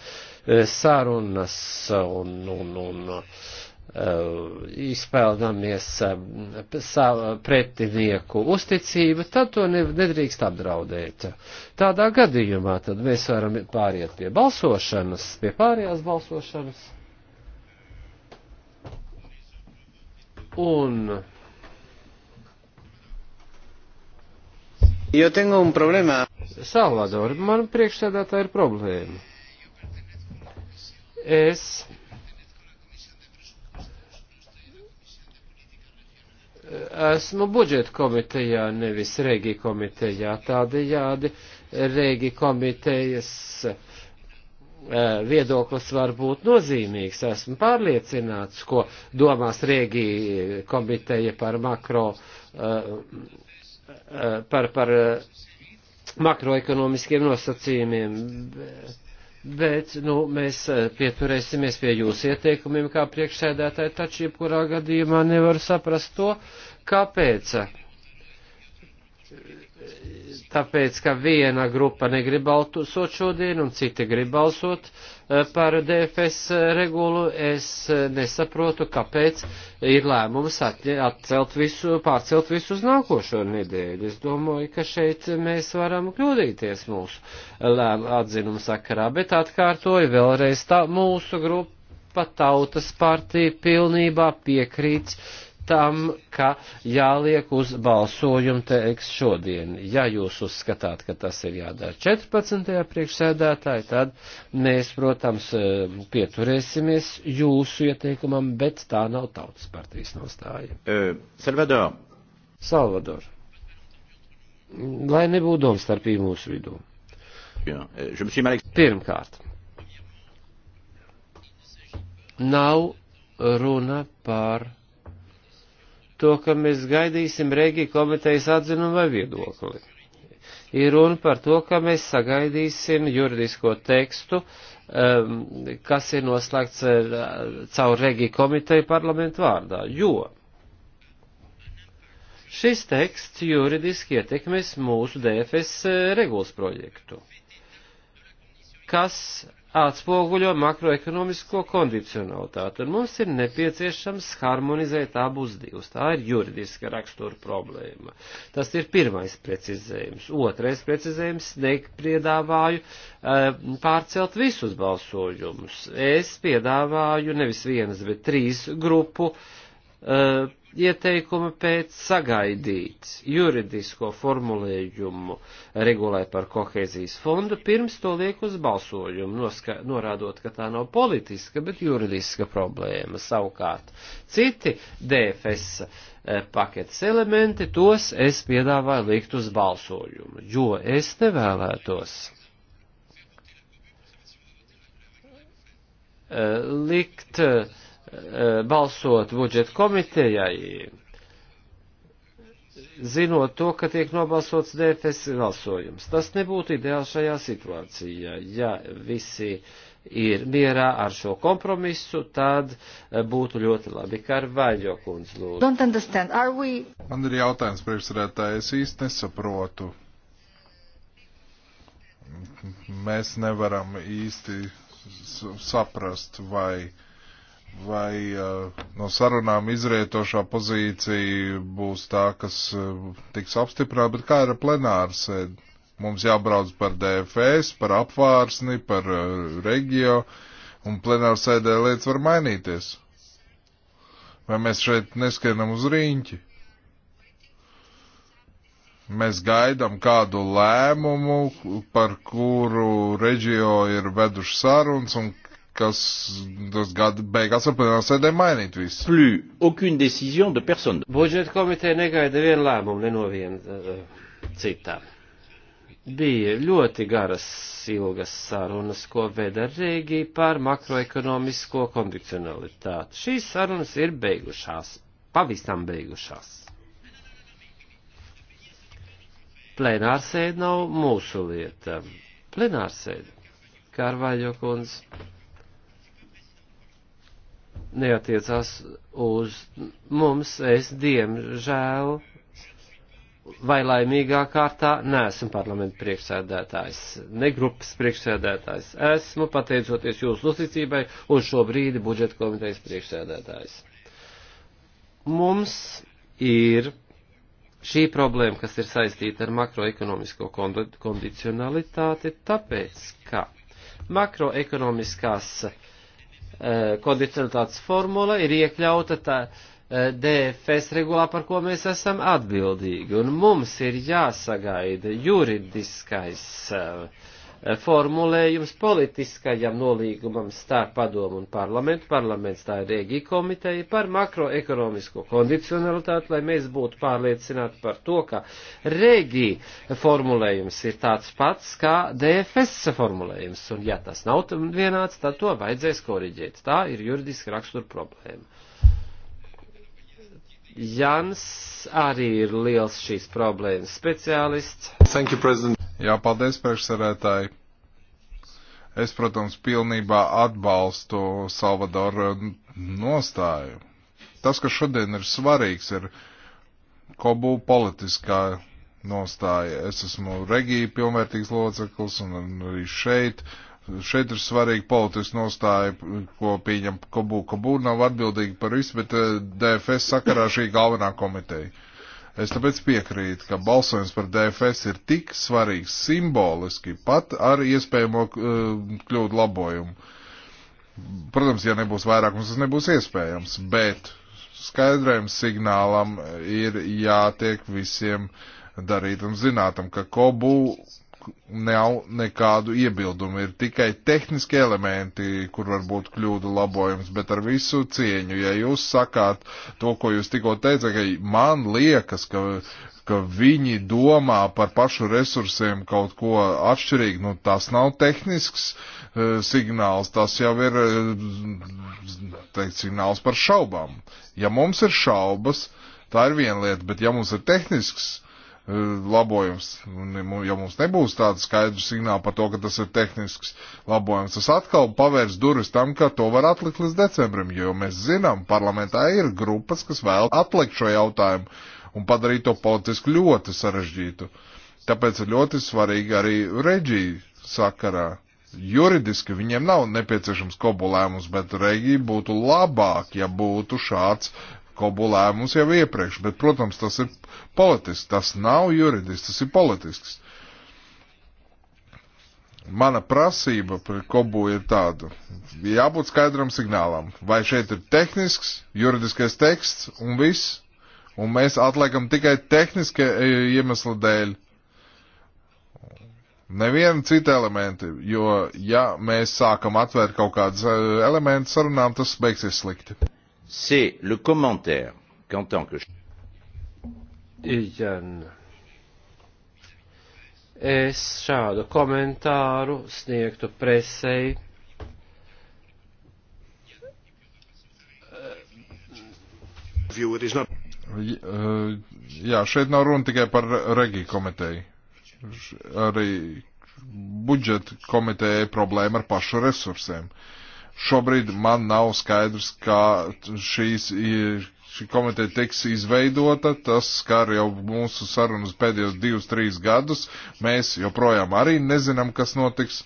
sarunas un, un, un, un e, izpeldamies pretinieku uzticību, tad to nedrīkst apdraudēt. Tādā gadījumā tad mēs varam pāriet pie balsošanas, pie pārējās balsošanas. Un Jo tengo un problēma. Salvador, man priekšsēdētā ir problēma. Es esmu budžeta komitejā, nevis regi komitejā. Tādējādi regi komitejas e, viedoklis var būt nozīmīgs. Esmu pārliecināts, ko domās regi komiteja par makro uh, Eh, par, par eh, makroekonomiskiem nosacījumiem. Bet, nu, mēs eh, pieturēsimies pie jūsu ieteikumiem kā priekšsēdētāji, taču jebkurā gadījumā nevar saprast to, kāpēc. Tāpēc, ka viena grupa negrib balsot šodien un citi grib balsot, uh, Eh, par DFS regulu, es eh, nesaprotu, kāpēc ir lēmums atcelt visu, pārcelt visu uz nākošo nedēļu. Es domāju, ka šeit mēs varam kļūdīties mūsu eh, lēmu atzinumu sakarā, bet atkārtoju vēlreiz tā mūsu grupa tautas partija pilnībā piekrīts tam, ka jāliek uz balsojumu teiks šodien. Ja jūs uzskatāt, ka tas ir jādara 14. priekšsēdētāji, tad mēs, protams, e, pieturēsimies jūsu ieteikumam, bet tā nav tautas partijas nostāja. E, Salvador. Salvador. Lai nebūtu domstarpība mūsu vidū. E, Pirmkārt, nav runa par to, ka mēs gaidīsim Rēgī komitejas atzinumu vai viedokli. Ir runa par to, ka mēs sagaidīsim juridisko tekstu, um, kas ir noslēgts uh, caur Rēgī komiteju parlamentu vārdā, jo šis teksts juridiski ietekmēs mūsu DFS uh, regulas projektu, kas atspoguļo makroekonomisko kondicionalitāti, un mums ir nepieciešams harmonizēt abus divus. Tā ir juridiska rakstura problēma. Tas ir pirmais precizējums. Otrais precizējums - nepriedāvāju e, eh, pārcelt visus balsojumus. Es piedāvāju nevis vienas, bet trīs grupu e, ieteikuma pēc sagaidīt juridisko formulējumu regulē par kohēzijas fondu, pirms to liek uz balsojumu, noska, norādot, ka tā nav politiska, bet juridiska problēma. Savukārt citi DFS eh, paketes elementi, tos es piedāvāju likt uz balsojumu, jo es nevēlētos eh, likt uh, Eh, balsot budžeta komitejai, zinot to, ka tiek nobalsots DFS balsojums. Tas nebūtu ideāli šajā situācijā, ja visi ir mierā ar šo kompromisu, tad eh, būtu ļoti labi, ka ar vaļo kundz lūdzu. We... Man ir jautājums, priekšsarētāji, es īsti nesaprotu. Mēs nevaram īsti saprast, vai vai eh, no sarunām izrietošā pozīcija būs tā, kas eh, tiks apstiprināta, bet kā ir plenārs? Mums jābrauc par DFS, par apvārsni, par eh, regio, un plenāra sēdē lietas var mainīties. Vai mēs šeit neskaidram uz rīņķi? Mēs gaidām kādu lēmumu, par kuru reģio ir veduši sarunas un kas tas gada beigās ar plenāru sēdē mainīt visu. Plus, aucune décision de personne. Budžeta komiteja negaida vienu lēmumu, ne no viena uh, eh, citā. Bija ļoti garas, ilgas sarunas, ko veda Rēgī par makroekonomisko kondicionalitāti. Šīs sarunas ir beigušās, pavisam beigušās. Plenārsēde nav mūsu lieta. Plenārsēde. Kārvaļo kundze neatiecās uz mums. Es, diemžēl, vai laimīgā kārtā neesmu parlamenta priekšsēdētājs, ne grupas priekšsēdētājs. Esmu, pateicoties jūsu uzticībai, un šobrīd budžeta komitejas priekšsēdētājs. Mums ir šī problēma, kas ir saistīta ar makroekonomisko kondicionalitāti, tāpēc, ka makroekonomiskās uh, Eh, kondicionalitātes formula ir iekļauta tā eh, DFS regulā, par ko mēs esam atbildīgi. Un mums ir jāsagaida juridiskais uh, formulējums politiskajam nolīgumam starp padomu un parlamentu, parlaments tā ir Rēgija komiteja, par makroekonomisko kondicionalitāti, lai mēs būtu pārliecināti par to, ka Rēgija formulējums ir tāds pats kā DFS formulējums, un ja tas nav vienāds, tad to vajadzēs koriģēt. Tā ir juridiska rakstura problēma. Jans arī ir liels šīs problēmas speciālists. Thank you, Jā, paldies priekšsarētāji. Es, protams, pilnībā atbalstu Salvadoru nostāju. Tas, kas šodien ir svarīgs, ir kobu politiskā nostāja. Es esmu Regija pilnvērtīgs loceklis un arī šeit. Šeit ir svarīga politiska nostāja, ko pieņem Kobu. Kobu nav atbildīga par visu, bet eh, DFS sakarā šī galvenā komiteja. Es tāpēc piekrītu, ka balsojums par DFS ir tik svarīgs simboliski, pat ar iespējamo eh, kļūdu labojumu. Protams, ja nebūs vairākums, tas nebūs iespējams, bet skaidrējums signālam ir jātiek visiem darītam zinātam, ka kobu nav nekādu iebildumu. Ir tikai tehniski elementi, kur var būt kļūdu labojums, bet ar visu cieņu, ja jūs sakāt to, ko jūs tikko teicāt, ka man liekas, ka, ka viņi domā par pašu resursiem kaut ko atšķirīgi, nu tas nav tehnisks uh, signāls, tas jau ir, uh, teikt, signāls par šaubām. Ja mums ir šaubas, tā ir viena lieta, bet ja mums ir tehnisks, E, labojums. Un, ja mums nebūs tāda skaidra signāla par to, ka tas ir tehnisks labojums, tas atkal pavērs durvis tam, ka to var atlikt līdz decembrim, jo mēs zinām, parlamentā ir grupas, kas vēl atlikt šo jautājumu un padarīt to politiski ļoti sarežģītu. Tāpēc ir ļoti svarīgi arī reģija sakarā. Juridiski viņiem nav nepieciešams kobu lēmums, bet reģija būtu labāk, ja būtu šāds Kobulē mums jau iepriekš, bet, protams, tas ir politisks, tas nav juridisks, tas ir politisks. Mana prasība par kobu ir tāda, jābūt skaidram signālam, vai šeit ir tehnisks, juridiskais teksts un viss, un mēs atliekam tikai tehniska e, iemesla dēļ. Neviena cita elementa, jo ja mēs sākam atvērt kaut kādus e, elementus sarunām, tas beigsies slikti c'est le commentaire qu'en tant que... Igen. Es šādu komentāru sniegtu presei. Eh, jā, šeit nav runa tikai par regiju komiteju. Arī budžeta komitejai problēma ar pašu resursiem. Uh, Šobrīd man nav skaidrs, kā šīs, šī komiteja tiks izveidota. Tas skar jau mūsu sarunas pēdējos divus, trīs gadus. Mēs joprojām arī nezinām, kas notiks.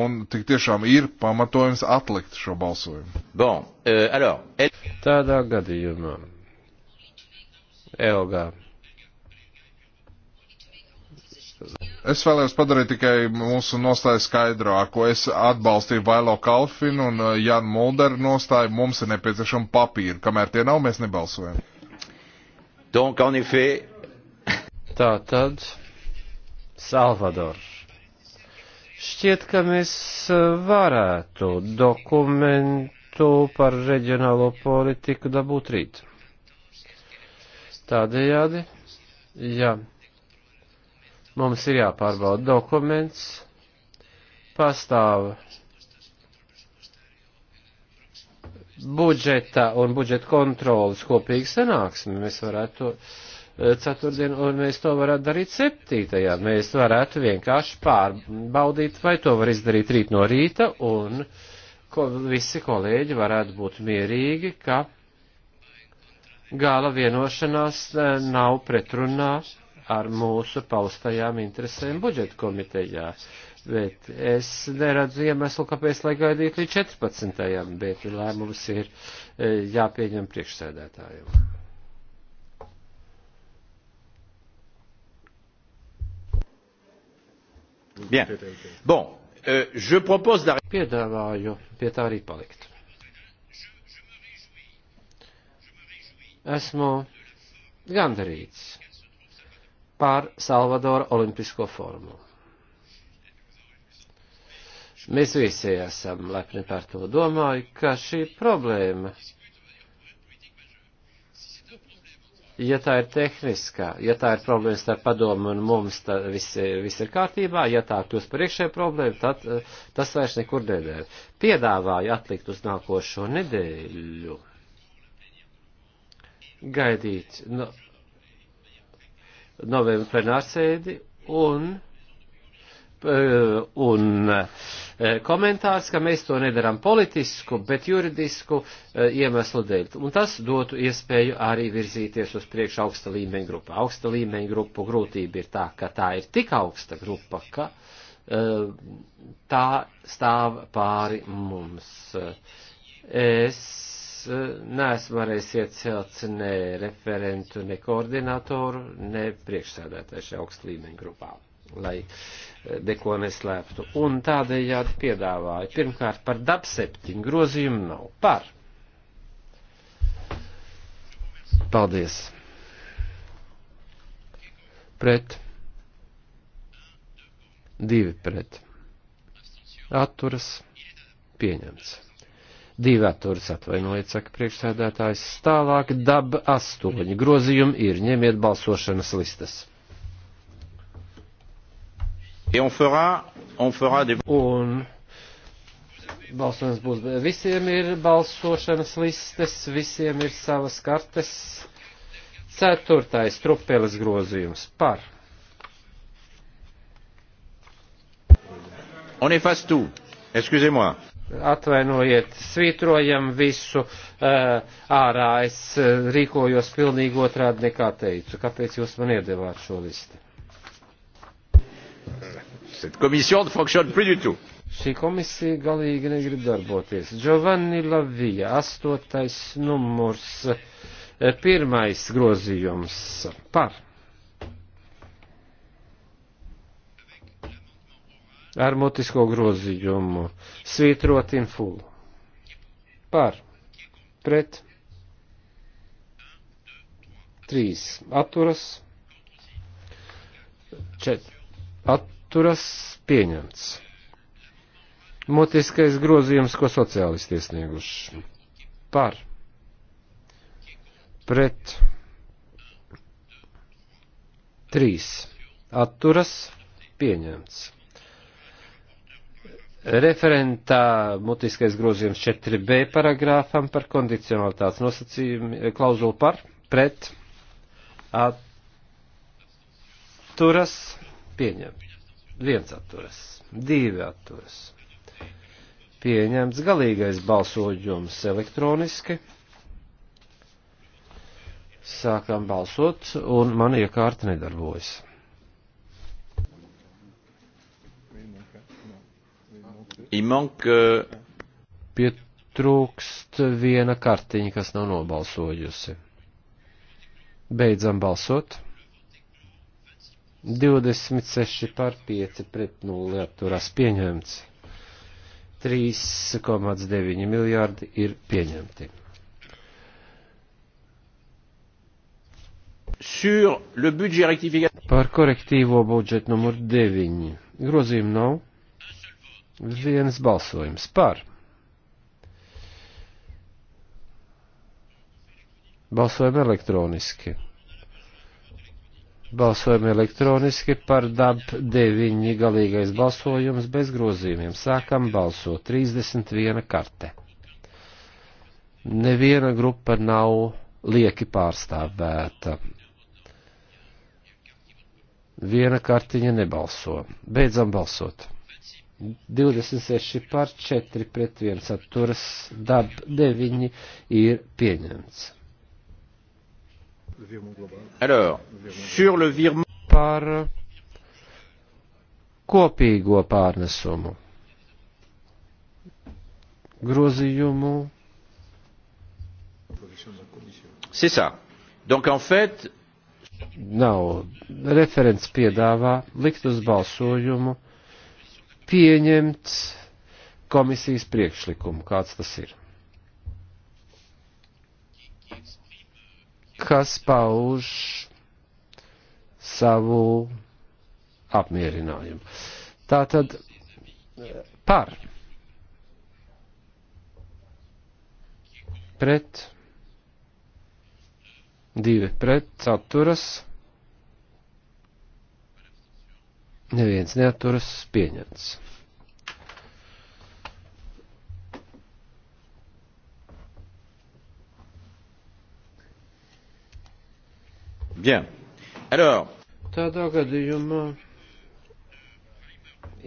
Un tik tiešām ir pamatojums atlikt šo balsojumu. Bon, euh, alors, el... Tādā gadījumā, Elgā, Es vēlējos padarīt tikai mūsu nostāju skaidrāko. Es atbalstīju Vailo Kalfinu un uh, Janu Mulderu nostāju. Mums ir nepieciešama papīra. Kamēr tie nav, mēs nebalsojam. Donc, en effet... Tā tad, Salvador. Šķiet, ka mēs uh, varētu dokumentu par reģionālo politiku dabūt rīt. Tādējādi, jā. Ja Mums ir jāpārbauda dokuments, pastāv budžeta un budžeta kontrolas kopīga sanāksme. Mēs varētu to eh, ceturtdien, un mēs to varētu darīt septītajā. Mēs varētu vienkārši pārbaudīt, vai to var izdarīt rīt no rīta, un ko, visi kolēģi varētu būt mierīgi, ka gala vienošanās eh, nav pretrunā ar mūsu paustajām interesēm budžeta komitejā. Bet es neredzu iemeslu, kāpēc lai gaidītu līdz 14. bet lēmums ir e, jāpieņem priekšsēdētājiem. Bien. Bon, euh, je propose d'arrêter. Piedāvāju pie tā arī palikt. Esmu gandarīts pār Salvadora olimpisko formu. Mēs visi esam lepni par to domāju, ka šī problēma, ja tā ir tehniskā, ja tā ir problēma starp padomu un mums, tad viss, viss ir kārtībā, ja tā kļūst par iekšēju problēmu, tad eh, tas vairs nekur nedēļ. Piedāvāju atlikt uz nākošo nedēļu. Gaidīt. No, nu, novembra plenārsēdi un eh, un eh, komentārs, ka mēs to nedaram politisku, bet juridisku eh, iemeslu dēļ. Un tas dotu iespēju arī virzīties uz priekšu augsta līmeņa grupa. Augsta līmeņa grupu grūtība ir tā, ka tā ir tik augsta grupa, ka tā stāv pāri mums. Es neesmu varējis iecelt ne referentu, ne koordinatoru, ne priekšsēdētāju šajā augst līmeņa grupā, lai eh, neko neslēptu. Un tādējādi piedāvāju. Pirmkārt, par DAP septiņu grozījumu nav. Par. Paldies. Pret. Divi pret. Atturas. Pieņemts divi atturas atvainojiet, saka priekšsēdētājs. Tālāk daba astoņi. Grozījumi ir, ņemiet balsošanas listas. On fera, on fera des... Un balsojums būs, visiem ir balsošanas listes, visiem ir savas kartes. Ceturtais trupeles grozījums par. On efface tout. Excusez-moi atvainojiet, svītrojam visu uh, ārā. Es uh, rīkojos pilnīgi otrādi nekā teicu. Kāpēc jūs man iedevāt šo listi? Šī komisija galīgi negrib darboties. Giovanni Lavija, astotais numurs, eh, pirmais grozījums par ar mutisko grozījumu svītrot in full. Par, pret, trīs, atturas, čet, atturas, pieņemts. Mutiskais grozījums, ko sociālisti iesnieguši. Par, pret, trīs, atturas, pieņemts referentā mutiskais grozījums 4b paragrāfam par kondicionalitātes nosacījumu eh, klauzulu par pret atturas pieņem. Viens atturas, divi atturas. Pieņemts galīgais balsojums elektroniski. Sākam balsot un man iekārta nedarbojas. Il manque. Pietrūkst viena kartiņa, kas nav nobalsojusi. Beidzam balsot. 26 par 5 pret 0 atturās pieņemts. 3,9 miljārdi ir pieņemti. Par korektīvo budžetu numur 9 grozījumu nav viens balsojums par. Balsojam elektroniski. Balsojam elektroniski par DAB 9 galīgais balsojums bez grozījumiem. Sākam balsot 31 karte. Neviena grupa nav lieki pārstāvēta. Viena kartiņa nebalso. Beidzam balsot. 26 par 4 pret 1 atturas, dab 9 ir pieņemts. Alors, sur le virement... Par kopīgo pārnesumu, grozījumu. C'est ça. Donc en fait... Nav. Referents piedāvā likt uz balsojumu pieņemt komisijas priekšlikumu, kāds tas ir. Kas pauž savu apmierinājumu. Tātad par pret divi pret atturas neviens neaturas pieņemts. Bien. Alors. Tādā gadījumā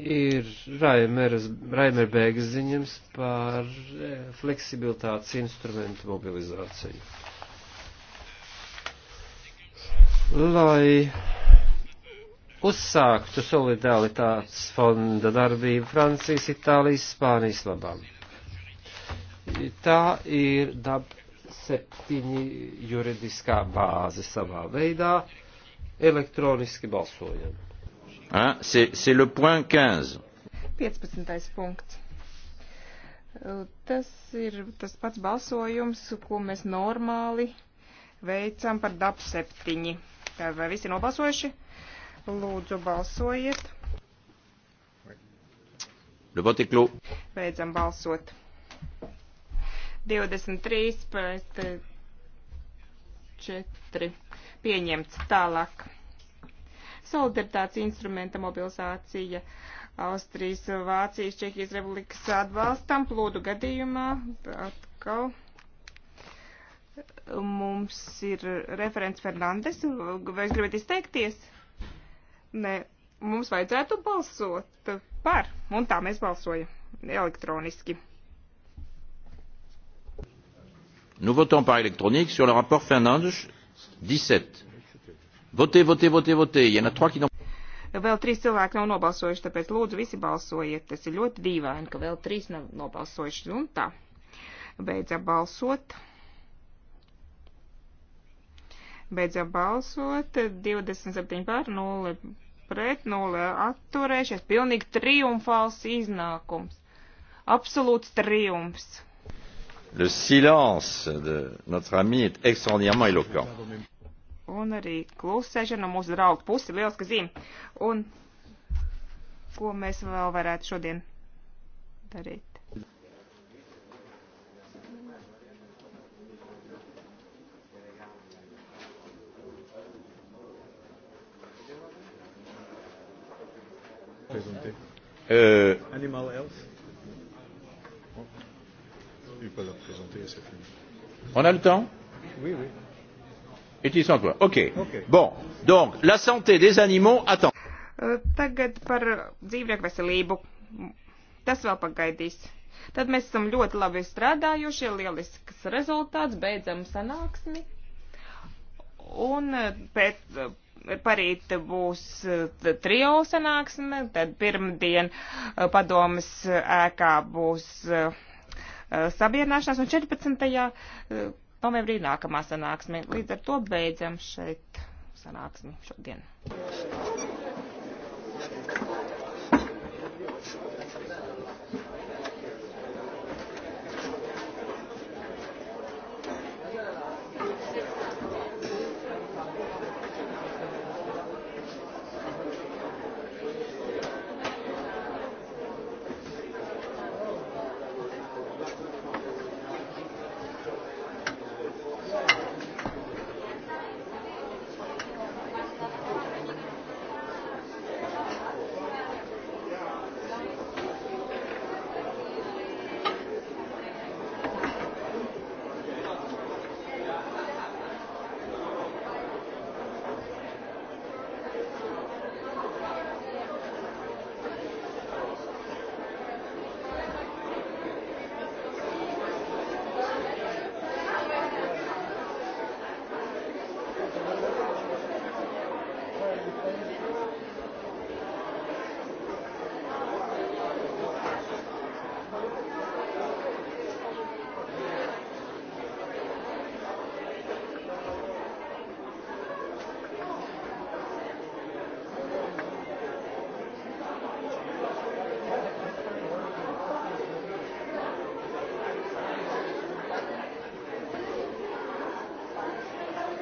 ir Raimerbēgas ziņams par eh, fleksibilitātes instrumentu mobilizāciju. Lai uzsāktu solidaritātes fonda darbību Francijas, Itālijas, Spānijas labām. Tā ir dab septiņi juridiskā bāze savā veidā, elektroniski balsojam. C'est le point 15. 15. punkts. Tas ir tas pats balsojums, ko mēs normāli veicam par DAP 7. Vai visi nobalsojuši? Uh, Lūdzu, balsojiet. Ļubotiklu. Beidzam balsot. 23 pret 4. Eh, Pieņemts tālāk. Solidaritātes instrumenta mobilizācija Austrijas, Vācijas, Čehijas republikas atbalstam plūdu gadījumā. Atkal mums ir referents Fernandes. Vai jūs gribat izteikties? Nē, mums vajadzētu balsot par, un tā mēs balsojam elektroniski. Nous votons par électronique sur le rapport Fernandes 17. Votez, votez, votez, votez. Il y en a trois qui n'ont Vēl trīs cilvēki nav nobalsojuši, tāpēc lūdzu visi balsojiet. Tas ir ļoti dīvaini, ka vēl trīs nav nobalsojuši. Un tā. Beidzam balsot. Beidzam balsot. 27 pār 0 pret 0 atturējušies. Pilnīgi triumfāls iznākums. Absolūts triumfs. Le silence de notre ami est extraordinairement éloquent. Un arī klusēšana mūsu draugu pusi lieliska zīme. Un ko mēs vēl varētu šodien darīt? présenter. Euh... Animal Health. Tu peux la présenter et c'est fini. On a le temps Oui, oui. Utiliser encore. OK. okay. Bon. Donc, la santé des animaux attend. Euh, tagad par dzīvnieku veselību. Tas vēl pagaidīs. Tad mēs esam ļoti labi strādājuši, lielisks rezultāts, beidzam sanāksmi. Un eh, pēc, parīt būs eh, trio sanāksme, tad pirmdien eh, padomas eh, ēkā būs sabiedrināšanās un 14. novembrī nākamā sanāksme. Līdz ar to beidzam šeit sanāksmi šodien. Thank you.